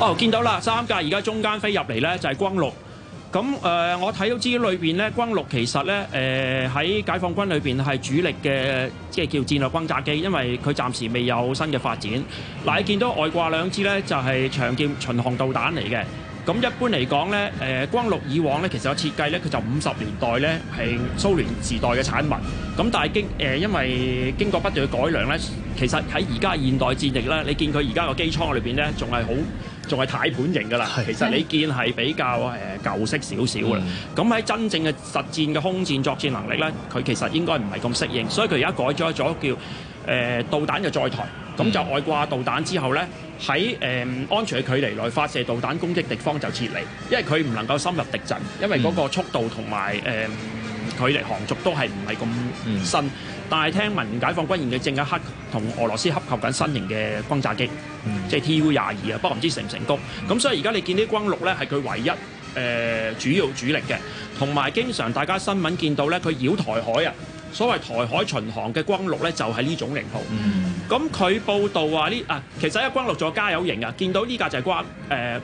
哦，見到啦，三架而家中間飛入嚟咧，就係轟六咁誒。我睇到資料裏邊咧，轟六其實咧誒喺解放軍裏邊係主力嘅，即係叫戰略轟炸機，因為佢暫時未有新嘅發展。嗱，你見到外掛兩支咧，就係長劍巡航導彈嚟嘅。咁一般嚟講咧，誒轟六以往咧其實個設計咧，佢就五十年代咧係蘇聯時代嘅產物。咁但係經誒因為經過不斷嘅改良咧，其實喺而家現代戰力咧，你見佢而家個機艙裏邊咧仲係好。仲係太盤型㗎啦，其實你見係比較誒舊式少少㗎啦。咁喺真正嘅實戰嘅空戰作戰能力咧，佢其實應該唔係咁適應，所以佢而家改咗咗叫誒導彈嘅載台，咁就外掛導彈之後咧，喺誒安全嘅距離內發射導彈攻擊敵方就撤離，因為佢唔能夠深入敵陣，因為嗰個速度同埋誒。距離航族都係唔係咁新，嗯、但係聽聞解放軍現嘅正一刻同俄羅斯洽購緊新型嘅轟炸機，嗯、即係 Tu 廿二啊，不過唔知成唔成功。咁所以而家你見啲轟六咧係佢唯一誒、呃、主要主力嘅，同埋經常大家新聞見到咧，佢繞台海啊，所謂台海巡航嘅轟六咧就係呢種型號。咁、嗯、佢報道話呢啊，其實一轟六做加油型啊，見到呢架就係轟誒。呃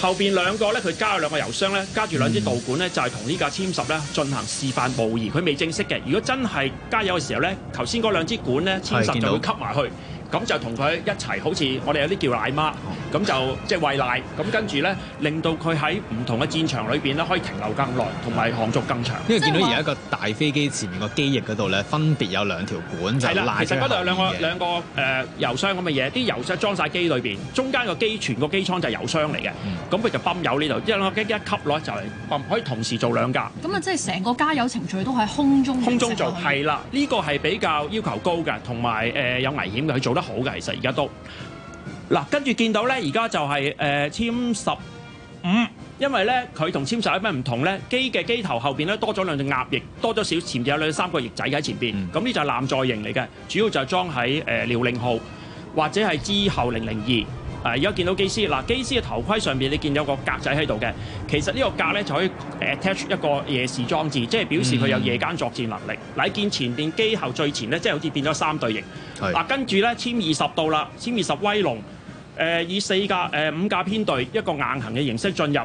後面兩個咧，佢加咗兩個油箱咧，加住兩支導管咧，就係、是、同呢架殲十咧進行示範模擬，佢未正式嘅。如果真係加油嘅時候咧，頭先嗰兩支管咧，殲十就會吸埋去。咁就同佢一齊，好似我哋有啲叫奶媽，咁、oh. 就即係、就是、喂奶。咁跟住咧，令到佢喺唔同嘅戰場裏面咧，可以停留更耐，同埋航續更長。因為見到而家一個大飛機前面個機翼嗰度咧，分別有兩條管就係拉嘅，其實嗰度有兩個兩個誒油箱咁嘅嘢，啲油箱裝晒機裏面，中間個機全個機艙就係油箱嚟嘅。咁、mm、佢 -hmm. 就泵油呢度，因為一一吸落就係泵，可以同時做兩架。咁啊，即係成個加油程序都喺空中空中做，係啦。呢、呢個係比較要求高嘅，同埋有、呃、有危險嘅去做。好嘅，其實而家都嗱，跟、啊、住見到咧，而家就係誒殲十五，因為咧佢同殲十有咩唔同咧，機嘅機頭後邊咧多咗兩隻鴨翼，多咗少前面有兩三個翼仔喺前邊，咁、嗯、呢就係艦載型嚟嘅，主要就係裝喺誒遼寧號或者係之後零零二。誒，而家見到機師嗱，機師嘅頭盔上邊你見有個格仔喺度嘅，其實呢個格咧就可以 attach 一個夜視裝置，即係表示佢有夜間作戰能力。嗱、嗯，你見前邊機後最前咧，即係好似變咗三對型。嗱，跟住咧，殲二十到啦，殲二十威龍，誒、呃、以四架誒、呃、五架編隊，一個硬行嘅形式進入。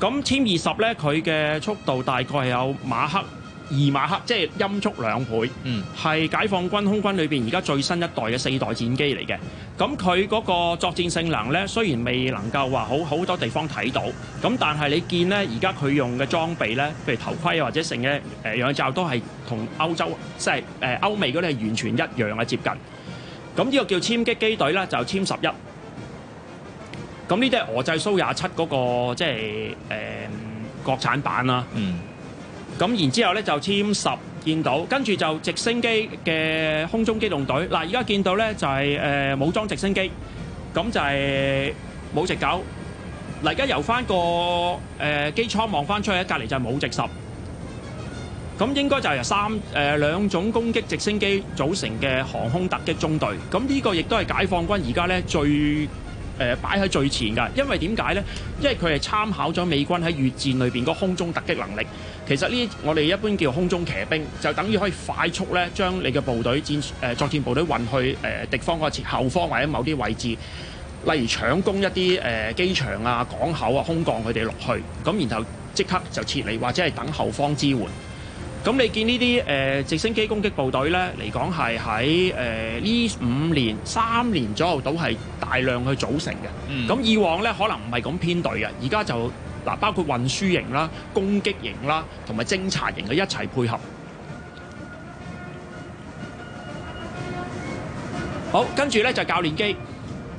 咁殲二十咧，佢嘅速度大概係有馬克。二馬赫，即係音速兩倍，係解放軍空軍裏邊而家最新一代嘅四代戰機嚟嘅。咁佢嗰個作戰性能咧，雖然未能夠話好好多地方睇到，咁但係你見咧，而家佢用嘅裝備咧，譬如頭盔啊，或者剩嘅誒氧罩都係同歐洲即係誒歐美嗰啲係完全一樣嘅、接近。咁呢個叫殲擊機隊咧，就殲十一。咁呢啲係俄製蘇廿七嗰個即係誒國產版啦。咁然之後咧就殲十見到，跟住就直升機嘅空中機動隊嗱。而家見到咧就係誒武裝直升機，咁就係武直九。嗱，而家由翻個誒機艙望翻出去，隔離就係武直十。咁應該就係三誒兩種攻擊直升機組成嘅航空突擊中隊。咁呢個亦都係解放軍而家咧最誒擺喺最前㗎，因為點解咧？因為佢係參考咗美軍喺越戰裏邊個空中突擊能力。其實呢，我哋一般叫空中騎兵，就等於可以快速咧將你嘅部隊戰誒、呃、作戰部隊運去誒敵、呃、方嗰個後方或者某啲位置，例如搶攻一啲誒機場啊、港口啊、空降佢哋落去，咁然後即刻就撤離或者係等後方支援。咁你見呢啲誒直升機攻擊部隊呢，嚟講係喺誒呢五年三年左右，左右都係大量去組成嘅。咁、嗯、以往呢，可能唔係咁編隊嘅，而家就。包括運輸型啦、攻擊型啦，同埋偵察型嘅一齊配合。好，跟住咧就教練機。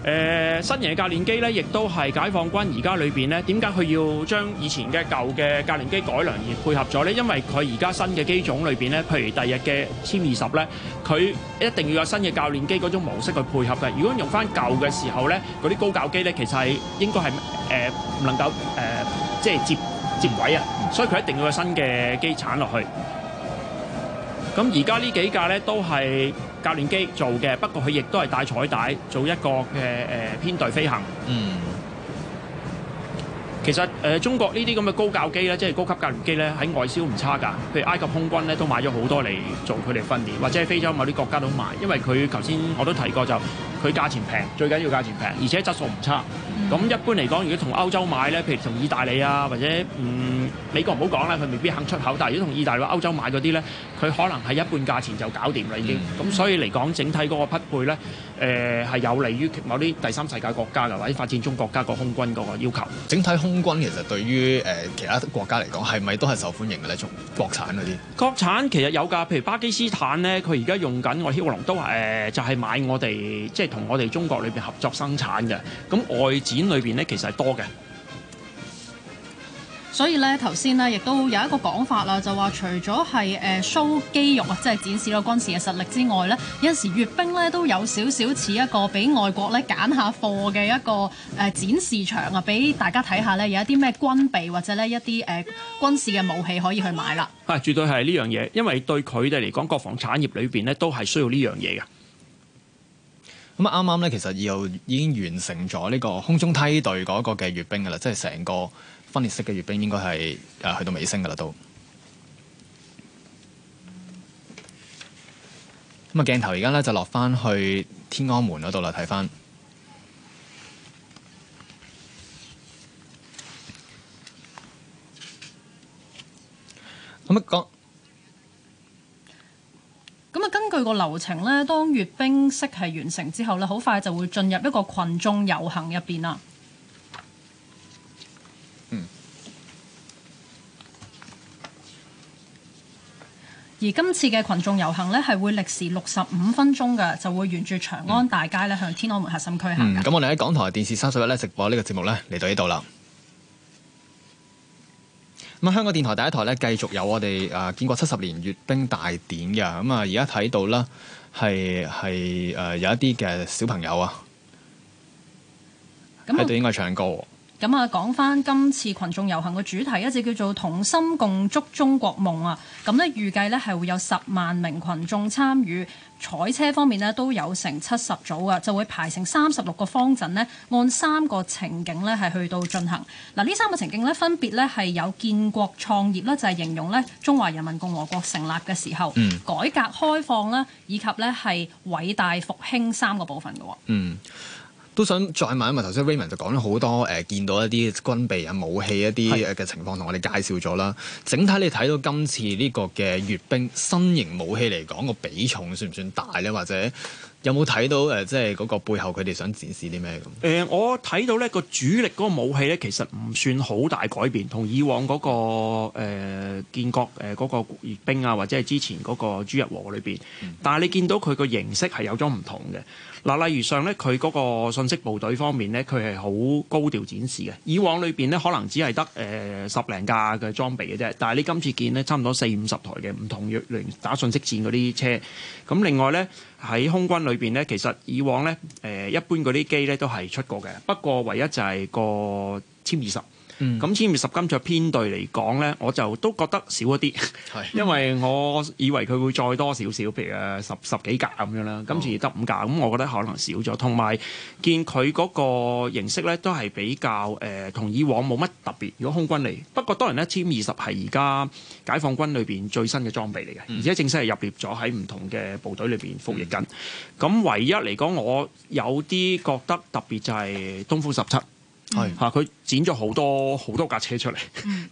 誒新型嘅教練機咧，亦都係解放軍而家裏邊咧，點解佢要將以前嘅舊嘅教練機改良而配合咗咧？因為佢而家新嘅機種裏邊咧，譬如第日嘅殲二十咧，佢一定要有新嘅教練機嗰種模式去配合嘅。如果用翻舊嘅時候咧，嗰啲高教機咧，其實係應該係誒唔能夠誒即係接接位啊，所以佢一定要有新嘅機鏟落去。咁而家呢幾架咧都係教練機做嘅，不過佢亦都係帶彩帶做一個嘅誒編隊飛行。嗯，其實誒，中國呢啲咁嘅高教機咧，即係高級教練機咧，喺外銷唔差㗎。譬如埃及空軍咧都買咗好多嚟做佢哋訓練，或者喺非洲某啲國家都買，因為佢頭先我都提過就。佢價錢平，最緊要價錢平，而且質素唔差。咁一般嚟講，如果同歐洲買咧，譬如同意大利啊，或者嗯美國唔好講啦，佢未必肯出口。但係如果同意大利、歐洲買嗰啲咧，佢可能係一半價錢就搞掂啦已經。咁、嗯、所以嚟講，整體嗰個匹配咧，誒、呃、係有利於某啲第三世界國家嘅或者發展中國家個空軍嗰個要求。整體空軍其實對於誒、呃、其他國家嚟講，係咪都係受歡迎嘅咧？從國產嗰啲國產其實有㗎，譬如巴基斯坦咧，佢而家用緊我梟龍都係、呃、就係、是、買我哋即係。同我哋中國裏邊合作生產嘅，咁外展裏邊呢，其實係多嘅。所以呢，頭先呢亦都有一個講法啦，就話除咗係誒 show 肌肉啊，即係展示咗軍事嘅實力之外呢，有陣時閱兵呢都有少少似一個俾外國呢揀下貨嘅一個誒、呃、展示場啊，俾大家睇下呢，有一啲咩軍備或者呢一啲誒、呃、軍事嘅武器可以去買啦。係，絕對係呢樣嘢，因為對佢哋嚟講，國防產業裏邊呢都係需要呢樣嘢嘅。咁啊，啱啱咧，其實以後已經完成咗呢個空中梯隊嗰個嘅閱兵噶啦，即係成個分列式嘅閱兵應該係誒去到尾聲噶啦都。咁啊，鏡頭而家咧就落翻去天安門嗰度啦，睇翻。咁啊，剛。咁啊，根據個流程咧，當閱兵式係完成之後咧，好快就會進入一個群眾遊行入邊啦，嗯。而今次嘅群眾遊行咧，係會歷時六十五分鐘嘅，就會沿住長安大街咧向天安門核心區行。咁、嗯、我哋喺港台電視三十一咧直播呢個節目咧嚟到呢度啦。咁香港電台第一台咧，繼續有我哋誒建國七十年閱兵大典嘅，咁啊而家睇到啦，係係誒有一啲嘅小朋友啊，咁喺度應該唱歌。咁啊，講翻今次群眾遊行嘅主題，一直叫做同心共築中國夢啊，咁咧預計咧係會有十萬名群眾參與。彩車方面咧都有成七十組啊，就會排成三十六個方陣咧，按三個情景咧係去到進行。嗱，呢三個情景咧分別咧係有建國創業啦，就係、是、形容咧中華人民共和國成立嘅時候、嗯；改革開放啦，以及咧係偉大復興三個部分嘅喎。嗯。都想再問，一問頭先 Raymond 就講咗好多誒、呃，見到一啲軍備啊、武器一啲嘅情況，同我哋介紹咗啦。整體你睇到今次呢個嘅閱兵新型武器嚟講個比重算唔算大咧？或者有冇睇到即係嗰個背後佢哋想展示啲咩咁？我睇到咧個主力嗰個武器咧，其實唔算好大改變，同以往嗰、嗰個、呃、建國嗰個閱兵啊，或者係之前嗰個朱日和裏面。嗯、但係你見到佢個形式係有咗唔同嘅。嗱，例如上咧，佢嗰個信息部隊方面咧，佢係好高調展示嘅。以往裏面咧，可能只係得、呃、十零架嘅裝備嘅啫。但係你今次見咧，差唔多四五十台嘅唔同類型打信息戰嗰啲車。咁另外咧，喺空軍裏面咧，其實以往咧、呃、一般嗰啲機咧都係出過嘅，不過唯一就係個殲二十。咁殲二十金着編隊嚟講呢，我就都覺得少一啲，因為我以為佢會再多少少，譬如十十幾架咁樣啦，今次得五架，咁我覺得可能少咗。同埋見佢嗰個形式呢，都係比較同、呃、以往冇乜特別。如果空軍嚟，不過當然呢，殲二十係而家解放軍裏面最新嘅裝備嚟嘅、嗯，而且正式係入列咗喺唔同嘅部隊裏面服役緊。咁、嗯嗯、唯一嚟講，我有啲覺得特別就係東風十七。係吓，佢剪咗好多好多架車出嚟。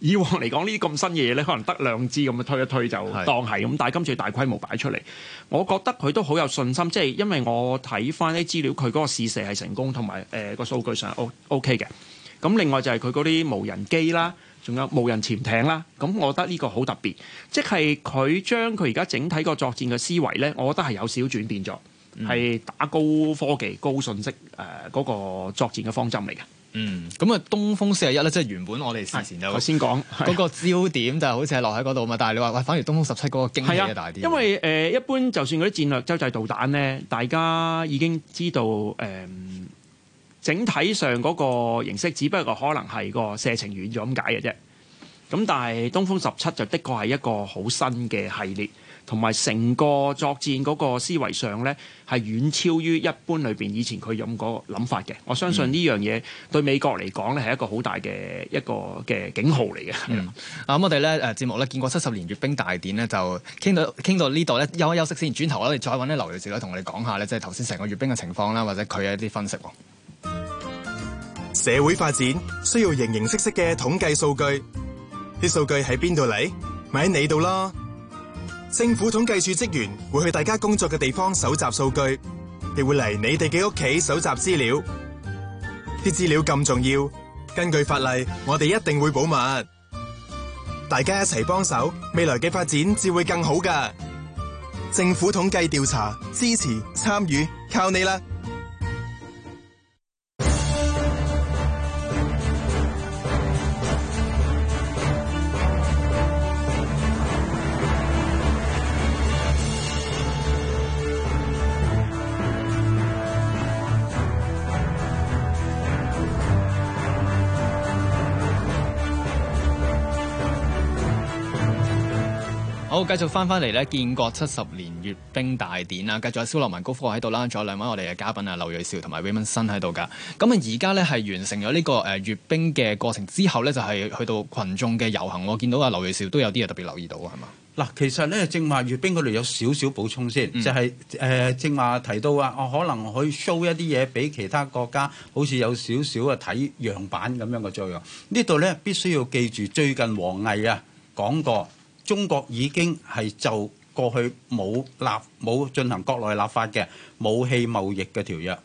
以往嚟講呢啲咁新嘅嘢咧，可能得兩支咁樣推一推就當係咁，但係今次大規模擺出嚟，我覺得佢都好有信心。即係因為我睇翻啲資料，佢嗰個試射係成功，同埋誒個數據上係 OK 嘅。咁另外就係佢嗰啲無人機啦，仲有無人潛艇啦。咁我覺得呢個好特別，即係佢將佢而家整體個作戰嘅思維咧，我覺得係有少轉變咗，係、嗯、打高科技、高信息誒嗰、呃那個作戰嘅方針嚟嘅。嗯，咁啊，東風四十一咧，即係原本我哋事前有先講嗰個焦點，就好似係落喺嗰度嘛。 (laughs) 但係你話喂，反而東風十七嗰個驚喜大啲，啊。因為、呃、一般就算嗰啲戰略洲際導彈咧，大家已經知道、呃、整體上嗰個形式，只不過可能係個射程遠咗咁解嘅啫。咁但係東風十七就的確係一個好新嘅系列。同埋成個作戰嗰個思維上咧，係遠超於一般裏邊以前佢用嗰諗法嘅。我相信呢、嗯、樣嘢對美國嚟講咧，係一個好大嘅一個嘅警號嚟嘅、嗯。啊，咁我哋咧誒節目咧見過七十年閱兵大典咧，就傾到傾到這呢度咧，休一休息先。轉頭我哋再揾咧劉銳紹咧同我哋講下咧，即係頭先成個閱兵嘅情況啦，或者佢一啲分析。社會發展需要形形色色嘅統計數據，啲數據喺邊度嚟？咪喺你度咯。政府統計處職員會去大家工作嘅地方搜集數據，亦會嚟你哋嘅屋企搜集資料。啲資料咁重要，根據法例，我哋一定會保密。大家一齊幫手，未來嘅發展至會更好㗎。政府統計調查支持參與，靠你啦！繼續返返嚟咧，建國七十年閱兵大典啊，繼續有蕭樂文高科喺度啦，仲有兩位我哋嘅嘉賓啊，劉銳紹同埋 Raymond Sun 喺度㗎。咁啊，而家咧係完成咗呢個誒閱兵嘅過程之後咧，就係去到群眾嘅遊行。我見到啊劉銳紹都有啲嘢特別留意到，係嘛？嗱，其實咧正話閱兵嗰度有少少補充先，嗯、就係誒正話提到啊，我可能去可 show 一啲嘢俾其他國家，好似有少少啊睇樣板咁樣嘅作用。這裡呢度咧必須要記住，最近王毅啊講過。中國已經係就過去冇立冇進行國內立法嘅武器貿易嘅條約，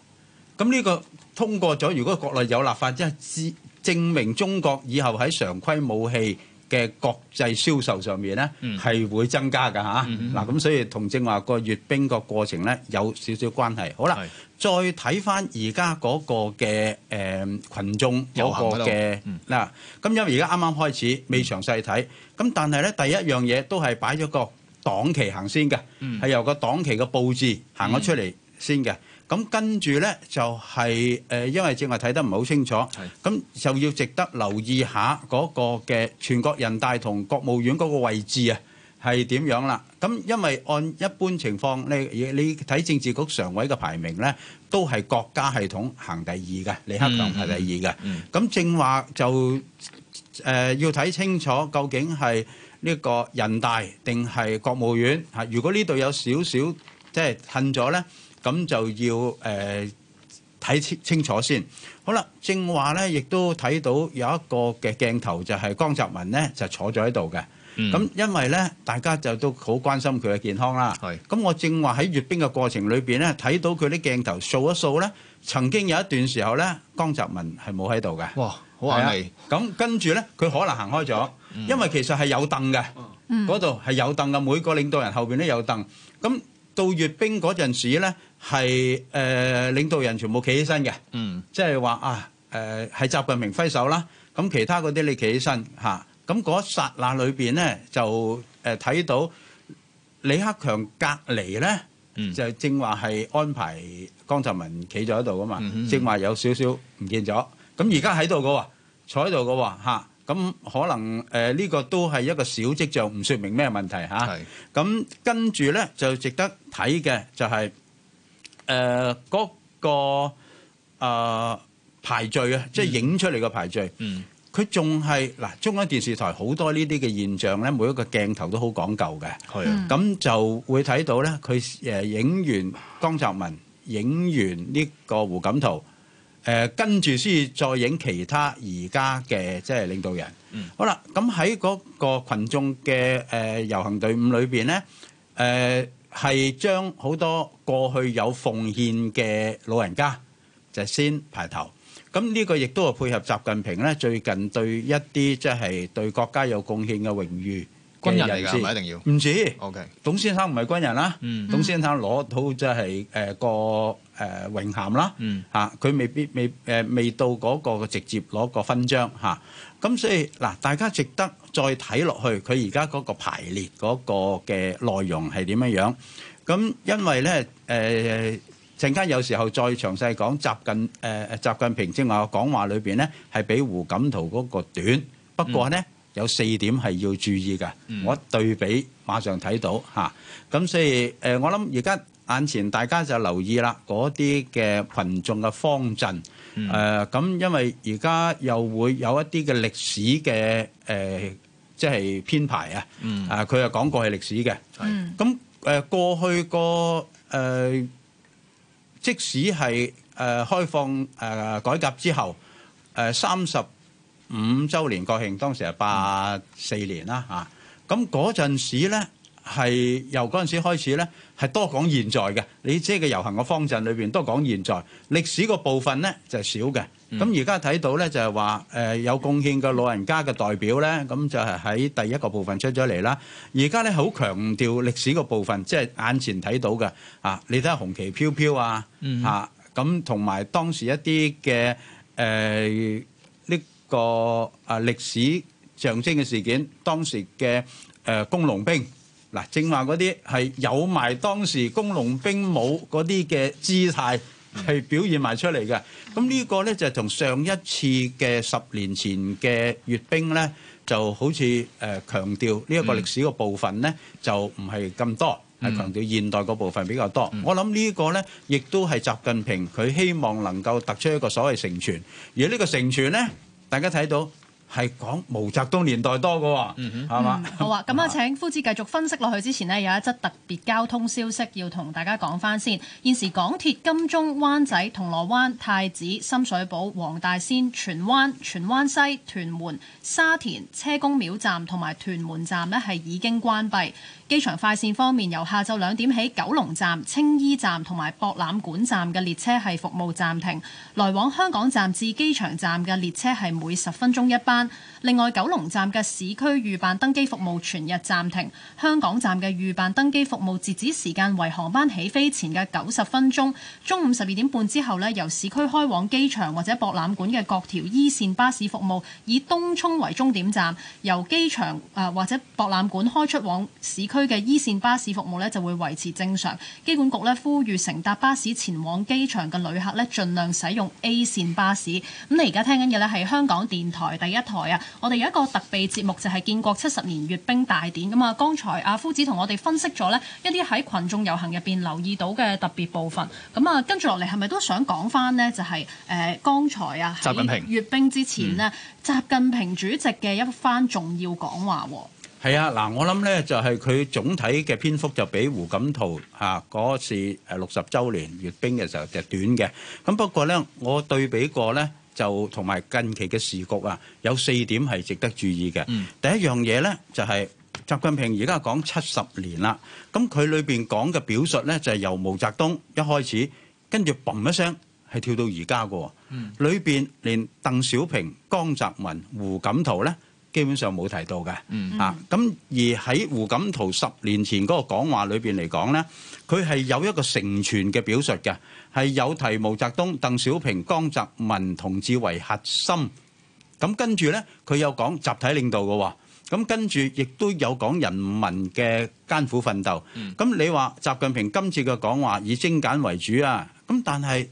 咁呢個通過咗。如果國內有立法，即係證明中國以後喺常規武器嘅國際銷售上面呢係，嗯、會增加㗎吓。嗱、嗯、咁、啊、所以同正話個閱兵個過程呢有少少關係。好啦，再睇返而家嗰個嘅誒羣眾有個嘅嗱，咁、嗯啊、因為而家啱啱開始，嗯、未詳細睇，咁但係呢，第一樣嘢都係擺咗個黨旗行先嘅，係，嗯、由個黨旗嘅佈置行咗出嚟先嘅。嗯咁跟住咧就係誒，因為正話睇得唔係好清楚，咁就要值得留意下嗰個嘅全國人大同國務院嗰個位置啊，係點樣啦？咁因為按一般情況咧，你你睇政治局常委嘅排名咧，都係國家系統行第二嘅，李克強係第二嘅。咁正話就誒要睇清楚，究竟係呢個人大定係國務院嚇？如果呢度有少少即係褪咗咧？咁就要誒睇清清楚先。好啦，正話咧，亦都睇到有一個嘅鏡頭就係江澤民咧，就坐咗喺度嘅。咁因為咧，大家就都好關心佢嘅健康啦。係。咁我正話喺閲兵嘅過程裏邊咧，睇到佢啲鏡頭掃一掃咧，曾經有一段時候咧，江澤民係冇喺度嘅。哇！好眼利。咁跟住咧，佢可能行開咗，因為其實係有凳嘅。嗯。嗰度係有凳嘅，每個領導人後邊都有凳。咁。到閱兵嗰陣時咧，係誒、呃、領導人全部企起身嘅，即係話啊誒係、呃、習近平揮手啦，咁其他嗰啲你企起身嚇，咁嗰剎那裏邊咧就誒睇到李克強隔離咧、嗯，就正話係安排江澤民企咗喺度噶嘛，正話有少少唔見咗，咁而家喺度噶喎，坐喺度噶喎嚇。咁可能誒呢個都係一個小跡象，唔説明咩問題嚇。咁跟住呢就值得睇嘅就係誒嗰個啊排序啊，即係影出嚟嘅排序。佢仲係嗱中央電視台好多呢啲嘅現象呢，每一個鏡頭都好講究嘅。咁就會睇到呢，佢誒影完江澤民，影完呢個胡錦濤。誒跟住先至再影其他而家嘅即係領導人。嗯，好啦，咁喺嗰個羣眾嘅誒遊行隊伍裏邊咧，誒係將好多過去有奉獻嘅老人家就先排頭。咁呢個亦都係配合習近平咧，最近對一啲即係對國家有貢獻嘅榮譽軍人嚟㗎，唔係一定要。唔止。OK，董先生唔係軍人啦。嗯，董先生攞到即係誒個。誒榮涵啦，嚇，佢未必未誒未到嗰個直接攞個勛章嚇，咁所以嗱，大家值得再睇落去，佢而家嗰個排列嗰個嘅內容係點樣樣？咁因為咧誒陣間有時候再詳細講習近誒習近平正話講話裏邊咧，係比胡錦濤嗰個短，不過咧有四點係要注意嘅，我一對比馬上睇到嚇，咁所以誒我諗而家。眼前大家就留意啦，嗰啲嘅群眾嘅方陣，誒、嗯、咁、呃，因為而家又會有一啲嘅歷史嘅誒，即、呃、係、就是、編排啊，啊佢又講過去歷史嘅，咁、嗯、誒、呃、過去個誒、呃，即使係誒開放誒改革之後，誒三十五週年國慶，當時係八四年啦嚇，咁嗰陣時咧。係由嗰陣時開始咧，係多講現在嘅。你即係個遊行個方陣裏邊，多講現在歷史個部分咧就係少嘅。咁而家睇到咧就係話誒有貢獻嘅老人家嘅代表咧，咁就係喺第一個部分出咗嚟啦。而家咧好強調歷史個部分，即係眼前睇到嘅啊！你睇下紅旗飄飄啊嚇咁，同埋當時一啲嘅誒呢個啊歷史象徵嘅事件，當時嘅誒工農兵。嗱，正話嗰啲係有埋當時工農兵武嗰啲嘅姿態，係表現埋出嚟嘅。咁呢個咧就係同上一次嘅十年前嘅閱兵咧，就好似誒強調呢一個歷史嘅部分咧，就唔係咁多，係強調現代個部分比較多。我諗呢個咧，亦都係習近平佢希望能夠突出一個所謂承傳，而呢個承傳咧，大家睇到。係講毛澤東年代多嘅喎，嗯、係嘛？嗯，好啊，咁啊請夫子繼續分析落去之前呢，有一則特別交通消息要同大家講翻先。現時港鐵金鐘、灣仔、銅鑼灣、太子、深水埗、黃大仙、荃灣、荃灣西、屯門、沙田、車公廟站同埋屯門站呢係已經關閉。機場快線方面，由下晝兩點起，九龍站、青衣站同埋博覽館站嘅列車係服務暫停，來往香港站至機場站嘅列車係每十分鐘一班。另外，九龍站嘅市區預辦登機服務全日暫停，香港站嘅預辦登機服務截止時間為航班起飛前嘅九十分鐘。中午十二點半之後呢，由市區開往機場或者博覽館嘅各條 E 線巴士服務，以東涌為終點站，由機場啊或者博覽館開出往市區，區嘅一線巴士服務咧就會維持正常。機管局咧呼籲乘搭巴士前往機場嘅旅客咧盡量使用 A 線巴士。咁你而家聽緊嘅咧係香港電台第一台啊！我哋有一個特備節目就係建國七十年閱兵大典。咁啊，剛才阿夫子同我哋分析咗呢一啲喺群眾遊行入邊留意到嘅特別部分。咁啊，跟住落嚟係咪都想講翻呢？就係誒，剛才啊，習近平閱兵之前呢，習近平主席嘅一番重要講話。係啊，嗱，我諗咧就係佢總體嘅篇幅就比胡錦濤嚇嗰次誒六十週年閱兵嘅時候就短嘅。咁不過咧，我對比過咧，就同埋近期嘅時局啊，有四點係值得注意嘅。第一樣嘢咧就係習近平而家講七十年啦，咁佢裏邊講嘅表述咧就係由毛澤東一開始，跟住嘣一聲係跳到而家嘅喎。裏邊連鄧小平、江澤民、胡錦濤咧，基本上冇提到嘅，啊，咁而喺胡錦濤十年前嗰個講話裏邊嚟講呢，佢係有一個成全嘅表述嘅，係有提毛澤東、鄧小平、江澤民同志為核心，咁跟住呢，佢有講集體領導嘅，咁跟住亦都有講人民嘅艱苦奮鬥，咁你話習近平今次嘅講話以精簡為主啊，咁但係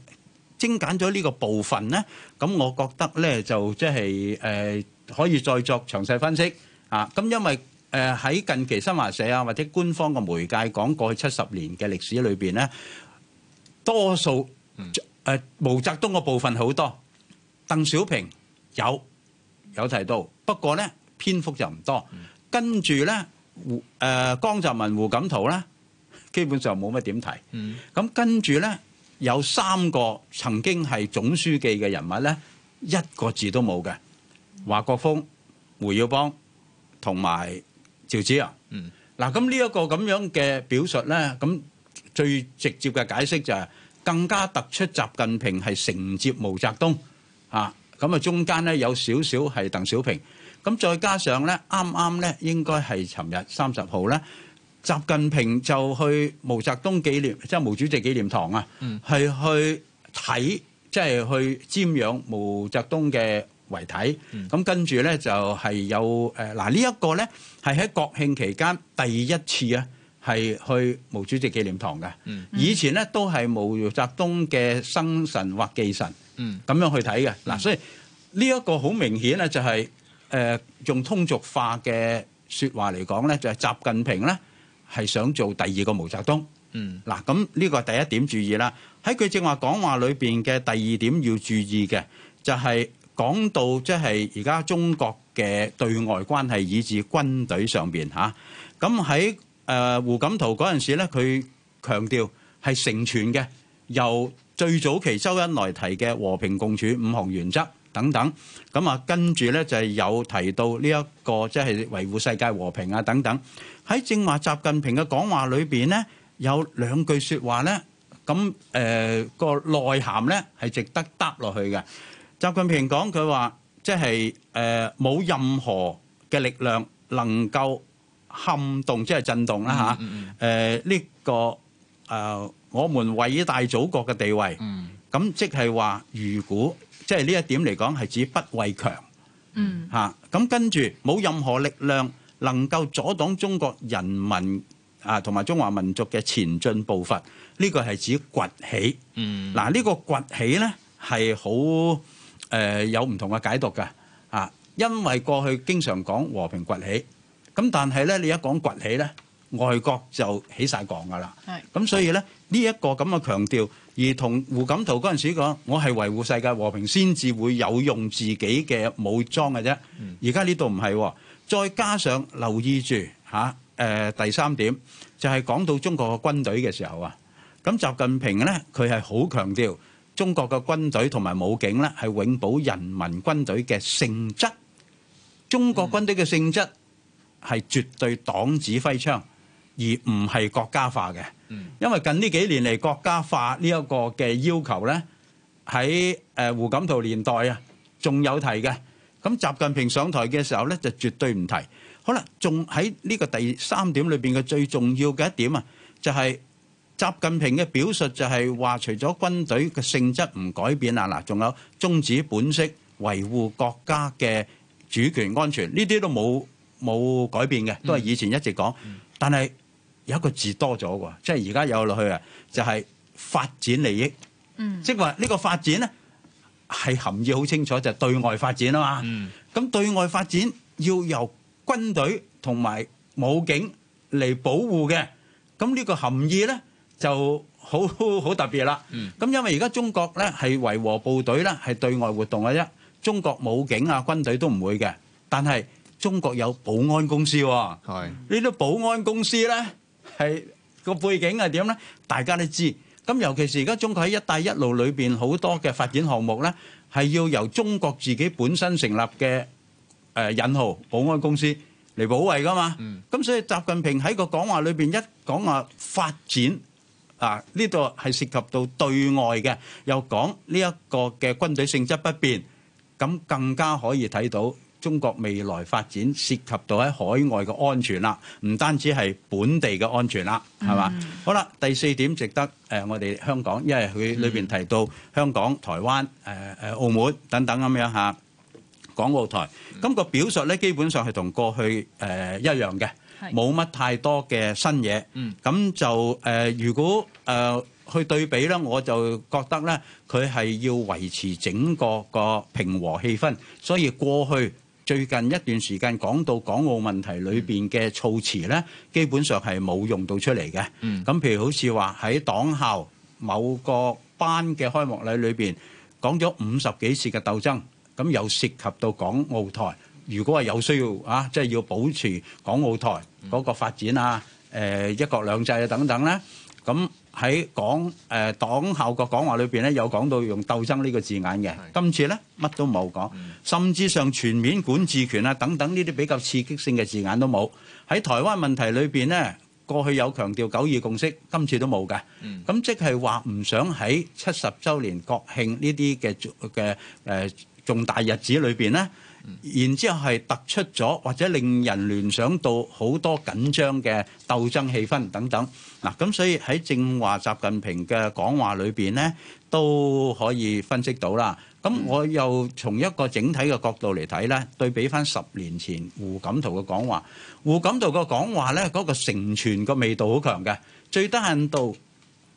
精簡咗呢個部分呢，咁我覺得呢就即係誒。可以再作詳細分析啊！咁因為誒喺近期新華社啊或者官方嘅媒介講過去七十年嘅歷史裏邊咧，多數誒毛澤東嘅部分好多，鄧小平有有提到，不過咧篇幅就唔多。跟住咧，誒江澤民、胡錦濤咧，基本上冇乜點提。咁跟住咧，有三個曾經係總書記嘅人物咧，一個字都冇嘅。華國鋒、胡耀邦同埋趙紫陽，嗱，咁呢一個咁樣嘅表述咧，咁最直接嘅解釋就係更加突出習近平係承接毛澤東啊，咁啊中間咧有少少係鄧小平，咁再加上咧啱啱咧應該係尋日三十號咧，習近平就去毛澤東紀念，即係毛主席紀念堂啊，係去睇，即係去瞻仰毛澤東嘅。遺體。咁跟住咧就係有，嗱呢一個咧係喺國慶期間第一次啊，係去毛主席紀念堂嘅、嗯。以前咧都係毛澤東嘅生辰或忌辰咁、嗯、樣去睇嘅嗱，所以呢一個好明顯咧就係、是、誒、呃、用通俗化嘅說話嚟講咧，就係習近平咧係想做第二個毛澤東。嗯嗱，咁呢個第一點注意啦。喺佢正話講話裏面嘅第二點要注意嘅就係、是。講到即係而家中國嘅對外關係，以至軍隊上邊嚇，咁喺誒胡錦濤嗰陣時咧，佢強調係成全嘅，由最早期周恩來提嘅和平共處五項原則等等，咁啊跟住咧就係有提到呢一個即係維護世界和平啊等等。喺正話習近平嘅講話裏邊咧，有兩句説話咧，咁誒個內涵咧係值得得落去嘅。習近平講佢話，即係誒冇任何嘅力量能夠撼動，即係震動啦嚇。誒呢個誒我們偉大祖國嘅地位，咁即係話，如果即係呢一點嚟講係指不畏強，嚇咁跟住冇任何力量能夠阻擋中國人民啊同埋中華民族嘅前進步伐。呢個係指崛起。嗱，呢個崛起呢係好。誒有唔同嘅解讀嘅嚇，因為過去經常講和平崛起，咁但係咧你一講崛起咧，外國就起曬槓噶啦。係咁，所以咧呢一個咁嘅強調，而同胡錦濤嗰陣時講，我係維護世界和平先至會有用自己嘅武裝嘅啫。而家呢度唔係，再加上留意住嚇誒第三點，就係講到中國嘅軍隊嘅時候啊，咁習近平咧佢係好強調。中國嘅軍隊同埋武警咧，係永保人民軍隊嘅性質。中國軍隊嘅性質係絕對黨指揮槍，而唔係國家化嘅。嗯，因為近呢幾年嚟國家化呢一個嘅要求咧，喺誒胡錦濤年代啊，仲有提嘅。咁習近平上台嘅時候咧，就絕對唔提。好啦，仲喺呢個第三點裏面嘅最重要嘅一點啊，就係。習近平嘅表述就係話，除咗軍隊嘅性質唔改變啊，嗱，仲有宗旨本色，維護國家嘅主權安全，呢啲都冇冇改變嘅，都係以前一直講。但係有一個字多咗喎，即係而家有落去啊，就係發展利益。嗯。即係話呢個發展咧，係含義好清楚，就係對外發展啊嘛。嗯。咁對外發展要由軍隊同埋武警嚟保護嘅，咁呢個含義咧。就好好特別啦。咁因為而家中國呢係維和部隊呢係對外活動嘅啫，中國武警啊軍隊都唔會嘅。但係中國有保安公司，呢啲保安公司呢係個背景係點呢？大家都知。咁尤其是而家中國喺一帶一路裏邊好多嘅發展項目呢，係要由中國自己本身成立嘅誒引號保安公司嚟保衞㗎嘛。咁所以習近平喺個講話裏邊一講話發展。啊！呢度係涉及到對外嘅，又講呢一個嘅軍隊性質不變，咁更加可以睇到中國未來發展涉及到喺海外嘅安全啦，唔單止係本地嘅安全啦，係、mm. 嘛？好啦，第四點值得、呃、我哋香港，因為佢裏面提到香港、mm. 台灣、呃、澳門等等咁樣嚇，港澳台，咁、個表述呢，基本上係同過去、呃、一樣嘅。冇乜太多嘅新嘢，咁就誒，如果誒去對比咧，我就覺得咧，佢係要維持整個個平和氣氛，所以過去最近一段時間講到港澳問題裏邊嘅措辭咧，基本上係冇用到出嚟嘅。咁譬如好似話喺黨校某個班嘅開幕禮裏邊講咗五十幾次嘅鬥爭，咁又涉及到港澳台。如果話有需要啊，即係要保持港澳台嗰個發展啊，誒一國兩制啊等等咧，咁喺港誒黨校嘅講話裏邊咧，有講到用鬥爭呢個字眼嘅。今次咧乜都冇講，甚至上全面管治權啊等等呢啲比較刺激性嘅字眼都冇。喺台灣問題裏邊咧，過去有強調九二共識，今次都冇嘅。咁即係話唔想喺七十週年國慶呢啲嘅嘅誒重大日子裏邊咧。然之後係突出咗，或者令人聯想到好多緊張嘅鬥爭氣氛等等。嗱，咁所以喺正話習近平嘅講話裏邊咧，都可以分析到啦。咁我又從一個整體嘅角度嚟睇咧，對比翻十年前胡錦濤嘅講話，胡錦濤嘅講話咧，嗰、那個成傳個味道好強嘅，最低限度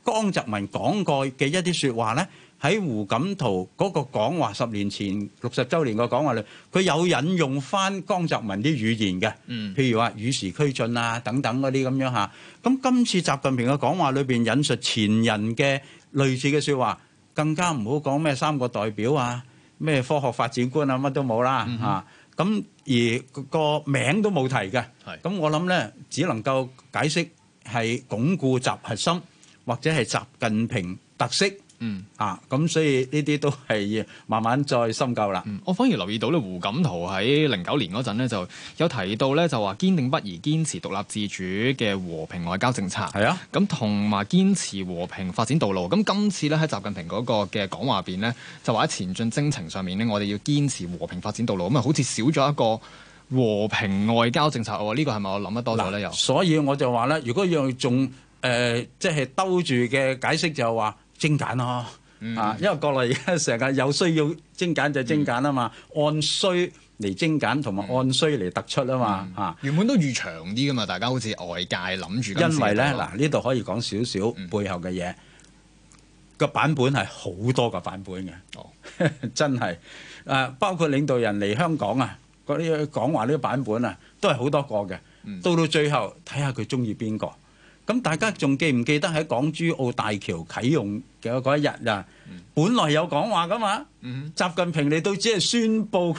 江澤民講過嘅一啲説話咧。喺胡錦濤嗰個講話十年前六十週年嘅講話裏，佢有引用翻江澤民啲語言嘅，嗯，譬如話與時俱進啊等等嗰啲咁樣嚇。咁今次習近平嘅講話裏邊引述前人嘅類似嘅説話，更加唔好講咩三個代表啊，咩科學發展觀啊乜都冇啦嚇。咁而個名都冇提嘅。係。咁我諗咧，只能夠解釋係鞏固習核心，或者係習近平特色。嗯啊，咁所以呢啲都係要慢慢再深究啦、嗯。我反而留意到咧，胡錦濤喺零九年嗰陣呢，就有提到咧，就話堅定不移堅持獨立自主嘅和平外交政策。係啊，咁同埋堅持和平發展道路。咁今次咧喺習近平嗰個嘅講話邊呢，就話喺前進征程上面呢，我哋要堅持和平發展道路。咁啊，好似少咗一個和平外交政策。哦這個，是是我呢個係咪我諗得多咗咧？又所以我就話咧，如果要仲誒，即、呃、係、就是、兜住嘅解釋就係話。精簡咯、啊，啊、嗯，因為國內而家成日有需要精簡就精簡啊嘛、嗯，按需嚟精簡同埋按需嚟突出啊嘛，嚇、嗯，原本都預長啲噶嘛，大家好似外界諗住。因為咧嗱，呢度可以講少少背後嘅嘢，個、嗯、版本係好多個版本嘅，哦， (laughs) 真係，誒，包括領導人嚟香港啊，嗰啲講話呢個版本啊，都係好多個嘅，到到最後睇下佢中意邊個。看看咁大家仲記唔記得喺港珠澳大橋啓用嘅嗰一日啊？本來有講話噶嘛，習近平你都只係宣佈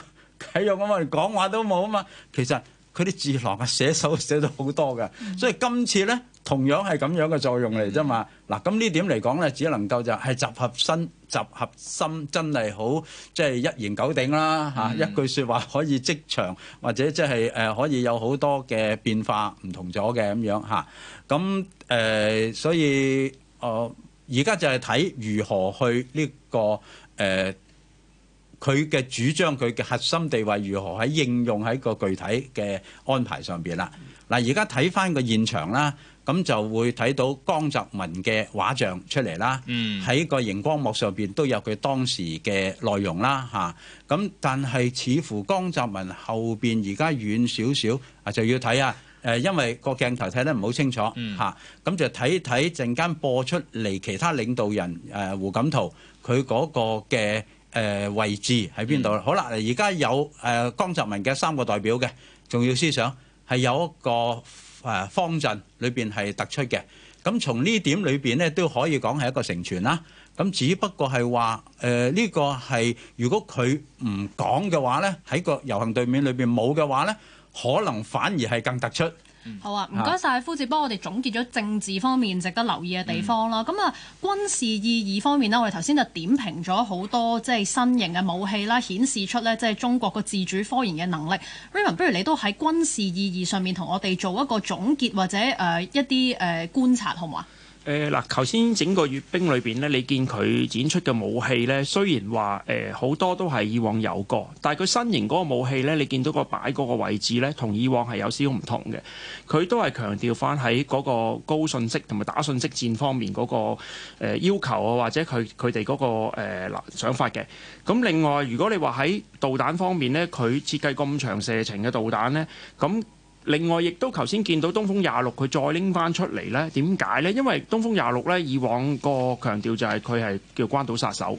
啓用啊嘛，講話都冇啊嘛。其實佢啲智囊啊，寫手寫到好多㗎，所以今次咧同樣係咁樣嘅作用嚟啫嘛。嗱，咁呢點嚟講咧，只能夠就係集合新。集合心真係好，即係一言九鼎啦吓、嗯，一句説話可以即場，或者即係誒可以有好多嘅變化唔同咗嘅咁樣吓。咁誒、呃，所以我而家就係睇如何去呢個誒佢嘅主張，佢嘅核心地位如何喺應用喺個具體嘅安排上邊啦。嗱、呃，而家睇翻個現場啦。咁就會睇到江澤民嘅畫像出嚟啦，喺、嗯、個熒光幕上邊都有佢當時嘅內容啦嚇。咁、啊、但係似乎江澤民後邊而家遠少少啊，就要睇啊誒，因為個鏡頭睇得唔好清楚嚇。咁、啊、就睇睇陣間播出嚟其他領導人誒、啊、胡錦濤佢嗰個嘅誒、呃、位置喺邊度啦。好啦，而家有誒、呃、江澤民嘅三個代表嘅重要思想係有一個。誒，方陣裏面係突出嘅，咁從呢點裏面呢都可以講係一個承傳啦。咁只不過係話誒，呢個係如果佢唔講嘅話呢，喺個遊行對面裏面冇嘅話呢，可能反而係更突出。好啊，唔該晒。夫子幫我哋總結咗政治方面值得留意嘅地方囉。咁、嗯、啊，軍事意義方面呢，我哋頭先就點評咗好多即係新型嘅武器啦，顯示出咧即係中國個自主科研嘅能力。Raymond，不如你都喺軍事意義上面同我哋做一個總結或者誒、呃、一啲誒、呃、觀察，好唔好啊？誒、呃、嗱，頭先整個閱兵裏面咧，你見佢展出嘅武器咧，雖然話好、呃、多都係以往有過，但係佢新型嗰個武器咧，你見到個擺嗰個位置咧，同以往係有少少唔同嘅。佢都係強調翻喺嗰個高信息同埋打信息戰方面嗰、嗰個、呃、要求啊，或者佢佢哋嗰個、呃、想法嘅。咁另外，如果你話喺導彈方面咧，佢設計咁長射程嘅導彈咧，咁。另外，亦都頭先見到東風廿六佢再拎翻出嚟呢，點解呢？因為東風廿六呢，以往個強調就係佢係叫關島殺手，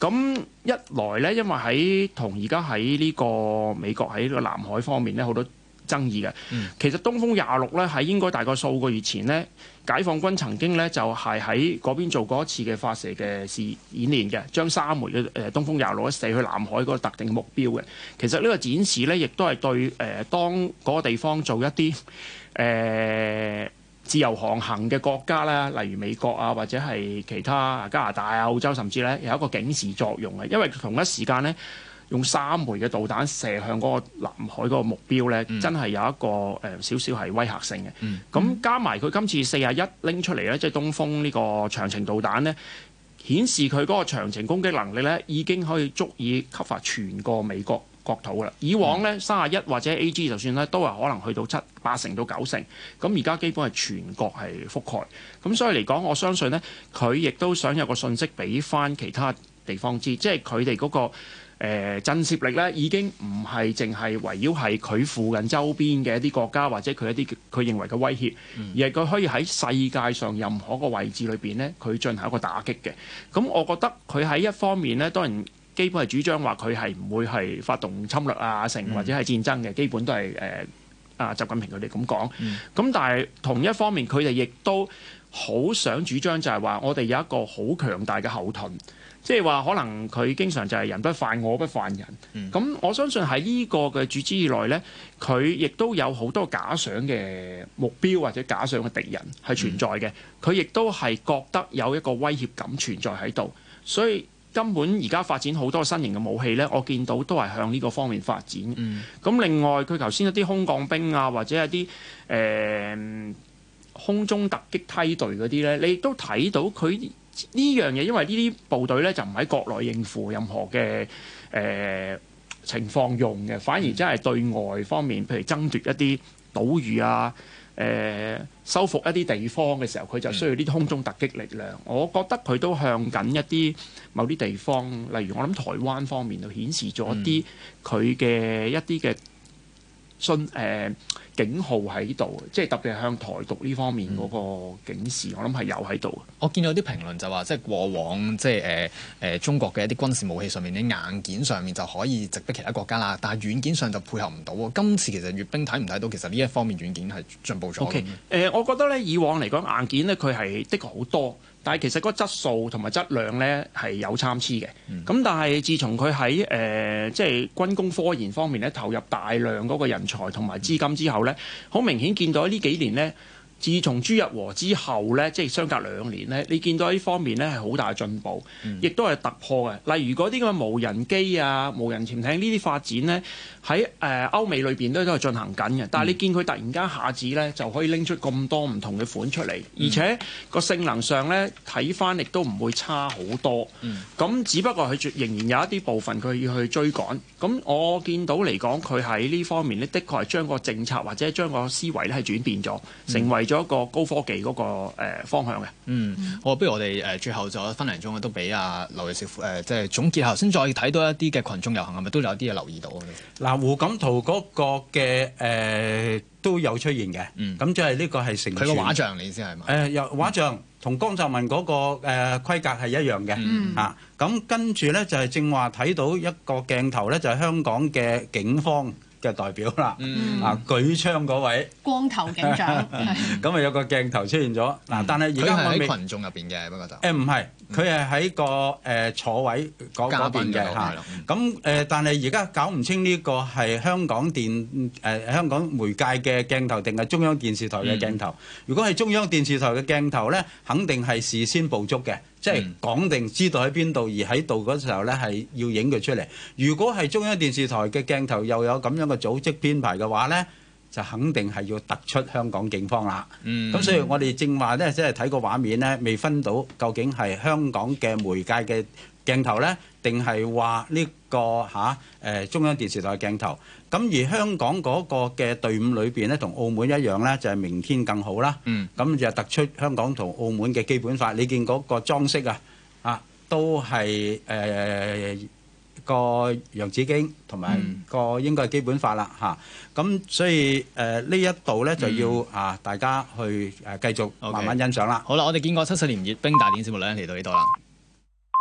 咁一來呢，因為喺同而家喺呢個美國喺呢個南海方面呢，好多。爭議嘅，其實東風廿六咧係應該大概數個月前呢，解放軍曾經呢就係喺嗰邊做過一次嘅發射嘅事演練嘅，將三枚嘅誒東風廿六一射去南海嗰個特定嘅目標嘅。其實呢個展示呢，亦都係對誒、呃、當嗰個地方做一啲誒、呃、自由航行嘅國家啦，例如美國啊，或者係其他加拿大啊、澳洲，甚至呢有一個警示作用嘅，因為同一時間呢。用三枚嘅導彈射向嗰個南海嗰個目標呢、嗯，真係有一個誒少少係威嚇性嘅。咁、嗯、加埋佢今次四十一拎出嚟呢，即、就、係、是、東風呢個長程導彈呢，顯示佢嗰個長程攻擊能力呢，已經可以足以覆蓋全個美國國土啦。以往呢，三十一或者 A G 就算呢，都係可能去到七八成到九成。咁而家基本係全國係覆蓋。咁所以嚟講，我相信呢，佢亦都想有個信息俾翻其他地方知，即係佢哋嗰個。誒、呃、震懾力咧已經唔係淨係圍繞係佢附近周邊嘅一啲國家或者佢一啲佢認為嘅威脅，嗯、而係佢可以喺世界上任何個位置裏邊咧，佢進行一個打擊嘅。咁我覺得佢喺一方面咧，當然基本係主張話佢係唔會係發動侵略啊，成或者係戰爭嘅，基本都係誒啊習近平佢哋咁講。咁、嗯、但係同一方面，佢哋亦都好想主張就係話，我哋有一個好強大嘅後盾。即係話可能佢經常就係人不犯我，我不犯人，咁、嗯、我相信喺呢個嘅主旨以內呢，佢亦都有好多假想嘅目標或者假想嘅敵人係存在嘅。佢亦都係覺得有一個威脅感存在喺度，所以根本而家發展好多新型嘅武器呢，我見到都係向呢個方面發展。咁、嗯、另外佢頭先一啲空降兵啊，或者係啲、呃、空中突擊梯隊嗰啲呢，你都睇到佢。呢樣嘢，因為呢啲部隊呢，就唔喺國內應付任何嘅誒、呃、情況用嘅，反而真係對外方面，譬如爭奪一啲島嶼啊，誒、呃，收復一啲地方嘅時候，佢就需要啲空中突擊力量。嗯、我覺得佢都向緊一啲某啲地方，例如我諗台灣方面就顯示咗啲佢嘅一啲嘅信、呃、警號喺度，即係特別係向台獨呢方面嗰個警示，嗯、我諗係有喺度。我見到啲評論就話，即係過往即係誒誒中國嘅一啲軍事武器上面，啲硬件上面就可以直逼其他國家啦。但係軟件上就配合唔到。今次其實閱兵睇唔睇到，其實呢一方面的軟件係進步咗。O K，誒，我覺得咧，以往嚟講，硬件咧，佢係的確好多。但係其實嗰個質素同埋質量呢係有參差嘅。咁但係自從佢喺誒即係軍工科研方面呢投入大量嗰個人才同埋資金之後呢，好明顯見到呢幾年呢。自從朱日和之後咧，即係相隔兩年咧，你見到呢方面咧係好大嘅進步，亦都係突破嘅。例如嗰啲咁嘅無人機啊、無人潛艇呢啲發展咧，喺誒歐美裏面都都係進行緊嘅。但係你見佢突然間下子咧，就可以拎出咁多唔同嘅款出嚟，而且個性能上咧睇翻亦都唔會差好多。咁只不過佢仍然有一啲部分佢要去追趕。咁我見到嚟講佢喺呢方面咧，的確係將個政策或者將個思維咧係轉變咗，成、嗯、為。做一個高科技嗰個誒方向嘅。嗯，我不如我哋誒最後就分零鐘都俾阿劉銳紹誒即係總結下，先再睇到一啲嘅群眾遊行係咪都有啲嘢留意到？嗱，胡錦濤嗰個嘅誒都有出現嘅，嗯，咁即係呢個係成佢個畫像，你意思係嘛？誒，有畫像同江澤民嗰個誒規格係一樣嘅，啊，咁跟住咧就係正話睇到一個鏡頭咧就係香港嘅警方。嘅代表啦，啊、嗯、舉槍嗰位光頭警長，咁 (laughs) 啊有個鏡頭出現咗，嗱、嗯、但係而家佢喺群眾入邊嘅，不過就誒唔係。欸佢係喺個誒、呃、坐位嗰邊嘅咁誒，但係而家搞唔清呢個係香港電誒、呃、香港媒介嘅鏡頭定係中央電視台嘅鏡頭。嗯、如果係中央電視台嘅鏡頭呢，肯定係事先捕捉嘅，即係講定知道喺邊度，而喺度嗰時候呢，係要影佢出嚟。如果係中央電視台嘅鏡頭又有咁樣嘅組織編排嘅話呢。就肯定係要突出香港警方啦，咁所以我哋正話呢，即係睇個畫面呢，未分到究竟係香港嘅媒介嘅鏡頭呢，定係話呢個嚇誒中央電視台嘅鏡頭。咁而香港嗰個嘅隊伍裏邊呢，同澳門一樣呢，就係明天更好啦。咁就突出香港同澳門嘅基本法。你見嗰個裝飾啊，啊都係誒。個《揚子經》同埋個應該係基本法啦嚇，咁、嗯啊、所以誒呢一度呢，呃、就要啊大家去誒繼續慢慢欣賞啦。Okay. 好啦，我哋見過七十年閱兵大典，先冇兩嚟到呢度啦。